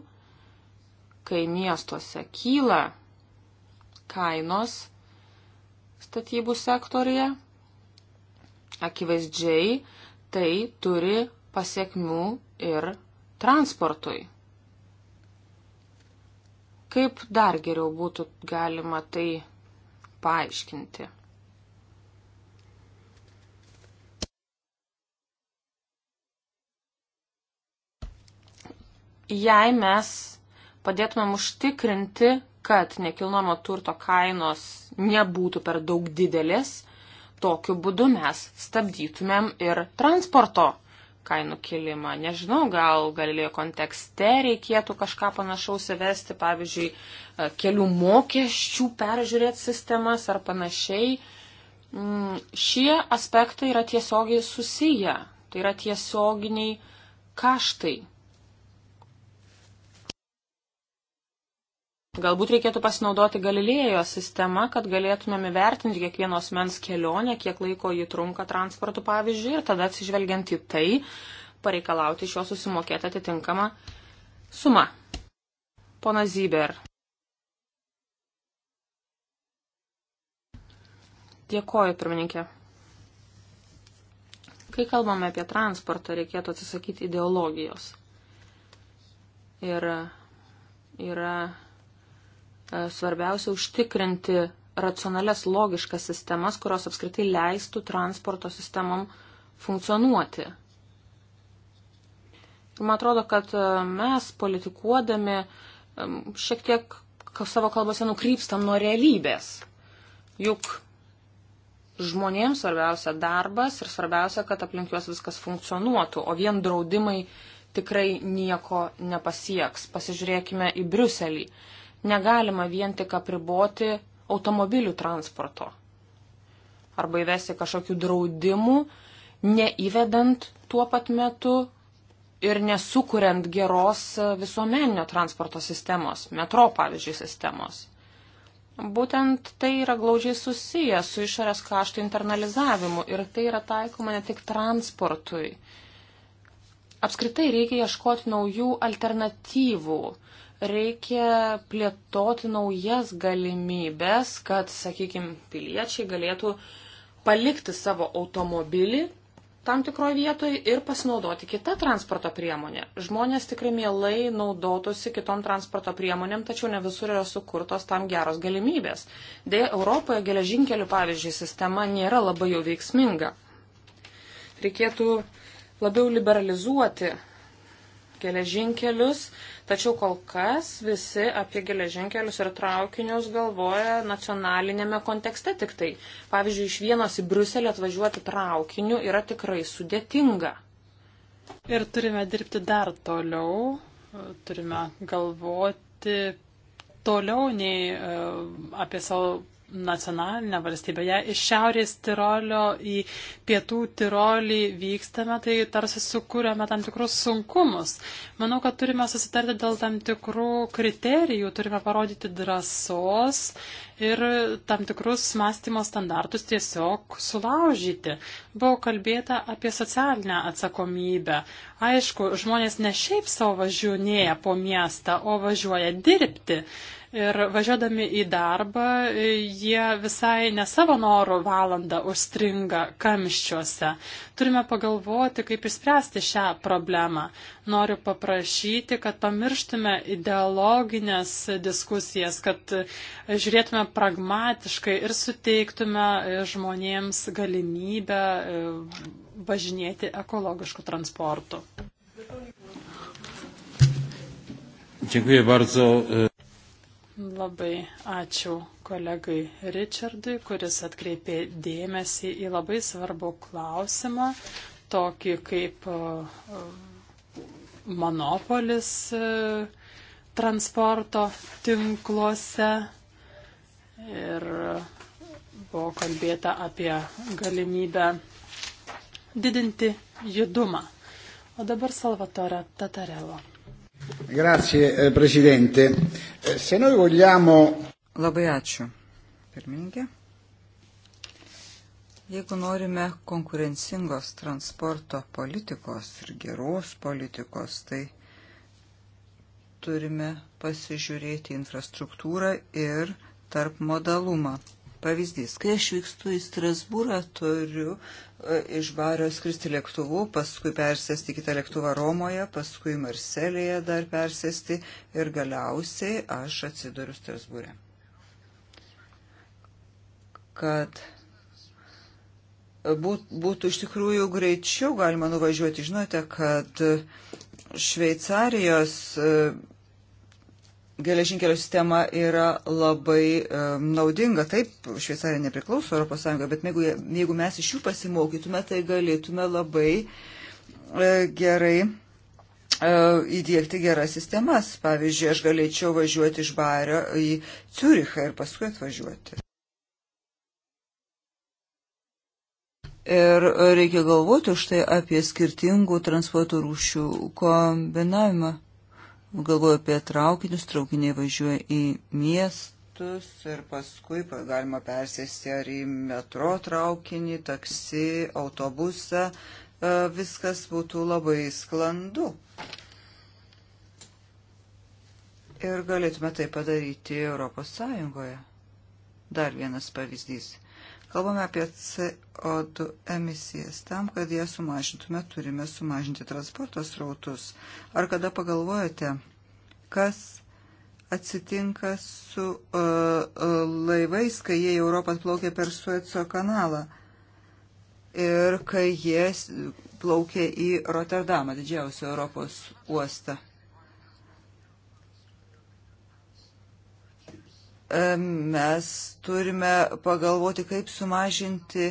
kai miestuose kyla kainos statybų sektorija, akivaizdžiai tai turi pasiekmių ir transportui. Kaip dar geriau būtų galima tai paaiškinti? Jei mes padėtumėm užtikrinti, kad nekilnojamo turto kainos nebūtų per daug didelės, tokiu būdu mes stabdytumėm ir transporto kainų kilimą. Nežinau, gal galėjo kontekste reikėtų kažką panašaus įvesti, pavyzdžiui, e, kelių mokesčių peržiūrėti sistemas ar panašiai. Mm, šie aspektai yra tiesiogiai susiję, tai yra tiesioginiai kaštai Galbūt reikėtų pasinaudoti Galilėjo sistema, kad galėtumėme vertinti kiekvienos mens kelionę, kiek laiko jį trunka transportu, pavyzdžiui, ir tada atsižvelgiant į tai, pareikalauti iš jo susimokėti atitinkamą sumą. Pona Zyber. Dėkoju, pirmininkė. Kai kalbame apie transportą, reikėtų atsisakyti ideologijos. Ir yra E, svarbiausia užtikrinti racionales logiškas sistemas, kurios apskritai leistų transporto sistemom funkcionuoti. Ir man atrodo, kad e, mes politikuodami e, šiek tiek savo kalbose nukrypstam nuo realybės. Juk žmonėms svarbiausia darbas ir svarbiausia, kad aplink juos viskas funkcionuotų, o vien draudimai tikrai nieko nepasieks. Pasižiūrėkime į Briuselį negalima vien tik apriboti automobilių transporto arba įvesti kažkokių draudimų, neįvedant tuo pat metu ir nesukuriant geros visuomeninio transporto sistemos, metro pavyzdžiui sistemos. Būtent tai yra glaudžiai susiję su išorės kaštų internalizavimu ir tai yra taikoma ne tik transportui. Apskritai reikia ieškoti naujų alternatyvų, reikia plėtoti naujas galimybės, kad, sakykime, piliečiai galėtų palikti savo automobilį tam tikroje vietoje ir pasinaudoti kitą transporto priemonę. Žmonės tikrai mielai naudotųsi kitom transporto priemonėm, tačiau ne visur yra sukurtos tam geros galimybės. Deja, Europoje geležinkelių, pavyzdžiui, sistema nėra labai jau veiksminga. Reikėtų labiau liberalizuoti geležinkelius, tačiau kol kas visi apie geležinkelius ir traukinius galvoja nacionalinėme kontekste tik tai. Pavyzdžiui, iš vienos į Bruselį atvažiuoti traukiniu yra tikrai sudėtinga. Ir turime dirbti dar toliau, turime galvoti toliau nei e, apie savo nacionalinę valstybę. Jei iš šiaurės Tirolio į pietų Tirolį vykstame, tai tarsi sukūrėme tam tikrus sunkumus. Manau, kad turime susitarti dėl tam tikrų kriterijų, turime parodyti drąsos ir tam tikrus mąstymo standartus tiesiog sulaužyti. Buvo kalbėta apie socialinę atsakomybę. Aišku, žmonės ne šiaip savo važiuoja po miestą, o važiuoja dirbti ir važiuodami į darbą jie visai ne savo norų valandą užstringa kamščiuose. Turime pagalvoti, kaip išspręsti šią problemą. Noriu paprašyti, kad pamirštume ideologinės diskusijas, kad žiūrėtume pragmatiškai ir suteiktume žmonėms galimybę e, važinėti ekologišku transportu. Dziękuję bardzo. Labai ačiū kolegai Richardui, kuris atkreipė dėmesį į labai svarbų klausimą, tokį kaip e, monopolis e, transporto tinkluose. Ir buvo kalbėta apie galimybę didinti judumą. O dabar Salvatore Tatarelo. Grazie, eh, Presidente. Eh, se noi vogliamo. Labai ačiū, pirmininkė. Jeigu norime konkurencingos transporto politikos ir geros politikos, tai turime pasižiūrėti infrastruktūrą ir tarp modalumą. Pavyzdys, kai aš vykstu į Strasbūrą, turiu e, iš Bario skristi lėktuvu, paskui persėsti kitą lėktuvą Romoje, paskui Marselėje dar persėsti ir galiausiai aš atsiduriu Strasbūrė. Kad būtų iš tikrųjų greičiau galima nuvažiuoti, žinote, kad Šveicarijos e, geležinkelio sistema yra labai um, naudinga. Taip, Šveicarija nepriklauso Europos Sąjungoje, bet jeigu, jeigu mes iš jų pasimokytume, tai galėtume labai uh, gerai uh, e, įdėkti geras sistemas. Pavyzdžiui, aš galėčiau važiuoti iš Bario į Ciurichą ir paskui atvažiuoti. Ir reikia galvoti už tai apie skirtingų transporto rūšių kombinavimą. Galvoju apie traukinius, traukiniai važiuoja į miestus ir paskui galima persėsti ar į metro traukinį, taksi, autobusą. E, viskas būtų labai sklandu. Ir galėtume tai padaryti Europos Sąjungoje. Dar vienas pavyzdys. Kalbame apie CO2 emisijas. Tam, kad ją sumažintume, turime sumažinti transporto srautus. Ar kada pagalvojate, kas atsitinka su uh, uh, laivais, kai jie į Europą plaukia per Sueco kanalą ir kai jie plaukia į Rotterdamą, didžiausią Europos uostą? E, mes turime pagalvoti, kaip sumažinti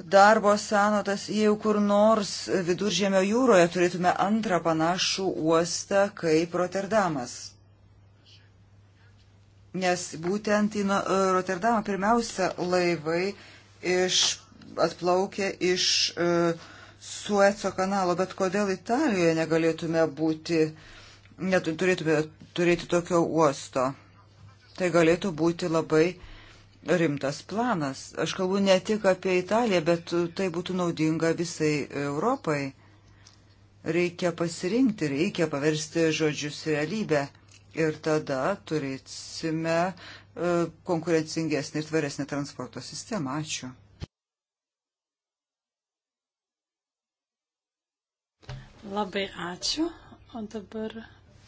darbo sąnotas, jeigu kur nors viduržėmio jūroje turėtume antrą panašų uostą kaip Rotterdamas. Nes būtent į e, Rotterdamą pirmiausia laivai iš, atplaukia iš uh, Sueco kanalo, bet kodėl Italijoje negalėtume būti, neturėtume turėti tokio uosto. Tai galėtų būti labai rimtas planas. Aš kalbu ne tik apie Italiją, bet tai būtų naudinga visai Europai. Reikia pasirinkti, reikia paversti žodžius realybę. Ir tada turėsime e, konkurencingesnį ir tvaresnį transporto sistemą. Ačiū. Labai ačiū. O dabar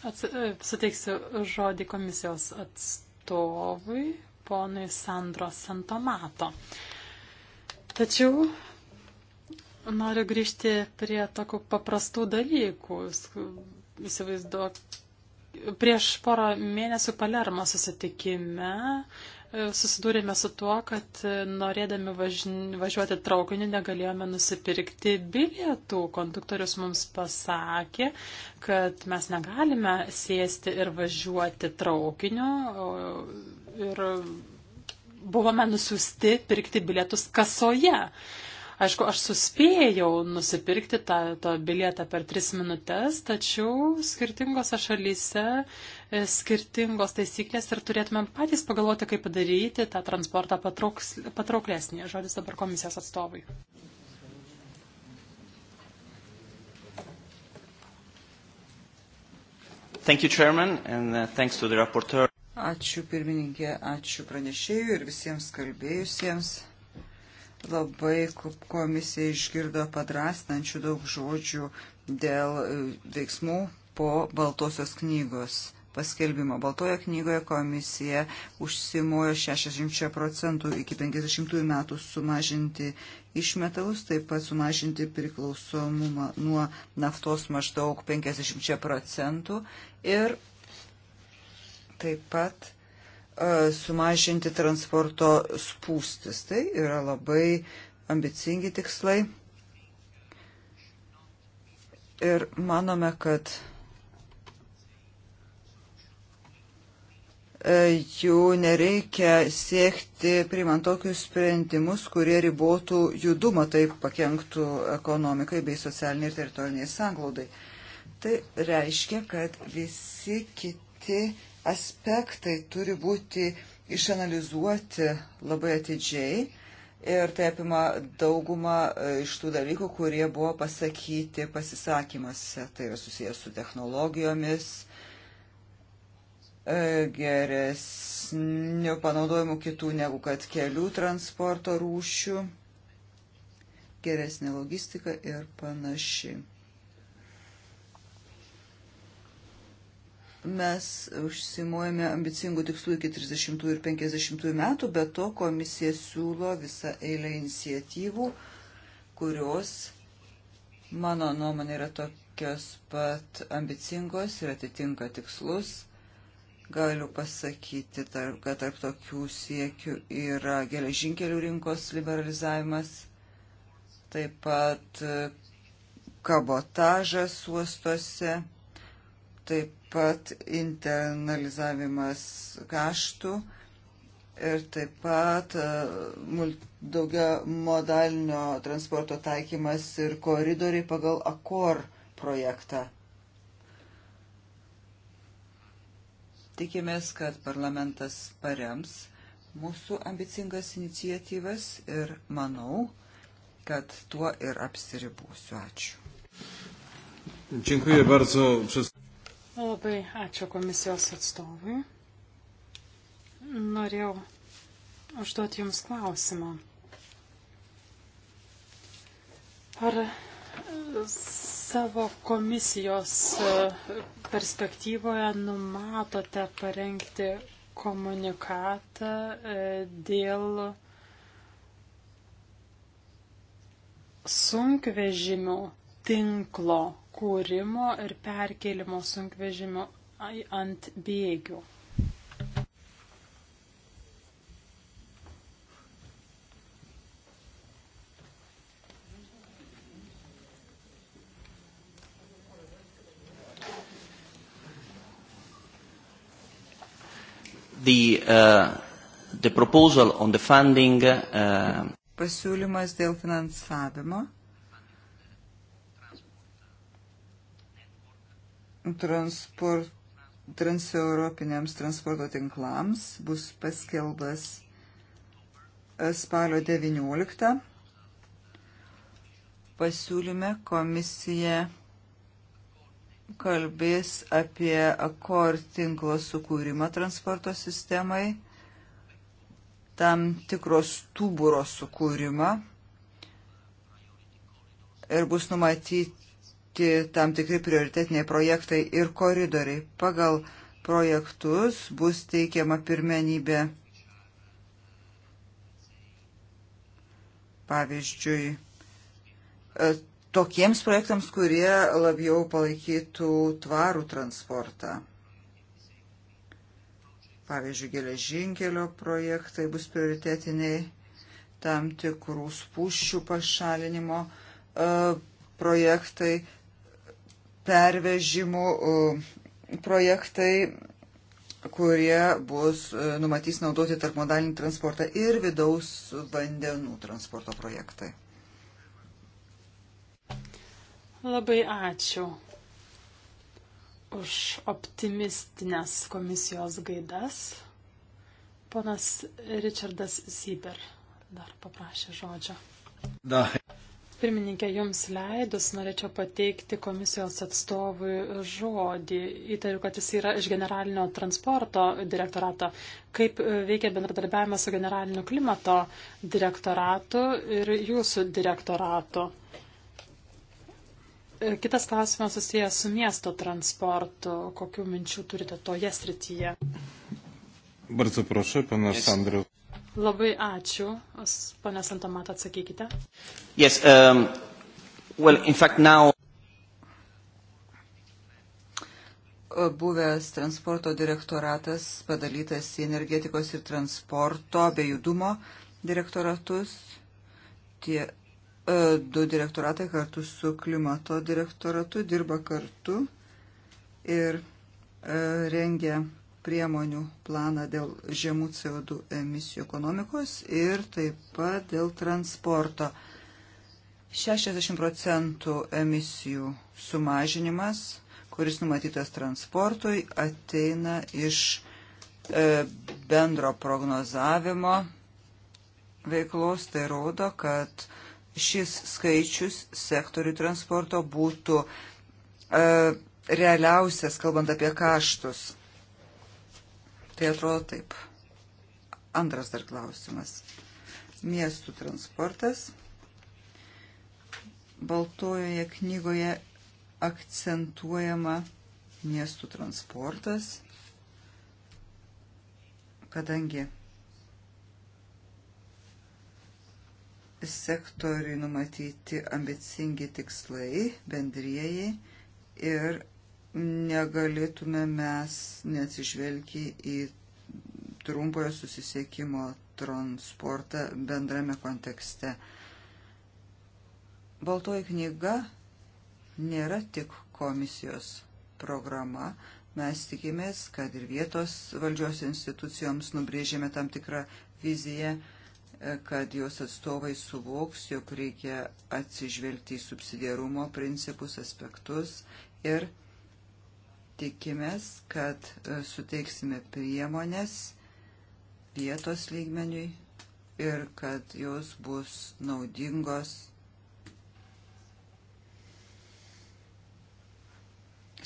atsu, e, suteiksiu žodį komisijos atstovui atstovui, ponui Sandro Santomato. Tačiau noriu grįžti prie tokių paprastų dalykų. Įsivaizduok, prieš porą mėnesių Palermo susitikime susidūrėme su tuo, kad norėdami važiuoti traukiniu negalėjome nusipirkti bilietų. Konduktorius mums pasakė, kad mes negalime sėsti ir važiuoti traukiniu. Ir buvome nusiusti pirkti bilietus kasoje. Aišku, aš suspėjau nusipirkti tą, tą bilietą per tris minutės, tačiau skirtingose šalyse uh, E, skirtingos taisyklės ir turėtumėm patys pagalvoti, kaip padaryti tą transportą patrauks, patrauklesnį. Žodis dabar komisijos atstovui. Thank you, Chairman, and uh, thanks to the rapporteur. Ačiū pirmininkė, ačiū pranešėjų ir visiems kalbėjusiems. Labai komisija išgirdo padrasnančių daug žodžių dėl e, veiksmų po Baltosios knygos paskelbimo. Baltoje knygoje komisija užsimojo 60 procentų iki 50 metų sumažinti išmetalus, taip pat sumažinti priklausomumą nuo naftos maždaug 50 procentų ir taip pat e, sumažinti transporto spūstis. Tai yra labai ambicingi tikslai. Ir manome, kad E, jų nereikia siekti priimant tokius sprendimus, kurie ribotų judumą, taip pakenktų ekonomikai bei socialiniai ir teritoriniai sanglaudai. Tai reiškia, kad visi kiti aspektai turi būti išanalizuoti labai atidžiai ir tai apima daugumą e, iš tų dalykų, kurie buvo pasakyti pasisakymuose. Tai yra susijęs su technologijomis, E, geresnių panaudojimų kitų negu kad kelių transporto rūšių, geresnė logistika ir panaši. Mes užsimuojame ambicingų tikslų iki 30 ir 50 metų, bet to komisija siūlo visą eilę iniciatyvų, kurios, mano nuomonė, yra tokios pat ambicingos ir atitinka tikslus Galiu pasakyti, kad tarp tokių siekių yra geležinkelių rinkos liberalizavimas, taip pat e, kabotažas uostuose, taip pat internalizavimas kaštų ir taip pat e, daugia modalinio transporto taikymas ir koridoriai pagal akor projektą. Tikimės, kad parlamentas parems mūsų ambicingas inicijatyvas ir manau, kad tuo ir apsiribūsiu. Ačiū. Dziękuję bardzo. Labai ačiū komisijos atstovui. Norėjau užduoti Jums klausimą. Ar savo komisijos e, perspektyvoje numatote parengti komunikatą e, dėl sunkvežimių tinklo kūrimo ir perkelimo sunkvežimių ant bėgių. the, uh, the proposal on the funding. Uh, Pasiūlymas dėl finansavimo. Transport, transeuropiniams transporto tinklams bus paskelbas e, spalio 19. Pasiūlyme komisija kalbės apie akor tinklo sukūrimą transporto sistemai, tam tikros stuburo sukūrimą ir bus numatyti tam tikri prioritetiniai projektai ir koridoriai. Pagal projektus bus teikiama pirmenybė pavyzdžiui tokiems projektams, kurie labiau palaikytų tvarų transportą. Pavyzdžiui, geležinkelio projektai bus prioritetiniai tam tikrų spūščių pašalinimo e, projektai, pervežimų e, projektai, kurie bus e, numatys naudoti tarpmodalinį transportą ir vidaus vandenų transporto projektai. Labai ačiū už optimistinės komisijos gaidas. Ponas Richardas Zyber dar paprašė žodžio. Da. Pirmininkė, jums leidus norėčiau pateikti komisijos atstovui žodį. Įtariu, kad jis yra iš generalinio transporto direktorato. Kaip veikia bendradarbiavimas su generaliniu klimato direktoratu ir jūsų direktoratu? E, kitas klausimas susijęs su miesto transportu. Kokių minčių turite toje srityje? Bardzo proszę, pana Sandro. Labai ačiū. Pane Santomat, atsakykite. Yes, um, well, in fact, now... Buvęs transporto direktoratas padalytas į energetikos ir transporto bei judumo direktoratus. Tie E, du direktoratai kartu su klimato direktoratu dirba kartu ir e, rengia priemonių planą dėl žemų CO2 emisijų ekonomikos ir taip pat dėl transporto. 60 procentų emisijų sumažinimas, kuris numatytas transportui, ateina iš e, bendro prognozavimo veiklos. Tai rodo, kad e, šis skaičius sektorių transporto būtų e, realiausias, kalbant apie kaštus. Tai atrodo taip. Antras dar klausimas. Miestų transportas. Baltojoje knygoje akcentuojama miestų transportas, kadangi sektoriui numatyti ambicingi tikslai bendrieji ir negalėtume mes neatsižvelgi į trumpojo susisiekimo transportą bendrame kontekste. Baltoji knyga nėra tik komisijos programa, mes tikimės, kad ir vietos valdžios institucijoms nubrėžėme tam tikrą viziją kad jos atstovai suvoks, jog reikia atsižvelgti į subsidiarumo principus, aspektus ir tikimės, kad e, suteiksime priemonės vietos lygmeniui ir kad jos bus naudingos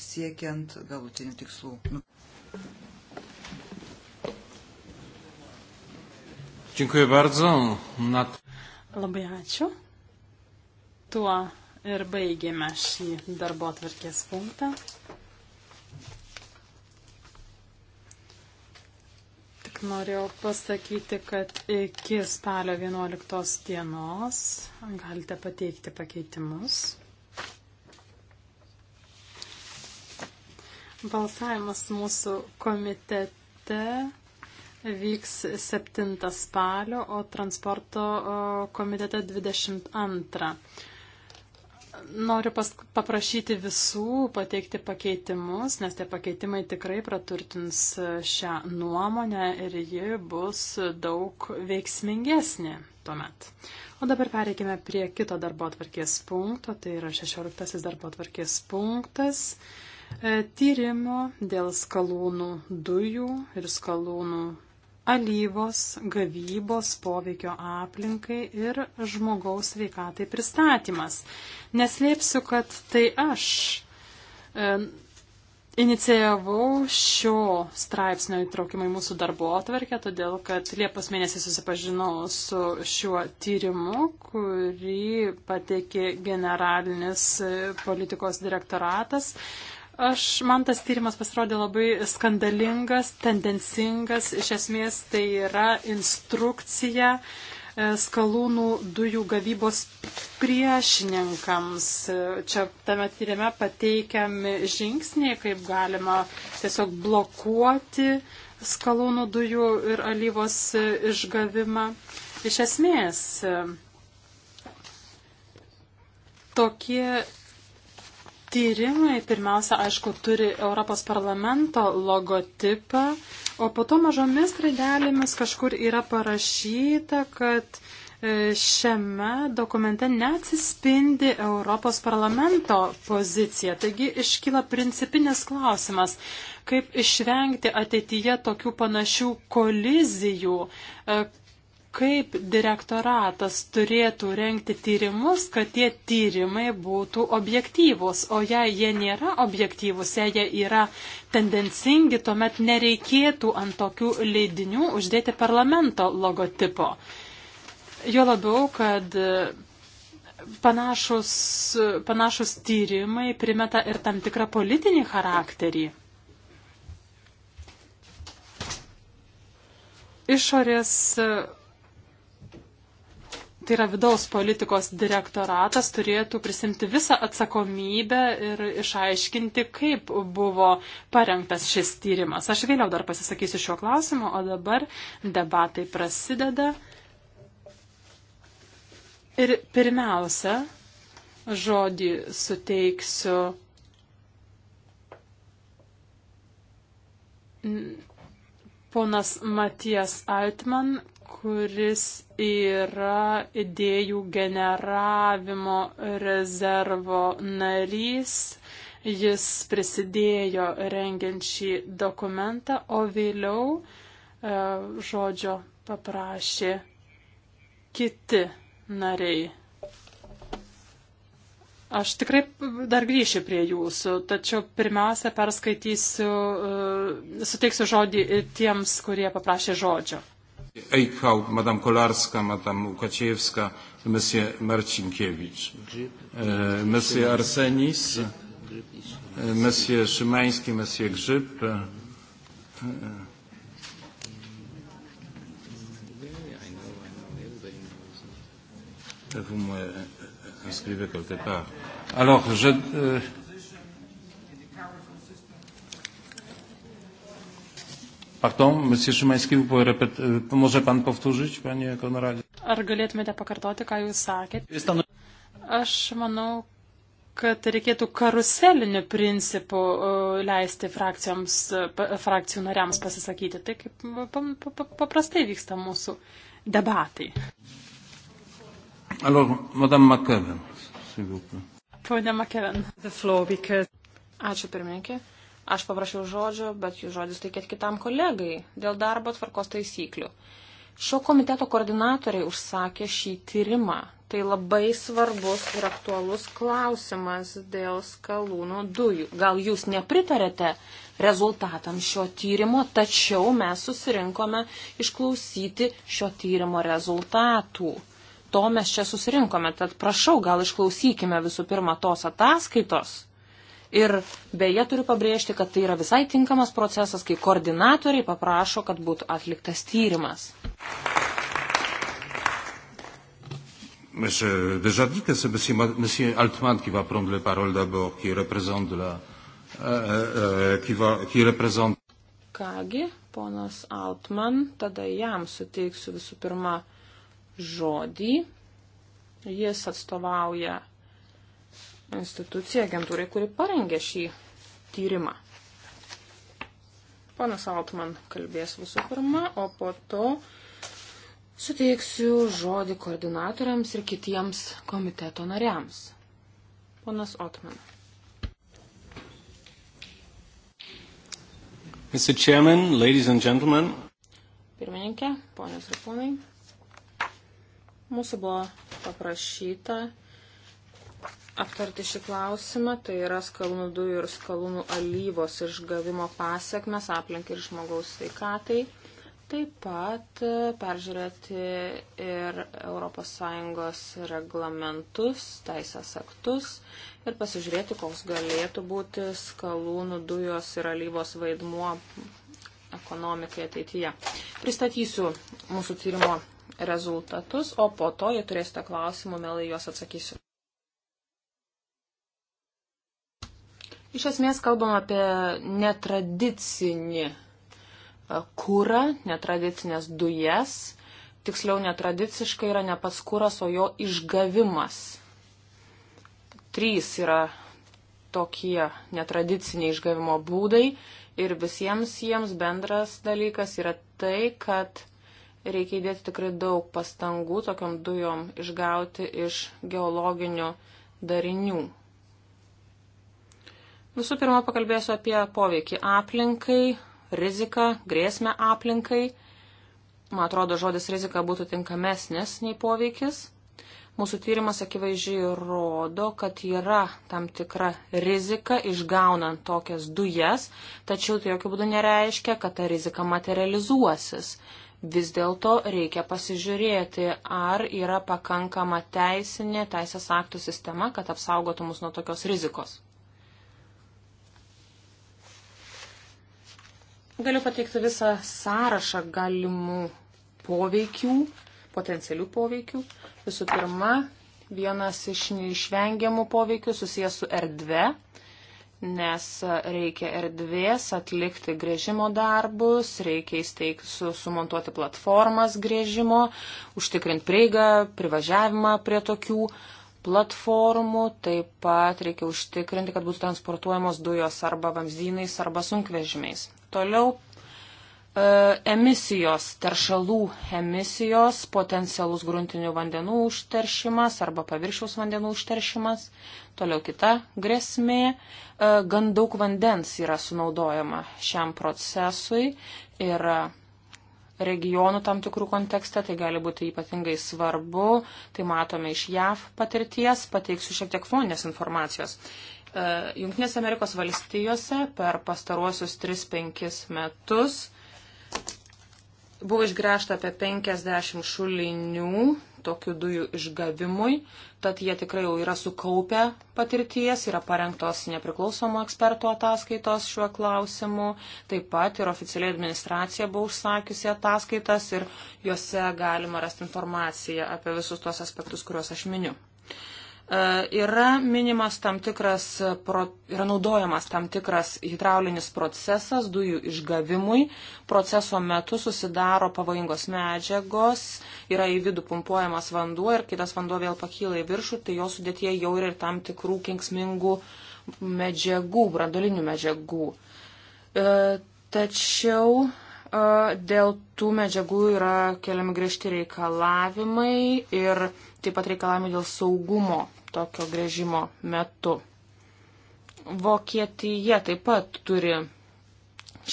siekiant galutinių tikslų. Dziękuję bardzo. Nad... Labai ačiū. Tuo ir baigėme šį darbo atvarkės punktą. Tik norėjau pasakyti, kad iki spalio 11 dienos galite pateikti pakeitimus. Balsavimas mūsų komitete vyks 7 spalio, o transporto komitete 22. Noriu pas, paprašyti visų pateikti pakeitimus, nes tie pakeitimai tikrai praturtins e, šią nuomonę ir ji bus daug veiksmingesnė tuomet. O dabar pereikime prie kito darbo atvarkės punkto, tai yra 16 darbo atvarkės punktas e, tyrimo dėl skalūnų dujų ir skalūnų alyvos gavybos poveikio aplinkai ir žmogaus veikatai pristatymas. Neslėpsiu, kad tai aš e, inicijavau šio straipsnio įtraukimą į mūsų darbo atverkę, todėl kad Liepos mėnesį susipažinau su šiuo tyrimu, kurį pateikė generalinis e, politikos direktoratas. Aš, man tas tyrimas pasirodė labai skandalingas, tendencingas, iš esmės tai yra instrukcija e, skalūnų dujų gavybos priešininkams. Čia tame tyrime pateikiami žingsniai, kaip galima tiesiog blokuoti skalūnų dujų ir alyvos išgavimą. Iš esmės, e, tokie Tyrimai pirmiausia, aišku, turi Europos parlamento logotipą, o po to mažomis raidelėmis kažkur yra parašyta, kad e, šiame dokumente neatsispindi Europos parlamento pozicija. Taigi iškyla principinis klausimas, kaip išvengti ateityje tokių panašių kolizijų, e, kaip direktoratas turėtų renkti tyrimus, kad tie tyrimai būtų objektyvūs, o jei jie nėra objektyvūs, jei jie yra tendencingi, tuomet nereikėtų ant tokių leidinių uždėti parlamento logotipo. Jo labiau, kad panašus, panašus tyrimai primeta ir tam tikrą politinį charakterį. Išorės tai yra vidaus politikos direktoratas, turėtų prisimti visą atsakomybę ir išaiškinti, kaip buvo parengtas šis tyrimas. Aš vėliau dar pasisakysiu šiuo klausimu, o dabar debatai prasideda. Ir pirmiausia, žodį suteiksiu ponas Matijas Altman, kuris yra idėjų generavimo rezervo narys. Jis prisidėjo rengiant šį dokumentą, o vėliau e, žodžio paprašė kiti nariai. Aš tikrai dar grįšiu prie jūsų, tačiau pirmiausia perskaitysiu, e, suteiksiu žodį tiems, kurie paprašė žodžio. Eichhout, Madame Kolarska, Madame Łukaciejewska, Monsieur Marcinkiewicz, Monsieur Arsenis, Monsieur Szymański, Monsieur Grzyb. Vous m'inscrivez quelque part. Alors, je, euh, Pardon, Monsieur Šimanski, može pan povtūžyti, panie Konradė? Ar galėtumėte pakartoti, ką jūs sakėte? Aš manau, kad reikėtų karuseliniu principu leisti frakcijoms, frakcijų nariams pasisakyti. Tai kaip paprastai vyksta mūsų debatai. Alors, Madame McKeven, s'il vous plaît. Pone McKeven. Because... Ačiū pirmininkė. Aš paprašiau žodžio, bet jų žodis teikėt kitam kolegai dėl darbo tvarkos taisyklių. Šio komiteto koordinatoriai užsakė šį tyrimą. Tai labai svarbus ir aktualus klausimas dėl skalūno dujų. Gal jūs nepritarėte rezultatams šio tyrimo, tačiau mes susirinkome išklausyti šio tyrimo rezultatų. To mes čia susirinkome, tad prašau, gal išklausykime visų pirma tos ataskaitos Ir beje turiu pabrėžti, kad tai yra visai tinkamas procesas, kai koordinatoriai paprašo, kad būtų atliktas tyrimas. J'ai déjà dit que c'est M. M. Altman qui va prendre la parole d'abord, qui représente la. Euh, euh, qui va, qui représente... Kągi, ponas Altman, tada jam suteiksiu visų pirma žodį. Jis atstovauja institucijai, agentūrai, kuri parengė šį tyrimą. Ponas Altman kalbės visų pirma, o po to suteiksiu žodį koordinatoriams ir kitiems komiteto nariams. Ponas Otman. Mr. Chairman, ladies and gentlemen. Pirmininkė, ponios ir ponai, mūsų buvo paprašyta aptarti šį klausimą, tai yra skalūnų dujų ir skalūnų alyvos išgavimo pasiekmes aplinkai ir žmogaus sveikatai. Taip pat e, peržiūrėti ir ES reglamentus, teisės aktus ir pasižiūrėti, koks galėtų būti skalūnų dujos ir alyvos vaidmuo ekonomikai ateityje. Pristatysiu mūsų tyrimo rezultatus, o po to, jei turėsite klausimų, mielai juos atsakysiu. Iš esmės kalbam apie netradicinį e, kūrą, netradicinės dujas. Tiksliau, netradiciškai yra ne pats kūras, o jo išgavimas. Trys yra tokie netradiciniai išgavimo būdai ir visiems jiems bendras dalykas yra tai, kad reikia įdėti tikrai daug pastangų tokiam dujom išgauti iš geologinių darinių. Visų pirma, pakalbėsiu apie poveikį aplinkai, riziką, grėsmę aplinkai. Man atrodo, žodis rizika būtų tinkamesnis nei poveikis. Mūsų tyrimas akivaizdžiai rodo, kad yra tam tikra rizika išgaunant tokias dujas, tačiau tai jokių būdų nereiškia, kad ta rizika materializuosis. Vis dėlto reikia pasižiūrėti, ar yra pakankama teisinė teisės aktų sistema, kad apsaugotų mus nuo tokios rizikos. Galiu pateikti visą sąrašą galimų poveikių, potencialių poveikių. Visų pirma, vienas iš neišvengiamų poveikių susijęs su erdve, nes reikia erdvės atlikti grėžimo darbus, reikia įsteigti, su, sumontuoti platformas grėžimo, užtikrinti prieigą, privažiavimą prie tokių platformų, taip pat reikia užtikrinti, kad būtų transportuojamos dujos arba vamzdynais, arba sunkvežimiais. Toliau e, emisijos, teršalų emisijos, potencialus gruntinių vandenų užteršimas arba paviršiaus vandenų užteršimas. Toliau kita grėsmė, e, gan daug vandens yra sunaudojama šiam procesui ir regionų tam tikrų kontekste, tai gali būti ypatingai svarbu, tai matome iš JAV patirties, pateiksiu šiek tiek foninės informacijos. E, Junktinės Amerikos valstijose per pastaruosius 3-5 metus buvo išgręžta apie 50 šulinių tokių dujų išgavimui, tad jie tikrai jau yra sukaupę patirties, yra parengtos nepriklausomų ekspertų ataskaitos šiuo klausimu, taip pat ir oficialiai administracija buvo užsakiusi ataskaitas ir juose galima rasti informaciją apie visus tuos aspektus, kuriuos aš miniu. E, yra minimas tam tikras, yra naudojamas tam tikras hidraulinis procesas dujų išgavimui. Proceso metu susidaro pavojingos medžiagos, yra į vidų pumpuojamas vanduo ir kitas vanduo vėl pakyla į viršų, tai jo sudėtie jau yra ir tam tikrų kenksmingų medžiagų, brandolinių medžiagų. E, tačiau e, dėl tų medžiagų yra keliami griežti reikalavimai ir taip pat reikalavimai dėl saugumo tokio grėžimo metu. Vokietija taip pat turi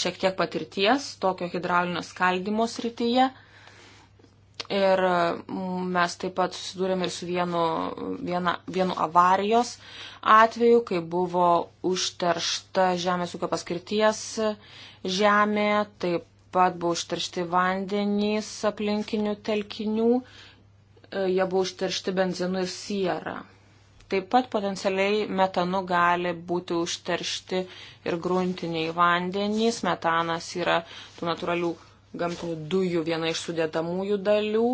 šiek tiek patirties tokio hidraulinio skaldimo srityje. Ir mes taip pat susidūrėme ir su vienu, viena, vienu avarijos atveju, kai buvo užteršta žemės ūkio paskirties žemė, taip pat buvo užteršti vandenys aplinkinių telkinių, e, jie buvo užteršti benzinu ir siera. Taip pat potencialiai metanu gali būti užteršti ir gruntiniai vandenys. Metanas yra tų natūralių gamtinių dujų viena iš sudėdamųjų dalių.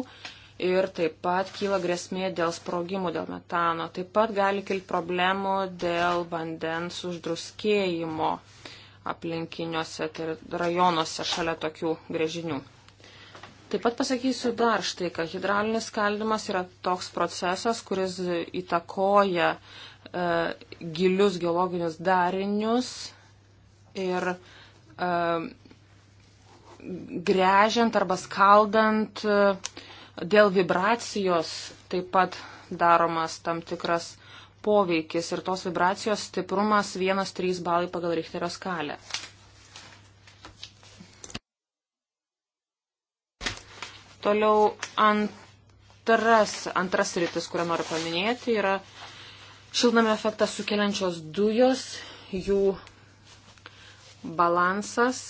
Ir taip pat kyla grėsmė dėl sprogimų, dėl metano. Taip pat gali kilti problemų dėl vandens uždruskėjimo aplinkiniuose tai rajonuose šalia tokių grėžinių. Taip pat pasakysiu dar štai, kad hidralinis skaldimas yra toks procesas, kuris įtakoja e, gilius geologinius darinius ir e, grežiant arba skaldant e, dėl vibracijos taip pat daromas tam tikras poveikis ir tos vibracijos stiprumas 1-3 balai pagal Richterio skalę. Toliau antras, antras rytis, kurią noriu paminėti, yra šiltnamio efektą sukeliančios dujos, jų balansas.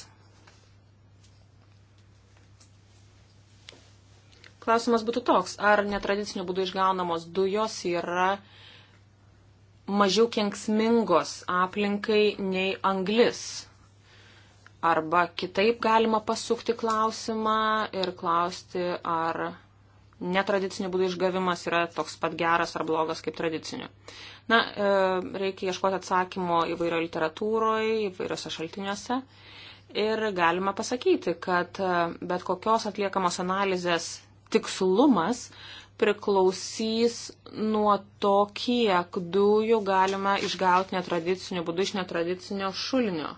Klausimas būtų toks, ar netradiciniu būdu išgaunamos dujos yra mažiau kenksmingos aplinkai nei anglis? Arba kitaip galima pasukti klausimą ir klausti, ar netradicinių būdų išgavimas yra toks pat geras ar blogas kaip tradicinių. Na, e, reikia ieškoti atsakymo įvairio literatūroje, įvairiose šaltiniuose. Ir galima pasakyti, kad e, bet kokios atliekamos analizės tikslumas priklausys nuo to, kiek dujų galima išgauti netradiciniu būdu iš netradicinio šulinio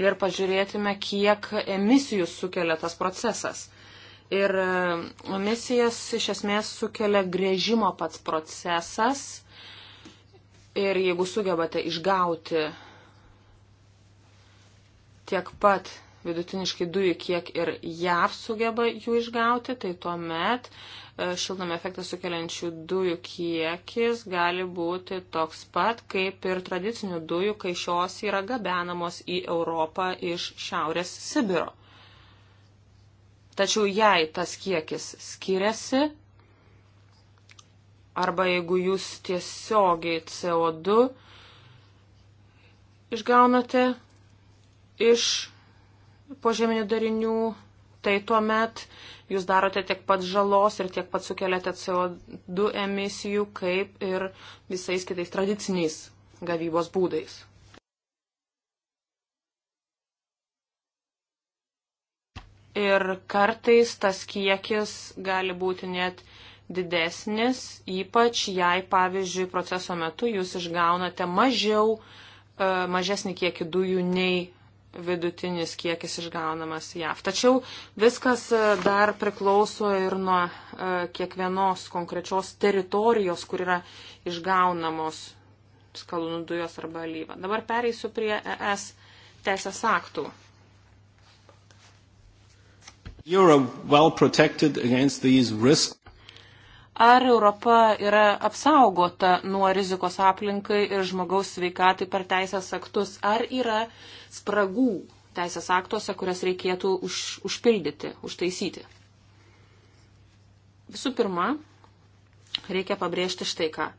ir pažiūrėtume, kiek emisijų sukelia tas procesas. Ir e, emisijas iš esmės sukelia grėžimo pats procesas. Ir jeigu sugebate išgauti tiek pat vidutiniškai dujų, kiek ir JAV sugeba jų išgauti, tai tuomet e, šiltnamio efektą sukeliančių dujų kiekis gali būti toks pat kaip ir tradicinių dujų, kai šios yra gabenamos į Europą iš Šiaurės Sibiro. Tačiau jei tas kiekis skiriasi, arba jeigu jūs tiesiogiai CO2 išgaunate iš požeminių darinių, tai tuomet jūs darote tiek pat žalos ir tiek pat sukeliate CO2 emisijų, kaip ir visais kitais tradiciniais gavybos būdais. Ir kartais tas kiekis gali būti net didesnis, ypač jei, pavyzdžiui, proceso metu jūs išgaunate mažiau, e, mažesnį kiekį dujų nei vidutinis kiekis išgaunamas JAV. Tačiau viskas e, dar priklauso ir nuo e, kiekvienos konkrečios teritorijos, kur yra išgaunamos skalūnų dujos arba alyva. Dabar pereisiu prie ES teisės aktų. Well Ar Europa yra apsaugota nuo rizikos aplinkai ir žmogaus sveikatai per teisės aktus? Ar yra uh, spragų teisės aktuose, kurias reikėtų už, užpildyti, užtaisyti. Visų pirma, reikia pabrėžti štai ką.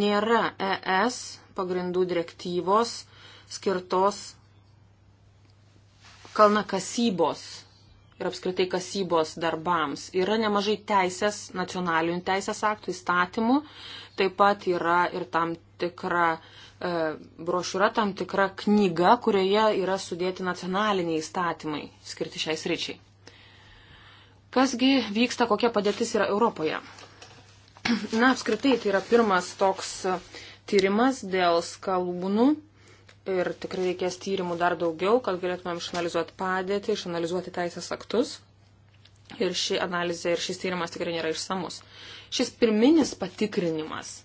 Nėra ES pagrindų direktyvos skirtos kalnakasybos ir apskritai kasybos darbams. Yra nemažai teisės, nacionalinių teisės aktų įstatymų, taip pat yra ir tam tikra uh, E, brošiūra tam tikra knyga, kurioje yra sudėti nacionaliniai įstatymai skirti šiais ryčiai. Kasgi vyksta, kokia padėtis yra Europoje? Na, apskritai, tai yra pirmas toks tyrimas dėl skalūnų ir tikrai reikės tyrimų dar daugiau, kad galėtumėm išanalizuoti padėtį, išanalizuoti teisės aktus. Ir ši analizė ir šis tyrimas tikrai nėra išsamus. Šis pirminis patikrinimas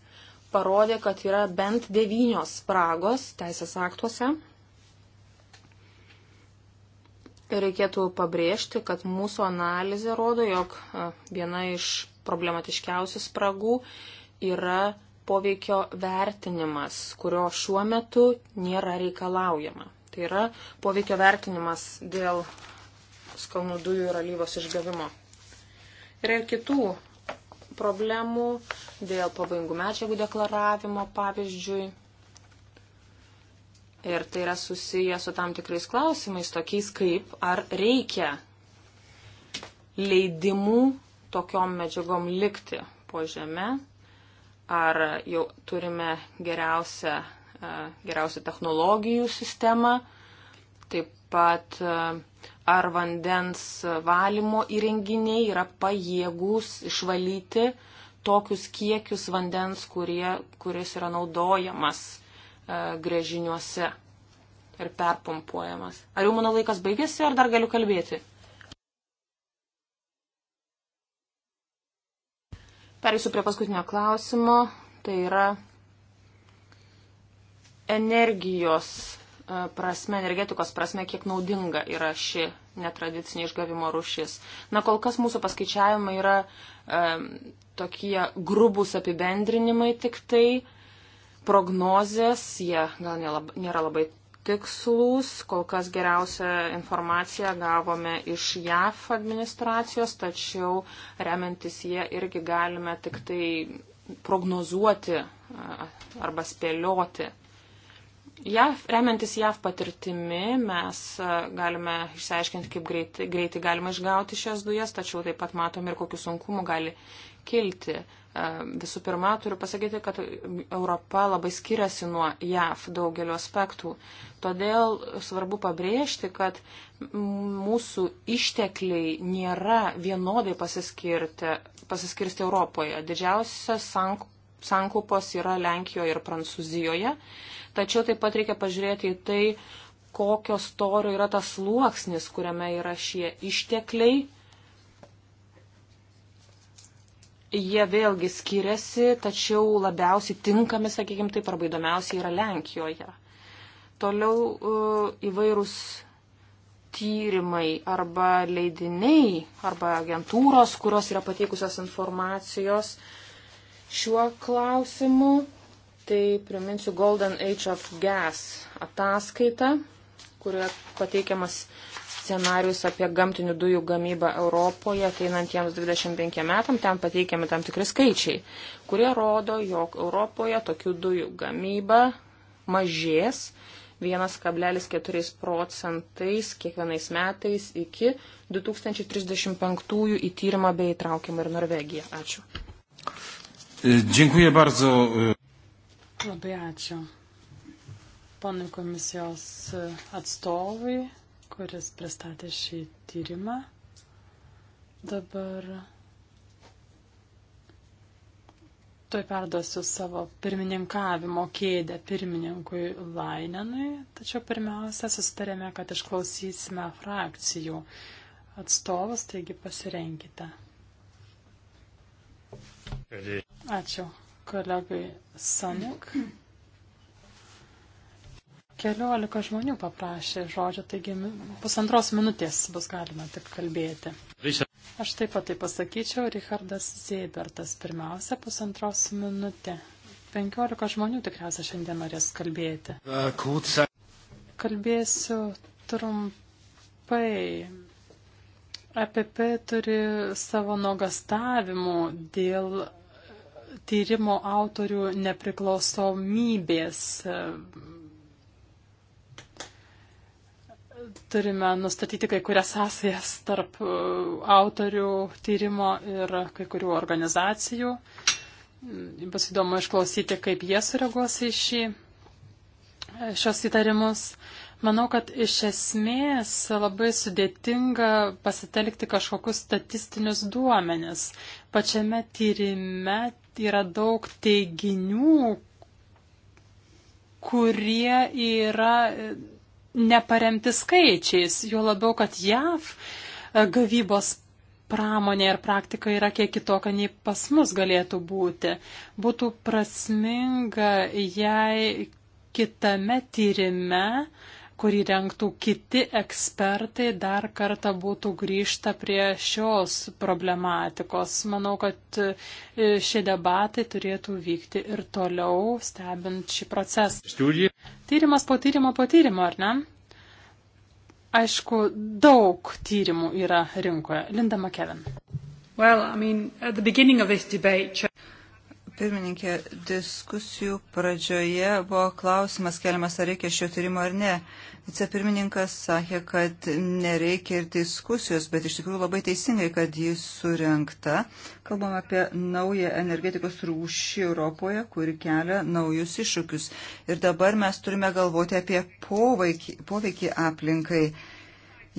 parodė, kad yra bent devynios spragos teisės aktuose. Reikėtų pabrėžti, kad mūsų analizė rodo, jog viena iš problematiškiausių spragų yra poveikio vertinimas, kurio šiuo metu nėra reikalaujama. Tai yra poveikio vertinimas dėl skalnų dujų ir alyvos išgavimo. Yra ir kitų problemų, dėl pavojingų medžiagų deklaravimo, pavyzdžiui. Ir tai yra susiję su tam tikrais klausimais, tokiais kaip ar reikia leidimų tokiom medžiagom likti po žemę, ar jau turime geriausią, e, geriausią technologijų sistemą, taip pat e, ar vandens valymo įrenginiai yra pajėgus išvalyti tokius kiekius vandens, kurie, kuris yra naudojamas e, grėžiniuose ir perpumpuojamas. Ar jau mano laikas baigėsi, ar dar galiu kalbėti? Perėsiu prie paskutinio klausimo. Tai yra energijos E, prasme, energetikos prasme, kiek naudinga yra ši netradicinė išgavimo rušis. Na, kol kas mūsų paskaičiavimai yra e, tokie grubus apibendrinimai tik tai, prognozės, jie gal nelab, nėra labai tikslus, kol kas geriausią informaciją gavome iš JAF administracijos, tačiau remiantis jie irgi galime tik tai prognozuoti arba spėlioti JAV, remiantis JAV patirtimi, mes e, galime išsiaiškinti, kaip greitai, greitai galima išgauti šias dujas, tačiau taip pat matom ir kokius sunkumų gali kilti. E, visų pirma, turiu pasakyti, kad Europa labai skiriasi nuo JAV daugelio aspektų. Todėl svarbu pabrėžti, kad mūsų ištekliai nėra vienodai pasiskirsti Europoje. Didžiausias sank, sankupos yra Lenkijoje ir Prancūzijoje tačiau taip pat reikia pažiūrėti į tai, kokio storio yra tas sluoksnis, kuriame yra šie ištekliai. Jie vėlgi skiriasi, tačiau labiausiai tinkami, sakykime taip, arba įdomiausiai yra Lenkijoje. Toliau e, įvairūs tyrimai arba leidiniai arba agentūros, kurios yra pateikusios informacijos šiuo klausimu tai priminsiu Golden Age of Gas ataskaitą, kurioje pateikiamas scenarius apie gamtinių dujų gamybą Europoje ateinantiems 25 metam. Ten pateikiami tam tikri skaičiai, kurie rodo, jog Europoje tokių dujų gamyba mažės 1,4 procentais kiekvienais metais iki 2035 į tyrimą bei įtraukiamą ir Norvegiją. Ačiū. Dziękuję bardzo. Labai ačiū ponui komisijos atstovui, kuris pristatė šį tyrimą. Dabar tuoj perduosiu savo pirmininkavimo kėdę pirmininkui Lainenui, tačiau pirmiausia sustarėme, kad išklausysime frakcijų atstovus, taigi pasirenkite. Ačiū, kolegai Sanik. Keliolika žmonių paprašė žodžio, taigi pusantros minutės bus galima taip kalbėti. Aš taip pat tai pasakyčiau, Richardas Zėbertas pirmiausia pusantros minutė. Penkiolika žmonių tikriausiai šiandien norės kalbėti. Uh, Kalbėsiu trumpai. APP e turi savo nuogastavimų dėl tyrimo autorių nepriklausomybės. Turime nustatyti kai kurias sąsajas tarp e, autorių tyrimo ir kai kurių organizacijų. Bus įdomu išklausyti, kaip jie sureaguos į šį, e, šios įtarimus. Manau, kad iš esmės labai sudėtinga pasitelkti kažkokius statistinius duomenis. Pačiame tyrime Tai yra daug teiginių, kurie yra neparemti skaičiais, jo labiau, kad JAV e, gavybos pramonė ir praktika yra kiek kitokia nei pas mus galėtų būti. Būtų prasminga, jei kitame tyrime uh, kurį renktų kiti ekspertai, dar kartą būtų grįžta prie šios problematikos. Manau, kad e, šie debatai turėtų vykti ir toliau, stebint šį procesą. Studija. Tyrimas po tyrimo po tyrimo, ar ne? Aišku, daug tyrimų yra rinkoje. Linda McKevin. Well, I mean, debate... Pirmininkė, diskusijų pradžioje buvo klausimas keliamas, ar reikia šio tyrimo ar ne. Uh, Vicepirmininkas sakė, kad nereikia ir diskusijos, bet iš tikrųjų labai teisingai, kad jis surenkta. Kalbam apie naują energetikos rūšį Europoje, kuri kelia naujus iššūkius. Ir dabar mes turime galvoti apie poveikį, poveikį aplinkai.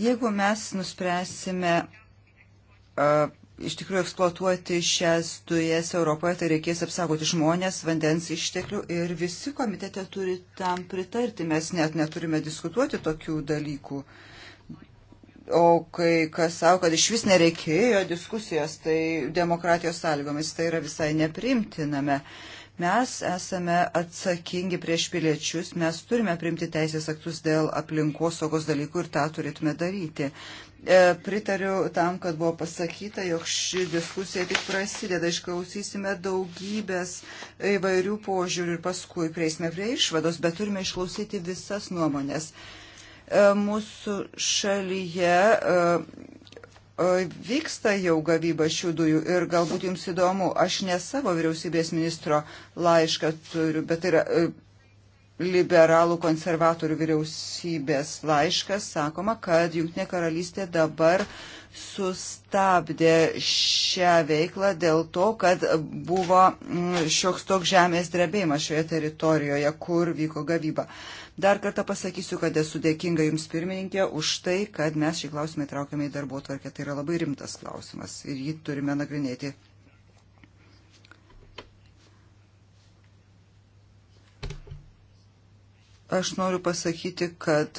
Jeigu mes nuspręsime uh, iš tikrųjų eksploatuoti šias dujas Europoje, tai reikės apsaugoti žmonės, vandens išteklių ir visi komitete turi tam pritarti. Mes net neturime diskutuoti tokių dalykų. O kai kas savo, kad iš vis nereikėjo diskusijos, tai demokratijos sąlygomis tai yra visai neprimtiname. Mes esame atsakingi prieš piliečius, mes turime primti teisės aktus dėl aplinkosaugos dalykų ir tą turėtume daryti. E, pritariu tam, kad buvo pasakyta, jog ši diskusija tik prasideda, išklausysime daugybės įvairių požiūrių ir paskui prieisime prie išvados, bet turime išklausyti visas nuomonės. E, mūsų šalyje e, vyksta jau gavyba šių dujų ir galbūt jums įdomu, aš ne savo vyriausybės ministro laišką turiu, bet tai yra liberalų konservatorių vyriausybės laiškas sakoma, kad Junktinė karalystė dabar sustabdė šią veiklą dėl to, kad buvo mm, šioks toks žemės drebėjimas šioje teritorijoje, kur vyko gavyba. Dar kartą pasakysiu, kad esu dėkinga Jums pirmininkė už tai, kad mes šį klausimą įtraukėme į darbo tvarkę. Tai yra labai rimtas klausimas ir jį turime nagrinėti Aš noriu pasakyti, kad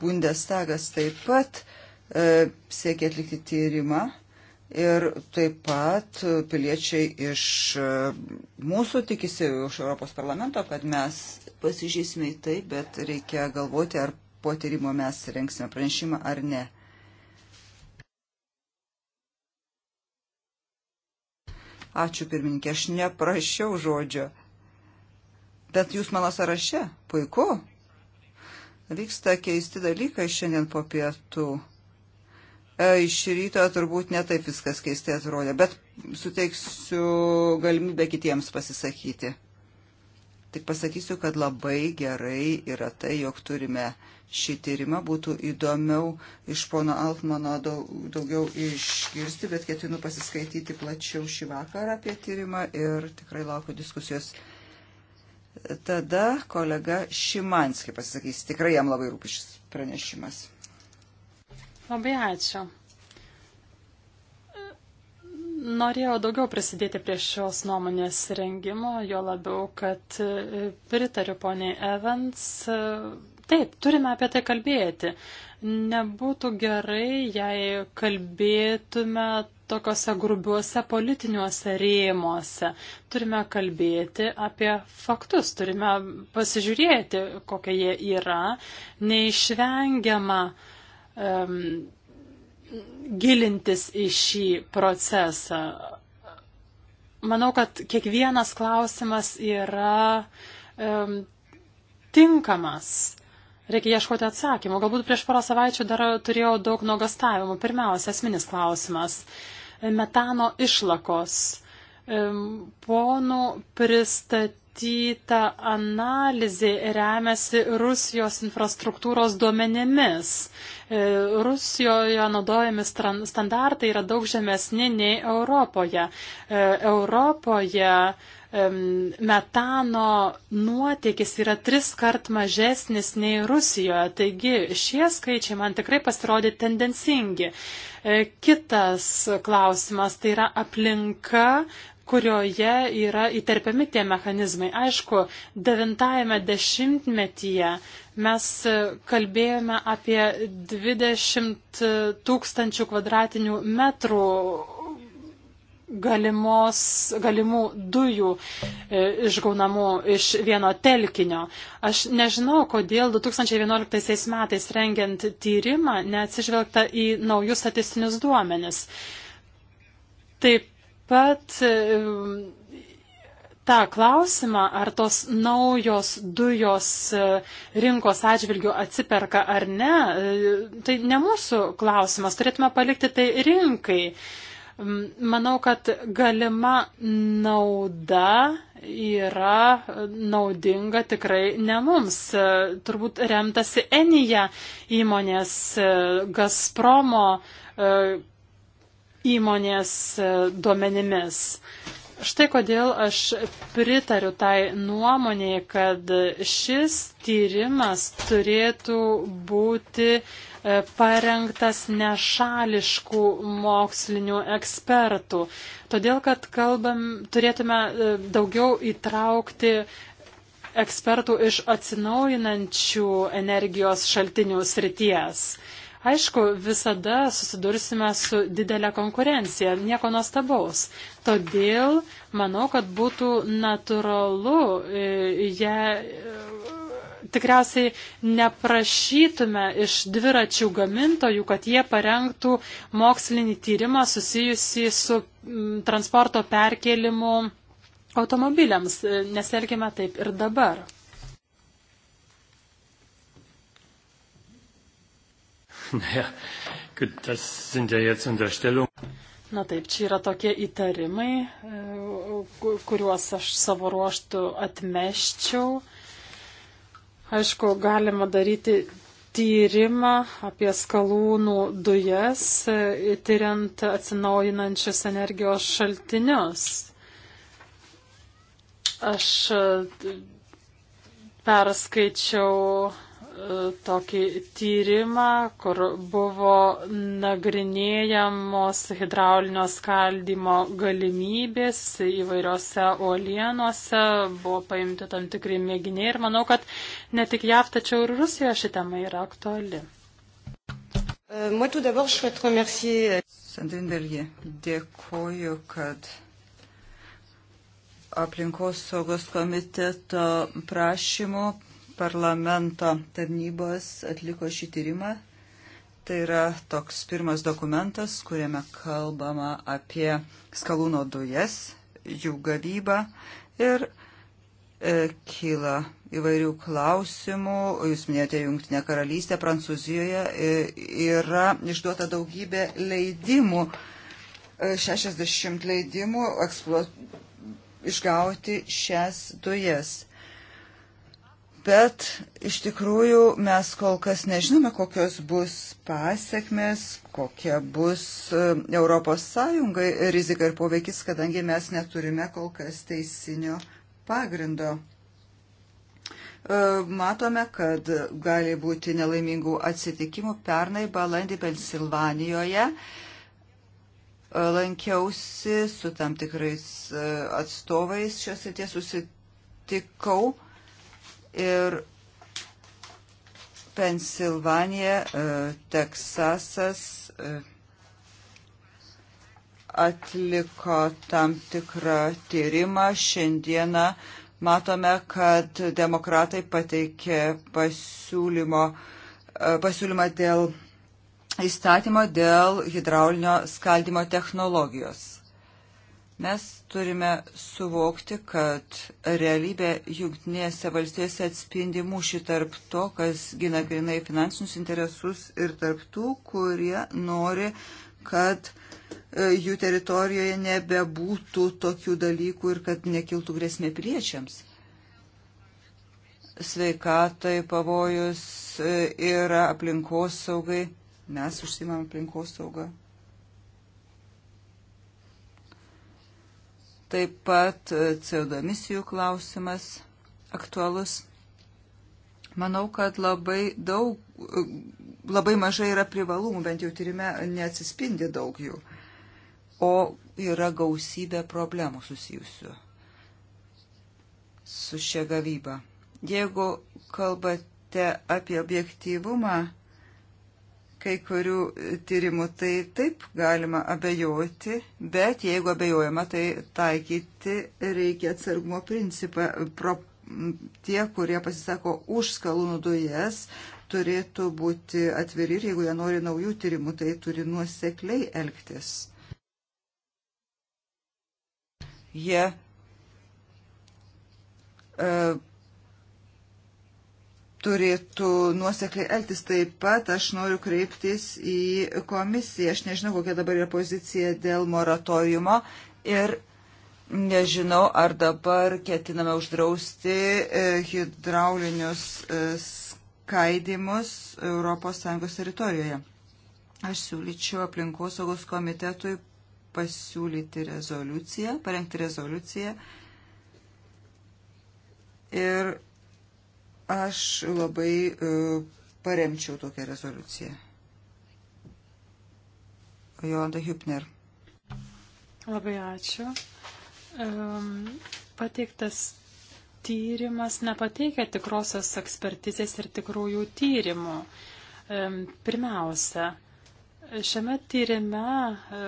Bundestagas taip pat e, siekia atlikti tyrimą ir taip pat piliečiai iš e, mūsų tikisi, iš Europos parlamento, kad mes pasižiūrėsime į tai, bet reikia galvoti, ar po tyrimo mes rengsime pranešimą ar ne. Ačiū pirmininkė, aš neprašiau žodžio. Bet jūs mano sąraše. Puiku. Vyksta keisti dalykai šiandien po pietų. E, iš ryto turbūt netaip viskas keistai atrodė, bet suteiksiu galimybę kitiems pasisakyti. Tik pasakysiu, kad labai gerai yra tai, jog turime šį tyrimą. Būtų įdomiau iš pono Altmano daugiau išgirsti, bet ketinu pasiskaityti plačiau šį vakarą apie tyrimą ir tikrai laukiu diskusijos Tada kolega Šimanski pasisakys. Tikrai jam labai rūpi šis pranešimas. Labai ačiū. Norėjau daugiau prisidėti prie šios nuomonės rengimo, jo labiau, kad e, pritariu poniai Evans. E, taip, turime apie tai kalbėti. Nebūtų gerai, jei kalbėtume tokiuose grubiuose politiniuose rėmuose. Turime kalbėti apie faktus, turime pasižiūrėti, kokie jie yra. Neišvengiama um, gilintis į šį procesą. Manau, kad kiekvienas klausimas yra um, tinkamas. Reikia ieškoti atsakymų. Galbūt prieš porą savaičių dar turėjau daug nuogastavimų. Pirmiausia, esminis klausimas. Uh, metano išlakos. Ponų pristatyta analizė remiasi Rusijos infrastruktūros duomenimis. E, Rusijoje naudojami standartai yra daug žemesni nei Europoje. E, Europoje metano nuotėkis yra tris kart mažesnis nei Rusijoje. Taigi šie skaičiai man tikrai pasirodė tendencingi. E, kitas klausimas tai yra aplinka kurioje yra įterpiami tie mechanizmai. Aišku, devintajame dešimtmetyje mes kalbėjome apie 20 tūkstančių kvadratinių metrų galimos, galimų dujų e, išgaunamų iš vieno telkinio. Aš nežinau, kodėl 2011 metais rengiant tyrimą neatsižvelgta į naujus statistinius duomenis. Taip pat e, tą klausimą, ar tos naujos dujos e, rinkos atžvilgių atsiperka ar ne, tai ne mūsų klausimas, turėtume palikti tai rinkai. Mm, manau, kad galima nauda yra naudinga tikrai ne mums. Turbūt remtasi Enija įmonės Gazpromo e, įmonės e, duomenimis. Štai kodėl aš pritariu tai nuomonėje, kad šis tyrimas turėtų būti parengtas nešališkų mokslinių ekspertų. Todėl, kad kalbam, turėtume e, daugiau įtraukti ekspertų iš atsinaujinančių energijos šaltinių srities. Aišku, visada susidursime su didelė konkurencija, nieko nuostabaus. Todėl manau, kad būtų natūralu, e, jei tikriausiai neprašytume iš dviračių gamintojų, kad jie parengtų mokslinį tyrimą susijusį su mm, transporto perkelimu automobiliams, nes elgime taip ir dabar. Naja, gut, das sind ja jetzt Unterstellungen. Na taip, čia yra tokie įtarimai, e, kuriuos aš savo ruoštų atmeščiau. Aišku, galima daryti tyrimą apie skalūnų dujas, e, tyriant atsinaujinančius energijos šaltinius. Aš e, perskaičiau tokį tyrimą, kur buvo nagrinėjamos hidraulinio skaldimo galimybės įvairiose uolienose, buvo paimti tam tikri mėginiai ir manau, kad ne tik JAV, tačiau ir Rusijoje ši tema yra aktuali. Euh, moi tout d'abord, je souhaite remercier. Euh, Sandrindergė, dėkoju, kad aplinkos saugos komiteto prašymu parlamento tarnybos atliko šį tyrimą. Tai yra toks pirmas dokumentas, kuriame kalbama apie skalūno dujas, jų gavybą ir e, kyla įvairių klausimų. Jūs minėjote Junktinę karalystę, Prancūzijoje e, yra išduota daugybė leidimų, e, 60 leidimų eksploatuoti išgauti šias dujas. Bet iš tikrųjų mes kol kas nežinome, kokios bus pasiekmes, kokia bus e, Europos Sąjungai rizika ir poveikis, kadangi mes neturime kol kas teisinio pagrindo. E, matome, kad gali būti nelaimingų atsitikimų. Pernai balandį Pensilvanijoje e, lankiausi su tam tikrais atstovais šios ir tie susitikau ir Pensilvanija, e, Teksasas e, atliko tam tikrą tyrimą. Šiandieną matome, kad demokratai pateikė pasiūlymo, e, pasiūlymą dėl įstatymo dėl hidraulinio skaldimo technologijos. Mes turime suvokti, kad realybė jungtinėse valstijose atspindi mūšį tarp to, kas gina grinai finansinius interesus ir tarp tų, kurie nori, kad e, jų teritorijoje nebebūtų tokių dalykų ir kad nekiltų grėsmė priečiams. Sveikatai pavojus e, yra aplinkos saugai. Mes užsimam aplinkos saugą. Taip pat e, CO2 emisijų klausimas aktualus. Manau, kad labai daug, e, labai mažai yra privalumų, bent jau tyrime neatsispindi daug jų, o yra gausybė problemų susijusių su šia gavyba. Jeigu kalbate apie objektyvumą, kai kurių e, tyrimų, tai taip galima abejoti, bet jeigu abejojama, tai taikyti reikia atsargumo principą. Pro, tie, kurie pasisako už skalūnų dujas, turėtų būti atviri ir jeigu jie nori naujų tyrimų, tai turi nuosekliai elgtis. Jie. Yeah. Uh, turėtų nuosekliai elgtis. Taip pat aš noriu kreiptis į komisiją. Aš nežinau, kokia dabar yra pozicija dėl moratoriumo ir nežinau, ar dabar ketiname uždrausti e, hidraulinius e, skaidimus ES teritorijoje. Aš siūlyčiau aplinkosaugos komitetui pasiūlyti rezoliuciją, parengti rezoliuciją ir Aš labai e, paremčiau tokią rezoliuciją. Jolanda Hübner. Labai ačiū. Pateiktas tyrimas nepateikia tikrosios ekspertizės ir tikrųjų tyrimų. Pirmiausia, šiame tyrime e,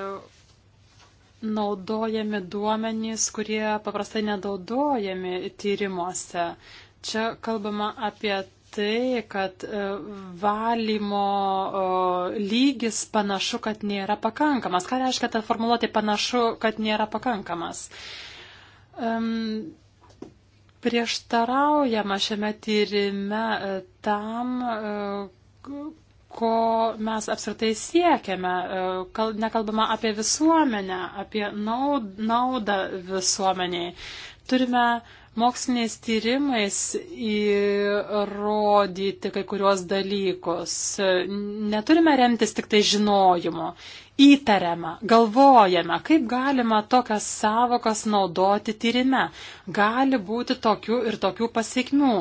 naudojami duomenys, kurie paprastai nedaudojami tyrimuose. Čia kalbama apie tai, kad e, valymo lygis panašu, kad nėra pakankamas. Ką reiškia ta formuluotė panašu, kad nėra pakankamas? Um, prieštaraujama šiame tyrime e, tam, e, ko mes apskritai siekiame. Nekalbama apie visuomenę, apie naudą visuomeniai. Turime moksliniais tyrimais įrodyti kai kuriuos dalykus. Neturime remtis tik tai žinojimu. Įtariame, galvojame, kaip galima tokias savokas naudoti tyrime. Gali būti tokių ir tokių pasiekmių.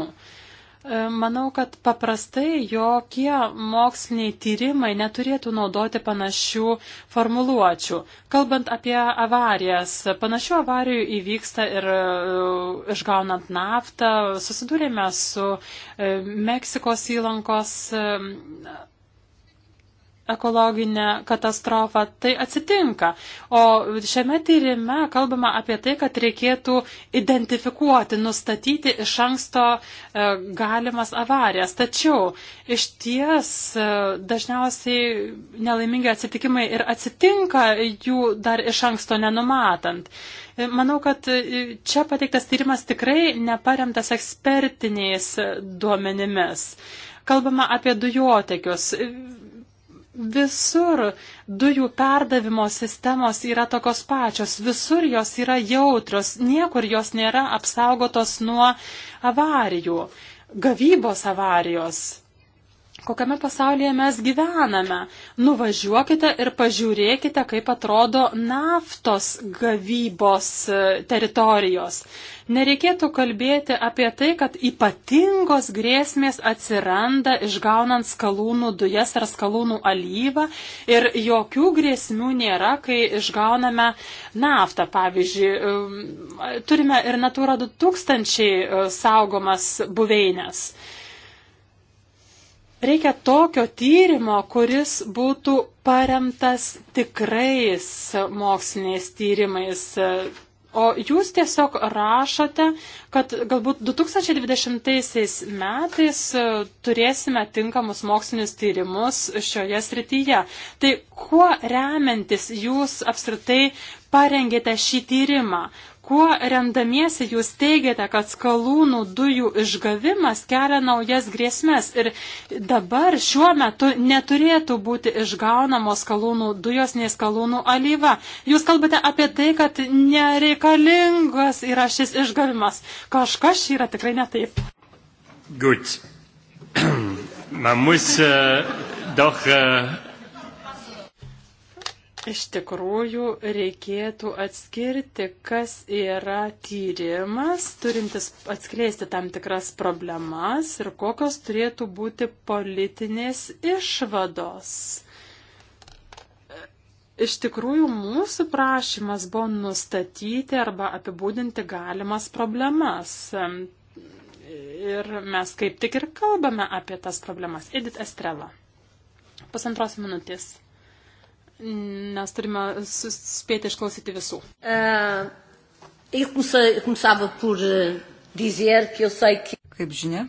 E, manau, kad paprastai jokie moksliniai tyrimai neturėtų naudoti panašių formuluočių. Kalbant apie avarijas, panašių avarijų įvyksta ir e, išgaunant naftą. Susidūrėme su e, Meksikos įlankos ekologinę katastrofą, tai atsitinka. O šiame tyrime kalbama apie tai, kad reikėtų identifikuoti, nustatyti iš anksto e, galimas avarijas. Tačiau iš ties e, dažniausiai nelaimingi atsitikimai ir atsitinka jų dar iš anksto nenumatant. E, manau, kad čia pateiktas tyrimas tikrai neparemtas ekspertiniais duomenimis kalbama apie dujotekius. Visur dujų perdavimo sistemos yra tokios pačios, visur jos yra jautrios, niekur jos nėra apsaugotos nuo avarijų, gavybos avarijos kokiame pasaulyje mes gyvename. Nuvažiuokite ir pažiūrėkite, kaip atrodo naftos gavybos e, teritorijos. Nereikėtų kalbėti apie tai, kad ypatingos grėsmės atsiranda išgaunant skalūnų dujas ar skalūnų alyvą ir jokių grėsmių nėra, kai išgauname naftą. Pavyzdžiui, e, turime ir Natura 2000 e, saugomas buveinės. Reikia tokio tyrimo, kuris būtų paremtas tikrais moksliniais tyrimais. O jūs tiesiog rašote, kad galbūt 2020 metais turėsime tinkamus mokslinius tyrimus šioje srityje. Tai kuo remiantis jūs apskritai parengėte šį tyrimą? Kuo remdamiesi jūs teigiate, kad skalūnų dujų išgavimas kelia naujas grėsmės ir dabar šiuo metu neturėtų būti išgaunamos skalūnų dujos, nei skalūnų alyva. Jūs kalbate apie tai, kad nereikalingas yra šis išgavimas. Kažkas yra tikrai netaip. Gut. Man muss äh, doch äh, Iš tikrųjų, reikėtų atskirti, kas yra tyrimas, turintis atskleisti tam tikras problemas ir kokios turėtų būti politinės išvados. Iš tikrųjų, mūsų prašymas buvo nustatyti arba apibūdinti galimas problemas. Ir mes kaip tik ir kalbame apie tas problemas. Edith Estrela. Pusantros minutės nes turime spėti išklausyti visų. Eh, eh, Kaip žinia,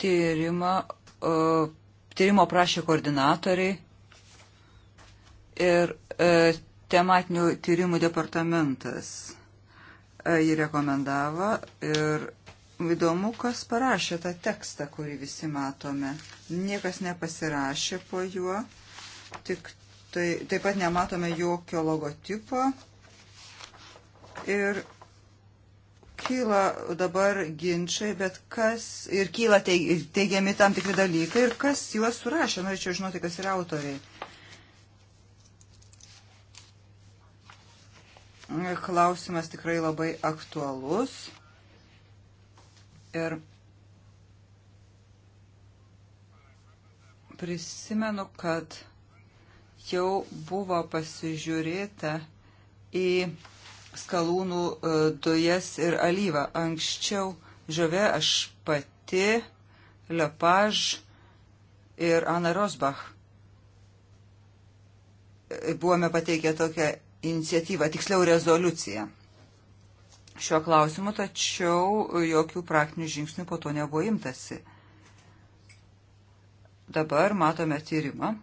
tyrimą, eh, tyrimo prašė koordinatoriai ir tematinių tyrimų departamentas jį rekomendavo ir Įdomu, kas parašė tą tekstą, kurį visi matome. Niekas nepasirašė po juo, tik tai, taip pat nematome jokio logotipo. Ir kyla dabar ginčiai, bet kas ir kyla teigiami tam tikri dalykai ir kas juos surašė, norėčiau žinoti, kas yra autoriai. Klausimas tikrai labai aktualus. Ir prisimenu, kad jau buvo pasižiūrėta į skalūnų e, dujas ir alyvą. Anksčiau žavė aš pati, Lepaž ir Ana Rosbach. E, buvome pateikę tokią iniciatyvą, tiksliau rezoliuciją šiuo klausimu, tačiau jokių praktinių žingsnių po to nebuvo imtasi. Dabar matome tyrimą.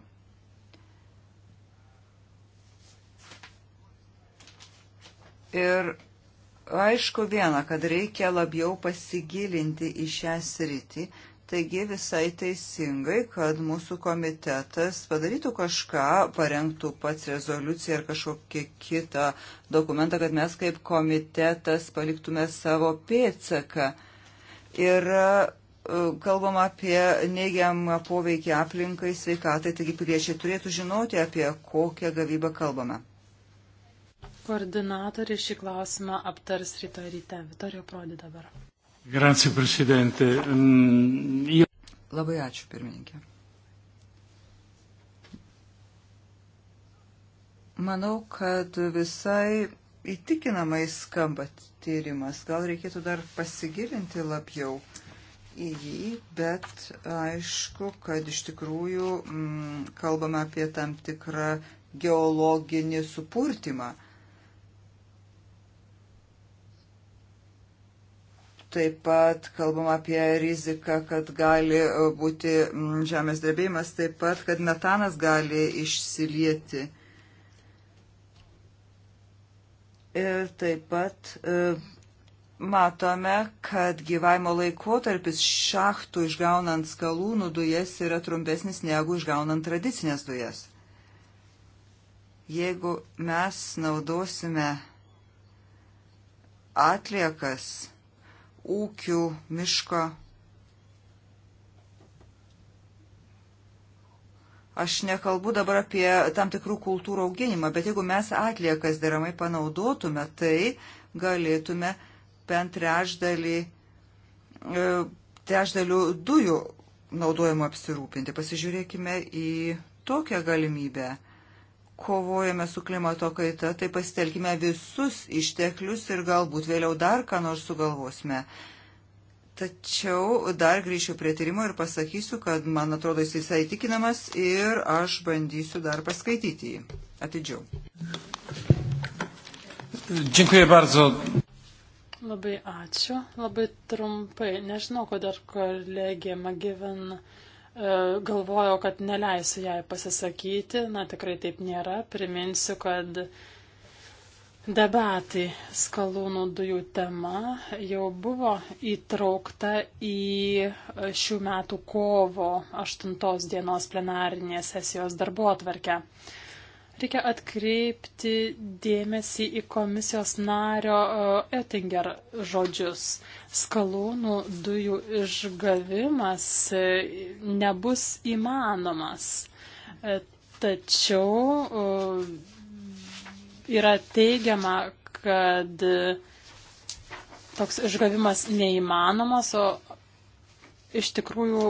Ir aišku viena, kad reikia labiau pasigilinti į šią sritį, Taigi visai teisingai, kad mūsų komitetas padarytų kažką, parengtų pats rezoliuciją ar kažkokį kitą dokumentą, kad mes kaip komitetas paliktume savo pėtsaką. Ir e, kalbam apie neigiamą poveikį aplinkai, sveikatai, taigi piliečiai turėtų žinoti, apie kokią gavybą kalbame. Koordinatoriai šį klausimą aptars ryto ryte. Vitorijo Prodi dabar. Grazie, prezidente. Mm, io... Labai ačiū, pirmininkė. Manau, kad visai įtikinamai skamba tyrimas. Gal reikėtų dar pasigilinti labiau į jį, bet aišku, kad iš tikrųjų mm, kalbame apie tam tikrą geologinį supurtimą. Taip pat kalbam apie riziką, kad gali e, būti žemės drebėjimas, taip pat, kad metanas gali išsilieti. Ir taip pat e, matome, kad gyvavimo laikotarpis šachtų išgaunant skalūnų dujas yra trumpesnis negu išgaunant tradicinės dujas. Jeigu mes naudosime atliekas, ūkių miško. Aš nekalbu dabar apie tam tikrų kultūrų auginimą, bet jeigu mes atliekas deramai panaudotume, tai galėtume bent trešdalį, e, trešdalių dujų naudojimo apsirūpinti. Pasižiūrėkime į tokią galimybę kovojame su klimato kaita, tai pasitelkime visus išteklius ir galbūt vėliau dar ką nors sugalvosime. Tačiau dar grįšiu prie tyrimo ir pasakysiu, kad man atrodo jis visai tikinamas ir aš bandysiu dar paskaityti jį atidžiau. Dziękuję bardzo. Labai ačiū, labai trumpai. Nežinau, kodėl kolegė Magivin. Uh, E, galvojau, kad neleisiu jai pasisakyti, na tikrai taip nėra. Priminsiu, kad debatai skalūnų dujų tema jau buvo įtraukta į šių metų kovo 8 dienos plenarinės sesijos darbo atvarkę. Reikia atkreipti dėmesį į komisijos nario e, Ettinger žodžius skalūnų dujų išgavimas nebus įmanomas. Tačiau e, yra teigiama, kad toks išgavimas neįmanomas, o iš tikrųjų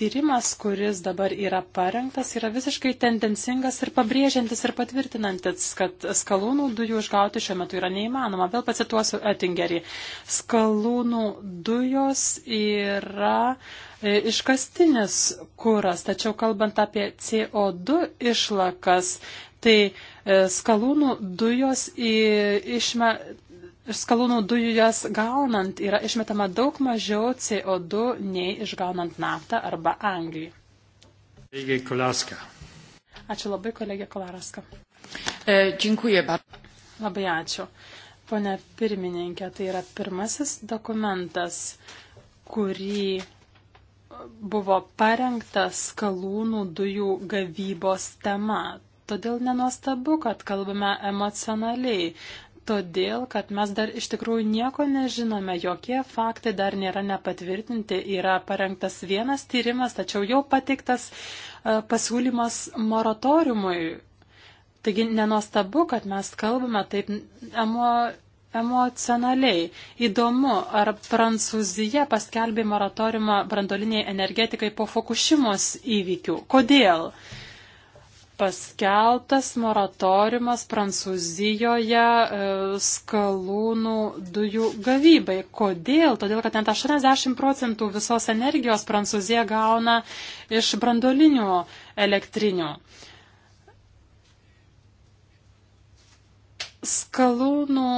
tyrimas, kuris dabar yra parengtas, yra visiškai tendencingas ir pabrėžiantis ir patvirtinantis, kad skalūnų dujų išgauti šiuo metu yra neįmanoma. Vėl pacituosiu Ettingerį. Skalūnų dujos yra e, iškastinis kuras, tačiau kalbant apie CO2 išlakas, tai e, skalūnų dujos išme, Iš skalūnų dujų jas gaunant yra išmetama daug mažiau CO2 nei išgaunant naftą arba anglį. Kolegė Kolaska. Ačiū labai, kolegė Kolaraska. E, dziękuję bardzo. Labai ačiū. Pone pirmininkė, tai yra pirmasis dokumentas, kurį buvo parengtas skalūnų dujų gavybos tema. Todėl nenuostabu, kad kalbame emocionaliai todėl, kad mes dar iš tikrųjų nieko nežinome, jokie faktai dar nėra nepatvirtinti. Yra parengtas vienas tyrimas, tačiau jau pateiktas e, pasiūlymas moratoriumui. Taigi nenostabu, kad mes kalbame taip emo, emocionaliai. Įdomu, ar Prancūzija paskelbė moratoriumą brandoliniai energetikai po Fukushimos įvykių. Kodėl? Uh, paskeltas moratoriumas Prancūzijoje e, skalūnų dujų gavybai. Kodėl? Todėl, kad net 80 procentų visos energijos Prancūzija gauna iš brandolinių elektrinių. Skalūnų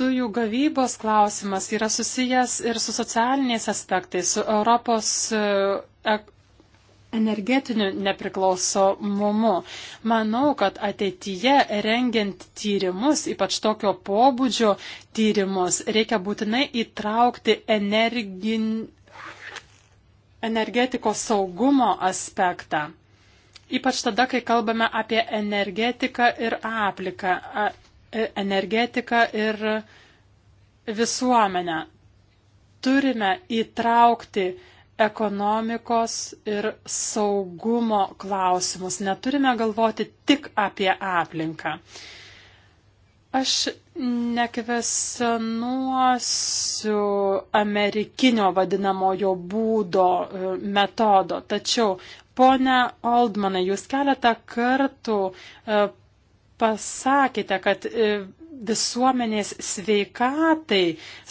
dujų gavybos klausimas yra susijęs ir su socialiniais aspektais, su Europos e, ek energetiniu nepriklausomumu. Manau, kad ateityje rengiant tyrimus, ypač tokio pobūdžio tyrimus, reikia būtinai įtraukti energin... energetikos saugumo aspektą. Ypač tada, kai kalbame apie energetiką ir apliką, e, energetiką ir visuomenę. Turime įtraukti ekonomikos ir saugumo klausimus. Neturime galvoti tik apie aplinką. Aš nekvesenuosiu amerikinio vadinamojo būdo e, metodo, tačiau, ponia Oldmanai, jūs keletą kartų e, pasakėte, kad e, visuomenės sveikatai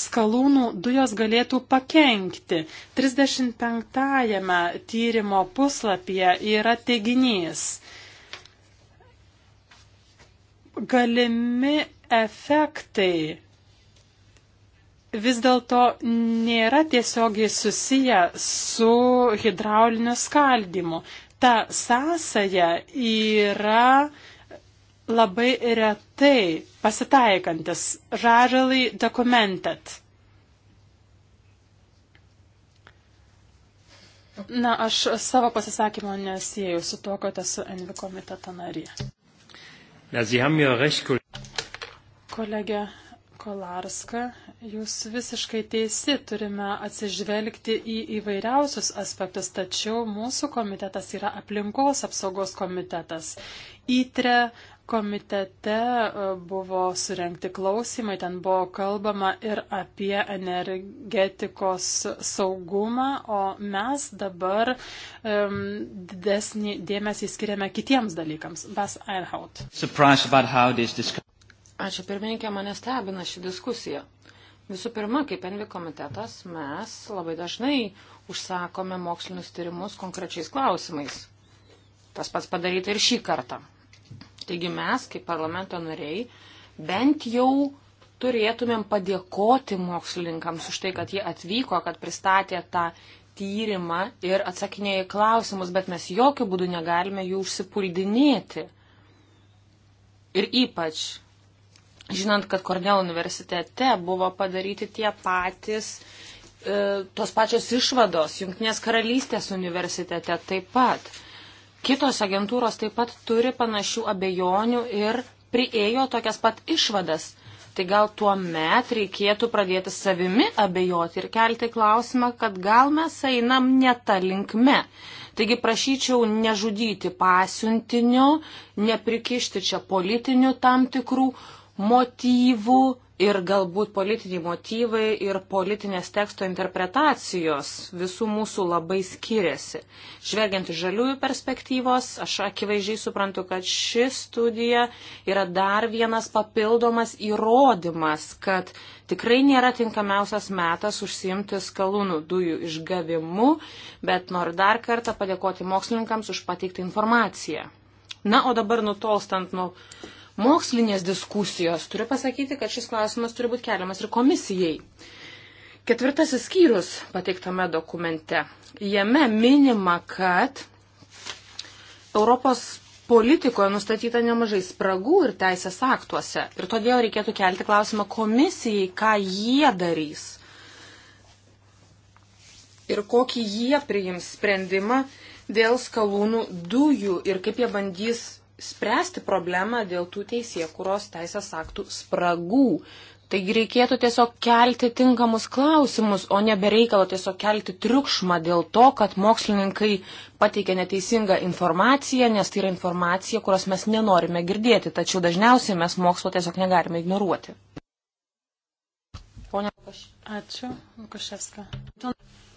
skalūnų dujos galėtų pakenkti. 35-ame tyrimo puslapyje yra teiginys. Galimi efektai vis dėlto nėra tiesiogiai susiję su hidrauliniu skaldimu. Ta sąsaja yra labai retai pasitaikantis žažalai dokumentat. Na, aš savo pasisakymą nesijėjau su to, kad esu Envi komiteto narė. Na, Sie haben ja recht, kol... Kolegė Kolarska, jūs visiškai teisi, turime atsižvelgti į įvairiausius aspektus, tačiau mūsų komitetas yra aplinkos apsaugos komitetas. Įtre komitete e, buvo surenkti klausimai, ten buvo kalbama ir apie energetikos saugumą, o mes dabar um, didesnį dėmesį skiriame kitiems dalykams. Bas Einhaut. Ačiū pirmininkė, mane stebina ši diskusija. Visų pirma, kaip Envi komitetas, mes labai dažnai užsakome mokslinius tyrimus konkrečiais klausimais. Tas pats padaryta ir šį kartą. Taigi mes, kaip parlamento nariai, bent jau turėtumėm padėkoti mokslininkams už tai, kad jie atvyko, kad pristatė tą tyrimą ir atsakinėjo į klausimus, bet mes jokių būdų negalime jų užsipuldinėti. Ir ypač, žinant, kad Kornelio universitete buvo padaryti tie patys, e, tos pačios išvados, Junktinės karalystės universitete taip pat kitos agentūros taip pat turi panašių abejonių ir priejo tokias pat išvadas. Tai gal tuo met reikėtų pradėti savimi abejoti ir kelti klausimą, kad gal mes einam ne tą linkme. Taigi prašyčiau nežudyti pasiuntinio, neprikišti čia politinių tam tikrų motyvų ir galbūt politiniai motyvai ir politinės teksto interpretacijos visų mūsų labai skiriasi. Žvelgiant iš žaliųjų perspektyvos, aš akivaizdžiai suprantu, kad ši studija yra dar vienas papildomas įrodymas, kad tikrai nėra tinkamiausias metas užsiimti skalūnų dujų išgavimu, bet noriu dar kartą padėkoti mokslininkams už pateiktą informaciją. Na, o dabar nutolstant nuo mokslinės diskusijos. Turiu pasakyti, kad šis klausimas turi būti keliamas ir komisijai. Ketvirtasis skyrius pateiktame dokumente. Jame minima, kad Europos politikoje nustatyta nemažai spragų ir teisės aktuose. Ir todėl reikėtų kelti klausimą komisijai, ką jie darys. Ir kokį jie priims sprendimą dėl skalūnų dujų ir kaip jie bandys spręsti problemą dėl tų teisėkuros teisės aktų spragų. Taigi reikėtų tiesiog kelti tinkamus klausimus, o ne bereikalo tiesiog kelti triukšmą dėl to, kad mokslininkai pateikia neteisingą informaciją, nes tai yra informacija, kurios mes nenorime girdėti, tačiau dažniausiai mes mokslo tiesiog negalime ignoruoti. Pone... Ačiū, Lukaševska.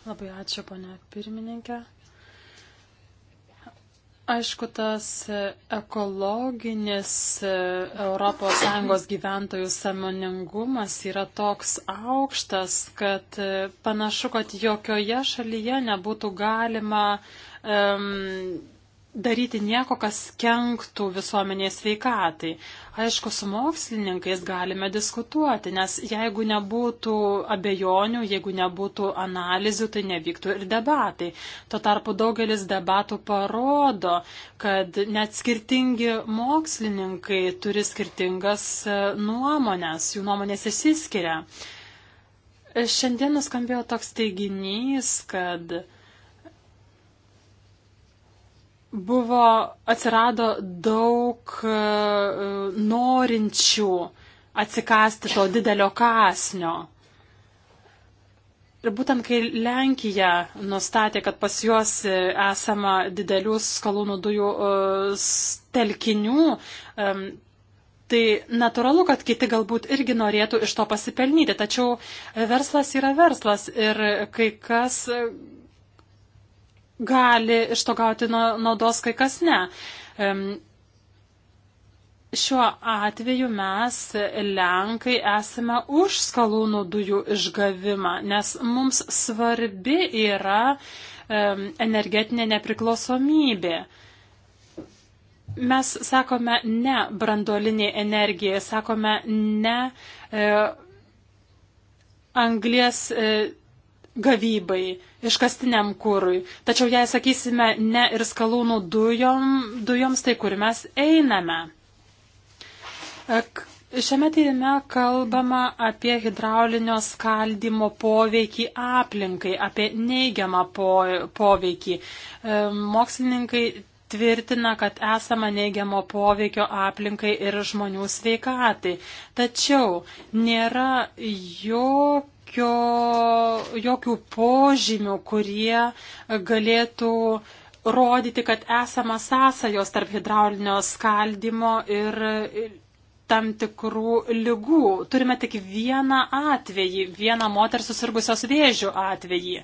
Labai ačiū, ponia pirmininkė. Aišku, tas ekologinis ES gyventojų samoningumas yra toks aukštas, kad e, panašu, kad jokioje šalyje nebūtų galima um, daryti nieko, kas kenktų visuomenės veikatai. Aišku, su mokslininkais galime diskutuoti, nes jeigu nebūtų abejonių, jeigu nebūtų analizių, tai nevyktų ir debatai. Tuo tarpu daugelis debatų parodo, kad net skirtingi mokslininkai turi skirtingas e, nuomonės, jų nuomonės išsiskiria. Šiandien nuskambėjo toks teiginys, kad buvo, atsirado daug e, norinčių atsikasti to didelio kasnio. Ir būtent kai Lenkija nustatė, kad pas juos esama didelių skalūnų dujų e, telkinių, e, tai natūralu, kad kiti galbūt irgi norėtų iš to pasipelnyti. Tačiau verslas yra verslas ir kai kas gali iš to gauti naudos, kai kas ne. Šiuo atveju mes, Lenkai, esame už skalūnų dujų išgavimą, nes mums svarbi yra energetinė nepriklausomybė. Mes sakome ne brandoliniai energijai, sakome ne e, anglės. E, gavybai, iškastiniam kūrui. Tačiau jei sakysime ne ir skalūnų dujom, dujoms, tai kur mes einame? Ak, e, šiame tyrime kalbama apie hidraulinio skaldimo poveikį aplinkai, apie neigiamą po, poveikį. E, mokslininkai tvirtina, kad esama neigiamo poveikio aplinkai ir žmonių sveikatai. Tačiau nėra jokio jokio, jokių požymių, kurie galėtų rodyti, kad esama sąsajos tarp hidraulinio skaldimo ir tam tikrų lygų. Turime tik vieną atvejį, vieną moterį susirgusios vėžių atvejį.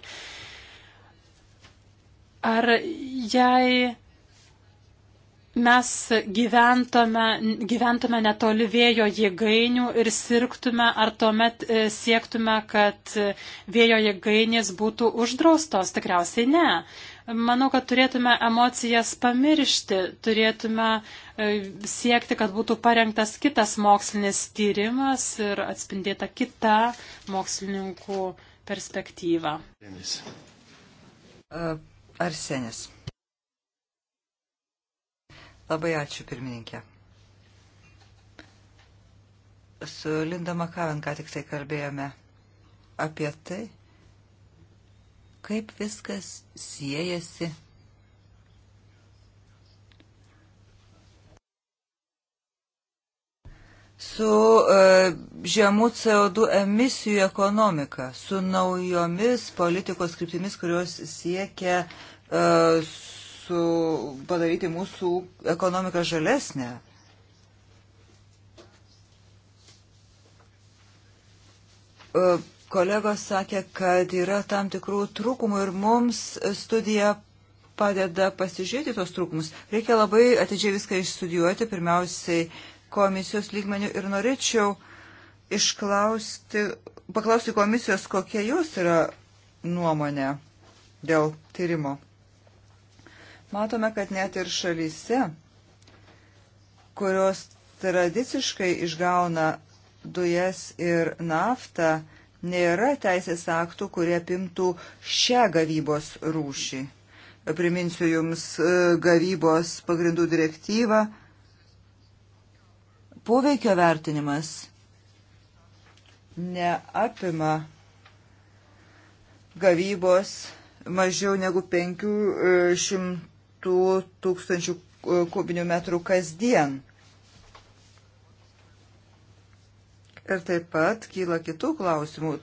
Ar jai mes gyventume, gyventume netoli vėjo jėgainių ir sirgtume, ar tuomet e, siektume, kad e, vėjo jėgainės būtų uždraustos? Tikriausiai ne. Manau, kad turėtume emocijas pamiršti, turėtume e, siekti, kad būtų parengtas kitas mokslinis tyrimas ir atspindėta kita mokslininkų perspektyva. Arsenis. Labai ačiū, pirmininkė. Su Linda Makaven ką tik tai kalbėjome apie tai, kaip viskas siejasi. su e, žemų CO2 emisijų ekonomika, su naujomis politikos kryptimis, kurios siekia e, mūsų, padaryti mūsų ekonomiką žalesnę. E, kolegos sakė, kad yra tam tikrų trūkumų ir mums studija padeda pasižiūrėti tos trūkumus. Reikia labai atidžiai viską išstudijuoti, pirmiausiai komisijos lygmenių ir norėčiau išklausti, paklausti komisijos, kokia jūs yra nuomonė dėl tyrimo matome, kad net ir šalyse, kurios tradiciškai išgauna dujas ir naftą, nėra teisės aktų, kurie apimtų šią gavybos rūšį. Priminsiu Jums e, gavybos pagrindų direktyvą. Poveikio vertinimas neapima gavybos mažiau negu 500 tūkstančių e, kubinių metrų kasdien. Ir taip pat kyla kitų klausimų.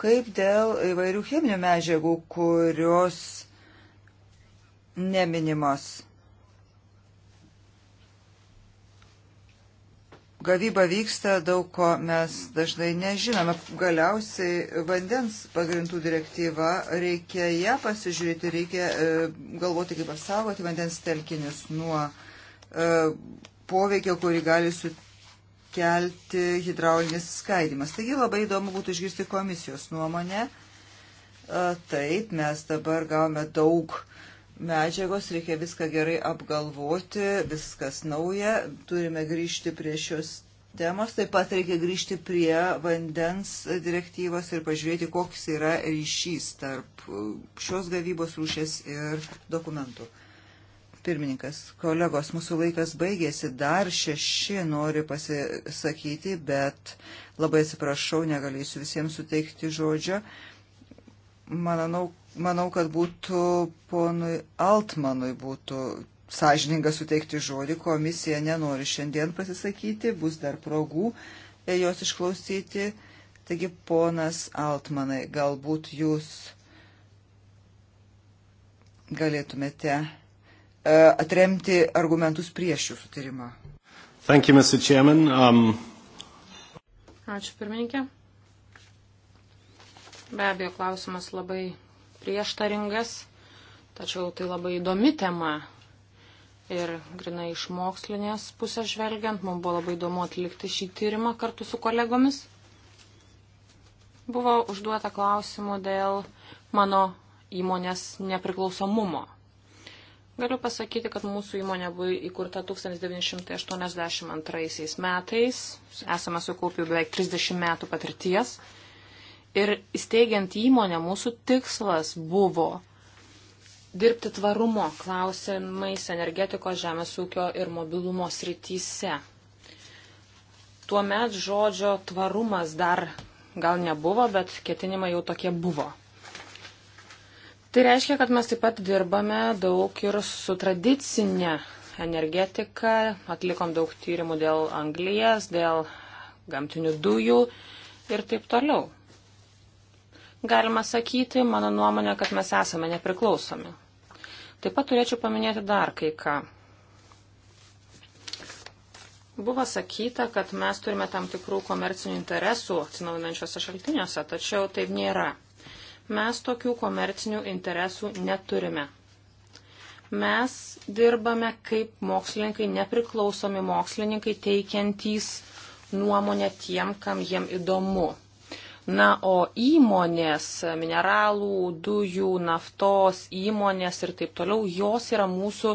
Kaip dėl įvairių cheminių medžiagų, kurios neminimos? gavyba vyksta, daug ko mes dažnai nežinome. Galiausiai vandens pagrindų direktyva, reikia ją pasižiūrėti, reikia e, galvoti, kaip apsaugoti vandens telkinius nuo e, poveikio, kurį gali sukelti hidraulinis skaidimas. Taigi labai įdomu būtų išgirsti komisijos nuomonę. E, taip, mes dabar gavome daug uh, medžiagos, reikia viską gerai apgalvoti, viskas nauja, turime grįžti prie šios temos, taip pat reikia grįžti prie vandens direktyvos ir pažiūrėti, koks yra ryšys tarp šios gavybos rūšės ir dokumentų. Pirmininkas, kolegos, mūsų laikas baigėsi, dar šeši nori pasisakyti, bet labai atsiprašau, negalėsiu visiems suteikti žodžio. Manau, Manau, kad būtų ponui Altmanui būtų sąžininga suteikti žodį. Komisija nenori šiandien pasisakyti, bus dar progų e, jos išklausyti. Taigi, ponas Altmanai, galbūt jūs galėtumėte uh, atremti argumentus prieš jūsų tyrimą. Thank you, Mr. Chairman. Um... Ačiū, pirmininkė. Be abejo, klausimas labai prieštaringas, tačiau tai labai įdomi tema. Ir grinai iš mokslinės pusės žvelgiant, man buvo labai įdomu atlikti šį tyrimą kartu su kolegomis. Buvo užduota klausimų dėl mano įmonės nepriklausomumo. Galiu pasakyti, kad mūsų įmonė buvo įkurta 1982 metais. Esame sukaupę beveik 30 metų patirties. Ir įsteigiant įmonę mūsų tikslas buvo dirbti tvarumo klausimais energetikos, žemės ūkio ir mobilumo srityse. Tuomet žodžio tvarumas dar gal nebuvo, bet ketinimai jau tokie buvo. Tai reiškia, kad mes taip pat dirbame daug ir su tradicinė energetika, atlikom daug tyrimų dėl anglijas, dėl gamtinių dujų ir taip toliau galima sakyti, mano nuomonė, kad mes esame nepriklausomi. Taip pat turėčiau paminėti dar kai ką. Buvo sakyta, kad mes turime tam tikrų komercinių interesų atsinaujinančiose šaltiniuose, tačiau taip nėra. Mes tokių komercinių interesų neturime. Mes dirbame kaip mokslininkai, nepriklausomi mokslininkai, teikiantys nuomonę tiem, kam jiem įdomu. Na, o įmonės, mineralų, dujų, naftos įmonės ir taip toliau, jos yra mūsų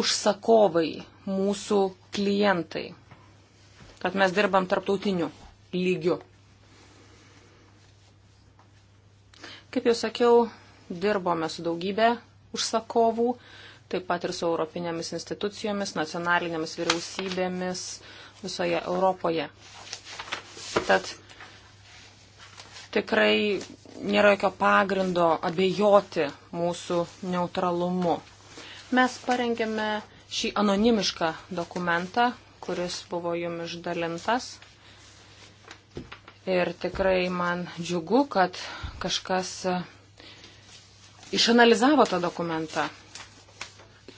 užsakovai, mūsų klientai. Kad mes dirbam tarptautiniu lygiu. Kaip jau sakiau, dirbome su daugybė užsakovų, taip pat ir su europinėmis institucijomis, nacionalinėmis vyriausybėmis visoje Europoje. Tad tikrai nėra jokio pagrindo abejoti mūsų neutralumu. Mes parengėme šį anonimišką dokumentą, kuris buvo jum išdalintas. Ir tikrai man džiugu, kad kažkas e, išanalizavo tą dokumentą.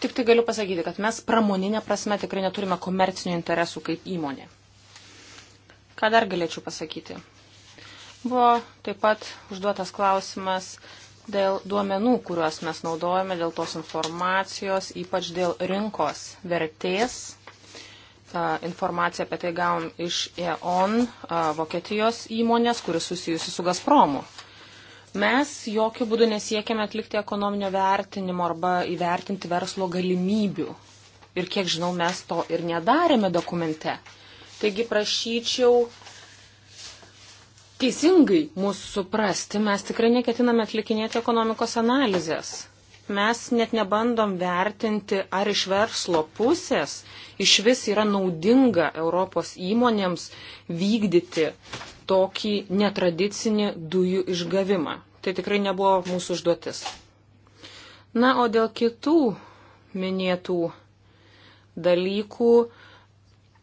Tik tai galiu pasakyti, kad mes pramoninė prasme tikrai neturime komercinių interesų kaip įmonė. Ką dar galėčiau pasakyti? Buvo taip pat užduotas klausimas dėl duomenų, kuriuos mes naudojame, dėl tos informacijos, ypač dėl rinkos vertės. Informaciją apie tai gavom iš EON, Vokietijos įmonės, kuris susijusi su Gazpromu. Mes jokių būdų nesiekėme atlikti ekonominio vertinimo arba įvertinti verslo galimybių. Ir kiek žinau, mes to ir nedarėme dokumente. Taigi prašyčiau teisingai mūsų suprasti, mes tikrai neketiname atlikinėti ekonomikos analizės. Mes net nebandom vertinti, ar iš verslo pusės iš vis yra naudinga Europos įmonėms vykdyti tokį netradicinį dujų išgavimą. Tai tikrai nebuvo mūsų užduotis. Na, o dėl kitų minėtų dalykų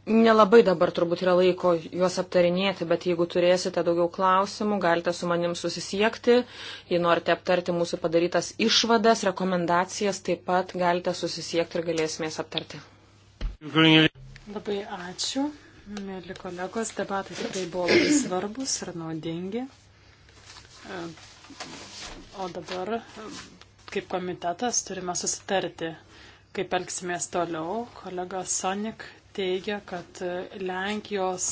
Nelabai dabar turbūt yra laiko juos aptarinėti, bet jeigu turėsite daugiau klausimų, galite su manim susisiekti. Jei norite aptarti mūsų padarytas išvadas, rekomendacijas, taip pat galite susisiekti ir galėsime jas aptarti. Labai ačiū, mėly kolegos. Debatai tikrai buvo labai svarbus ir naudingi. O dabar, kaip komitetas, turime susitarti, kaip elgsimės toliau. Kolega Sonik teigia, kad Lenkijos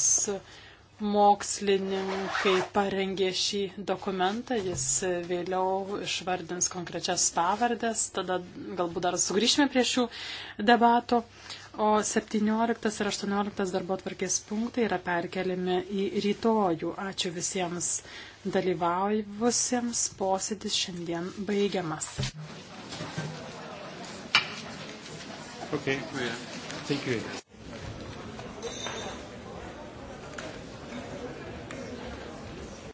mokslininkai parengė šį dokumentą, jis vėliau išvardins konkrečias pavardės, tada galbūt dar sugrįšime prie šių debatų. O 17 ir 18 darbo tvarkės punktai yra perkeliami į rytojų. Ačiū visiems dalyvaujusiems, posėdis šiandien baigiamas. Okay. Thank you.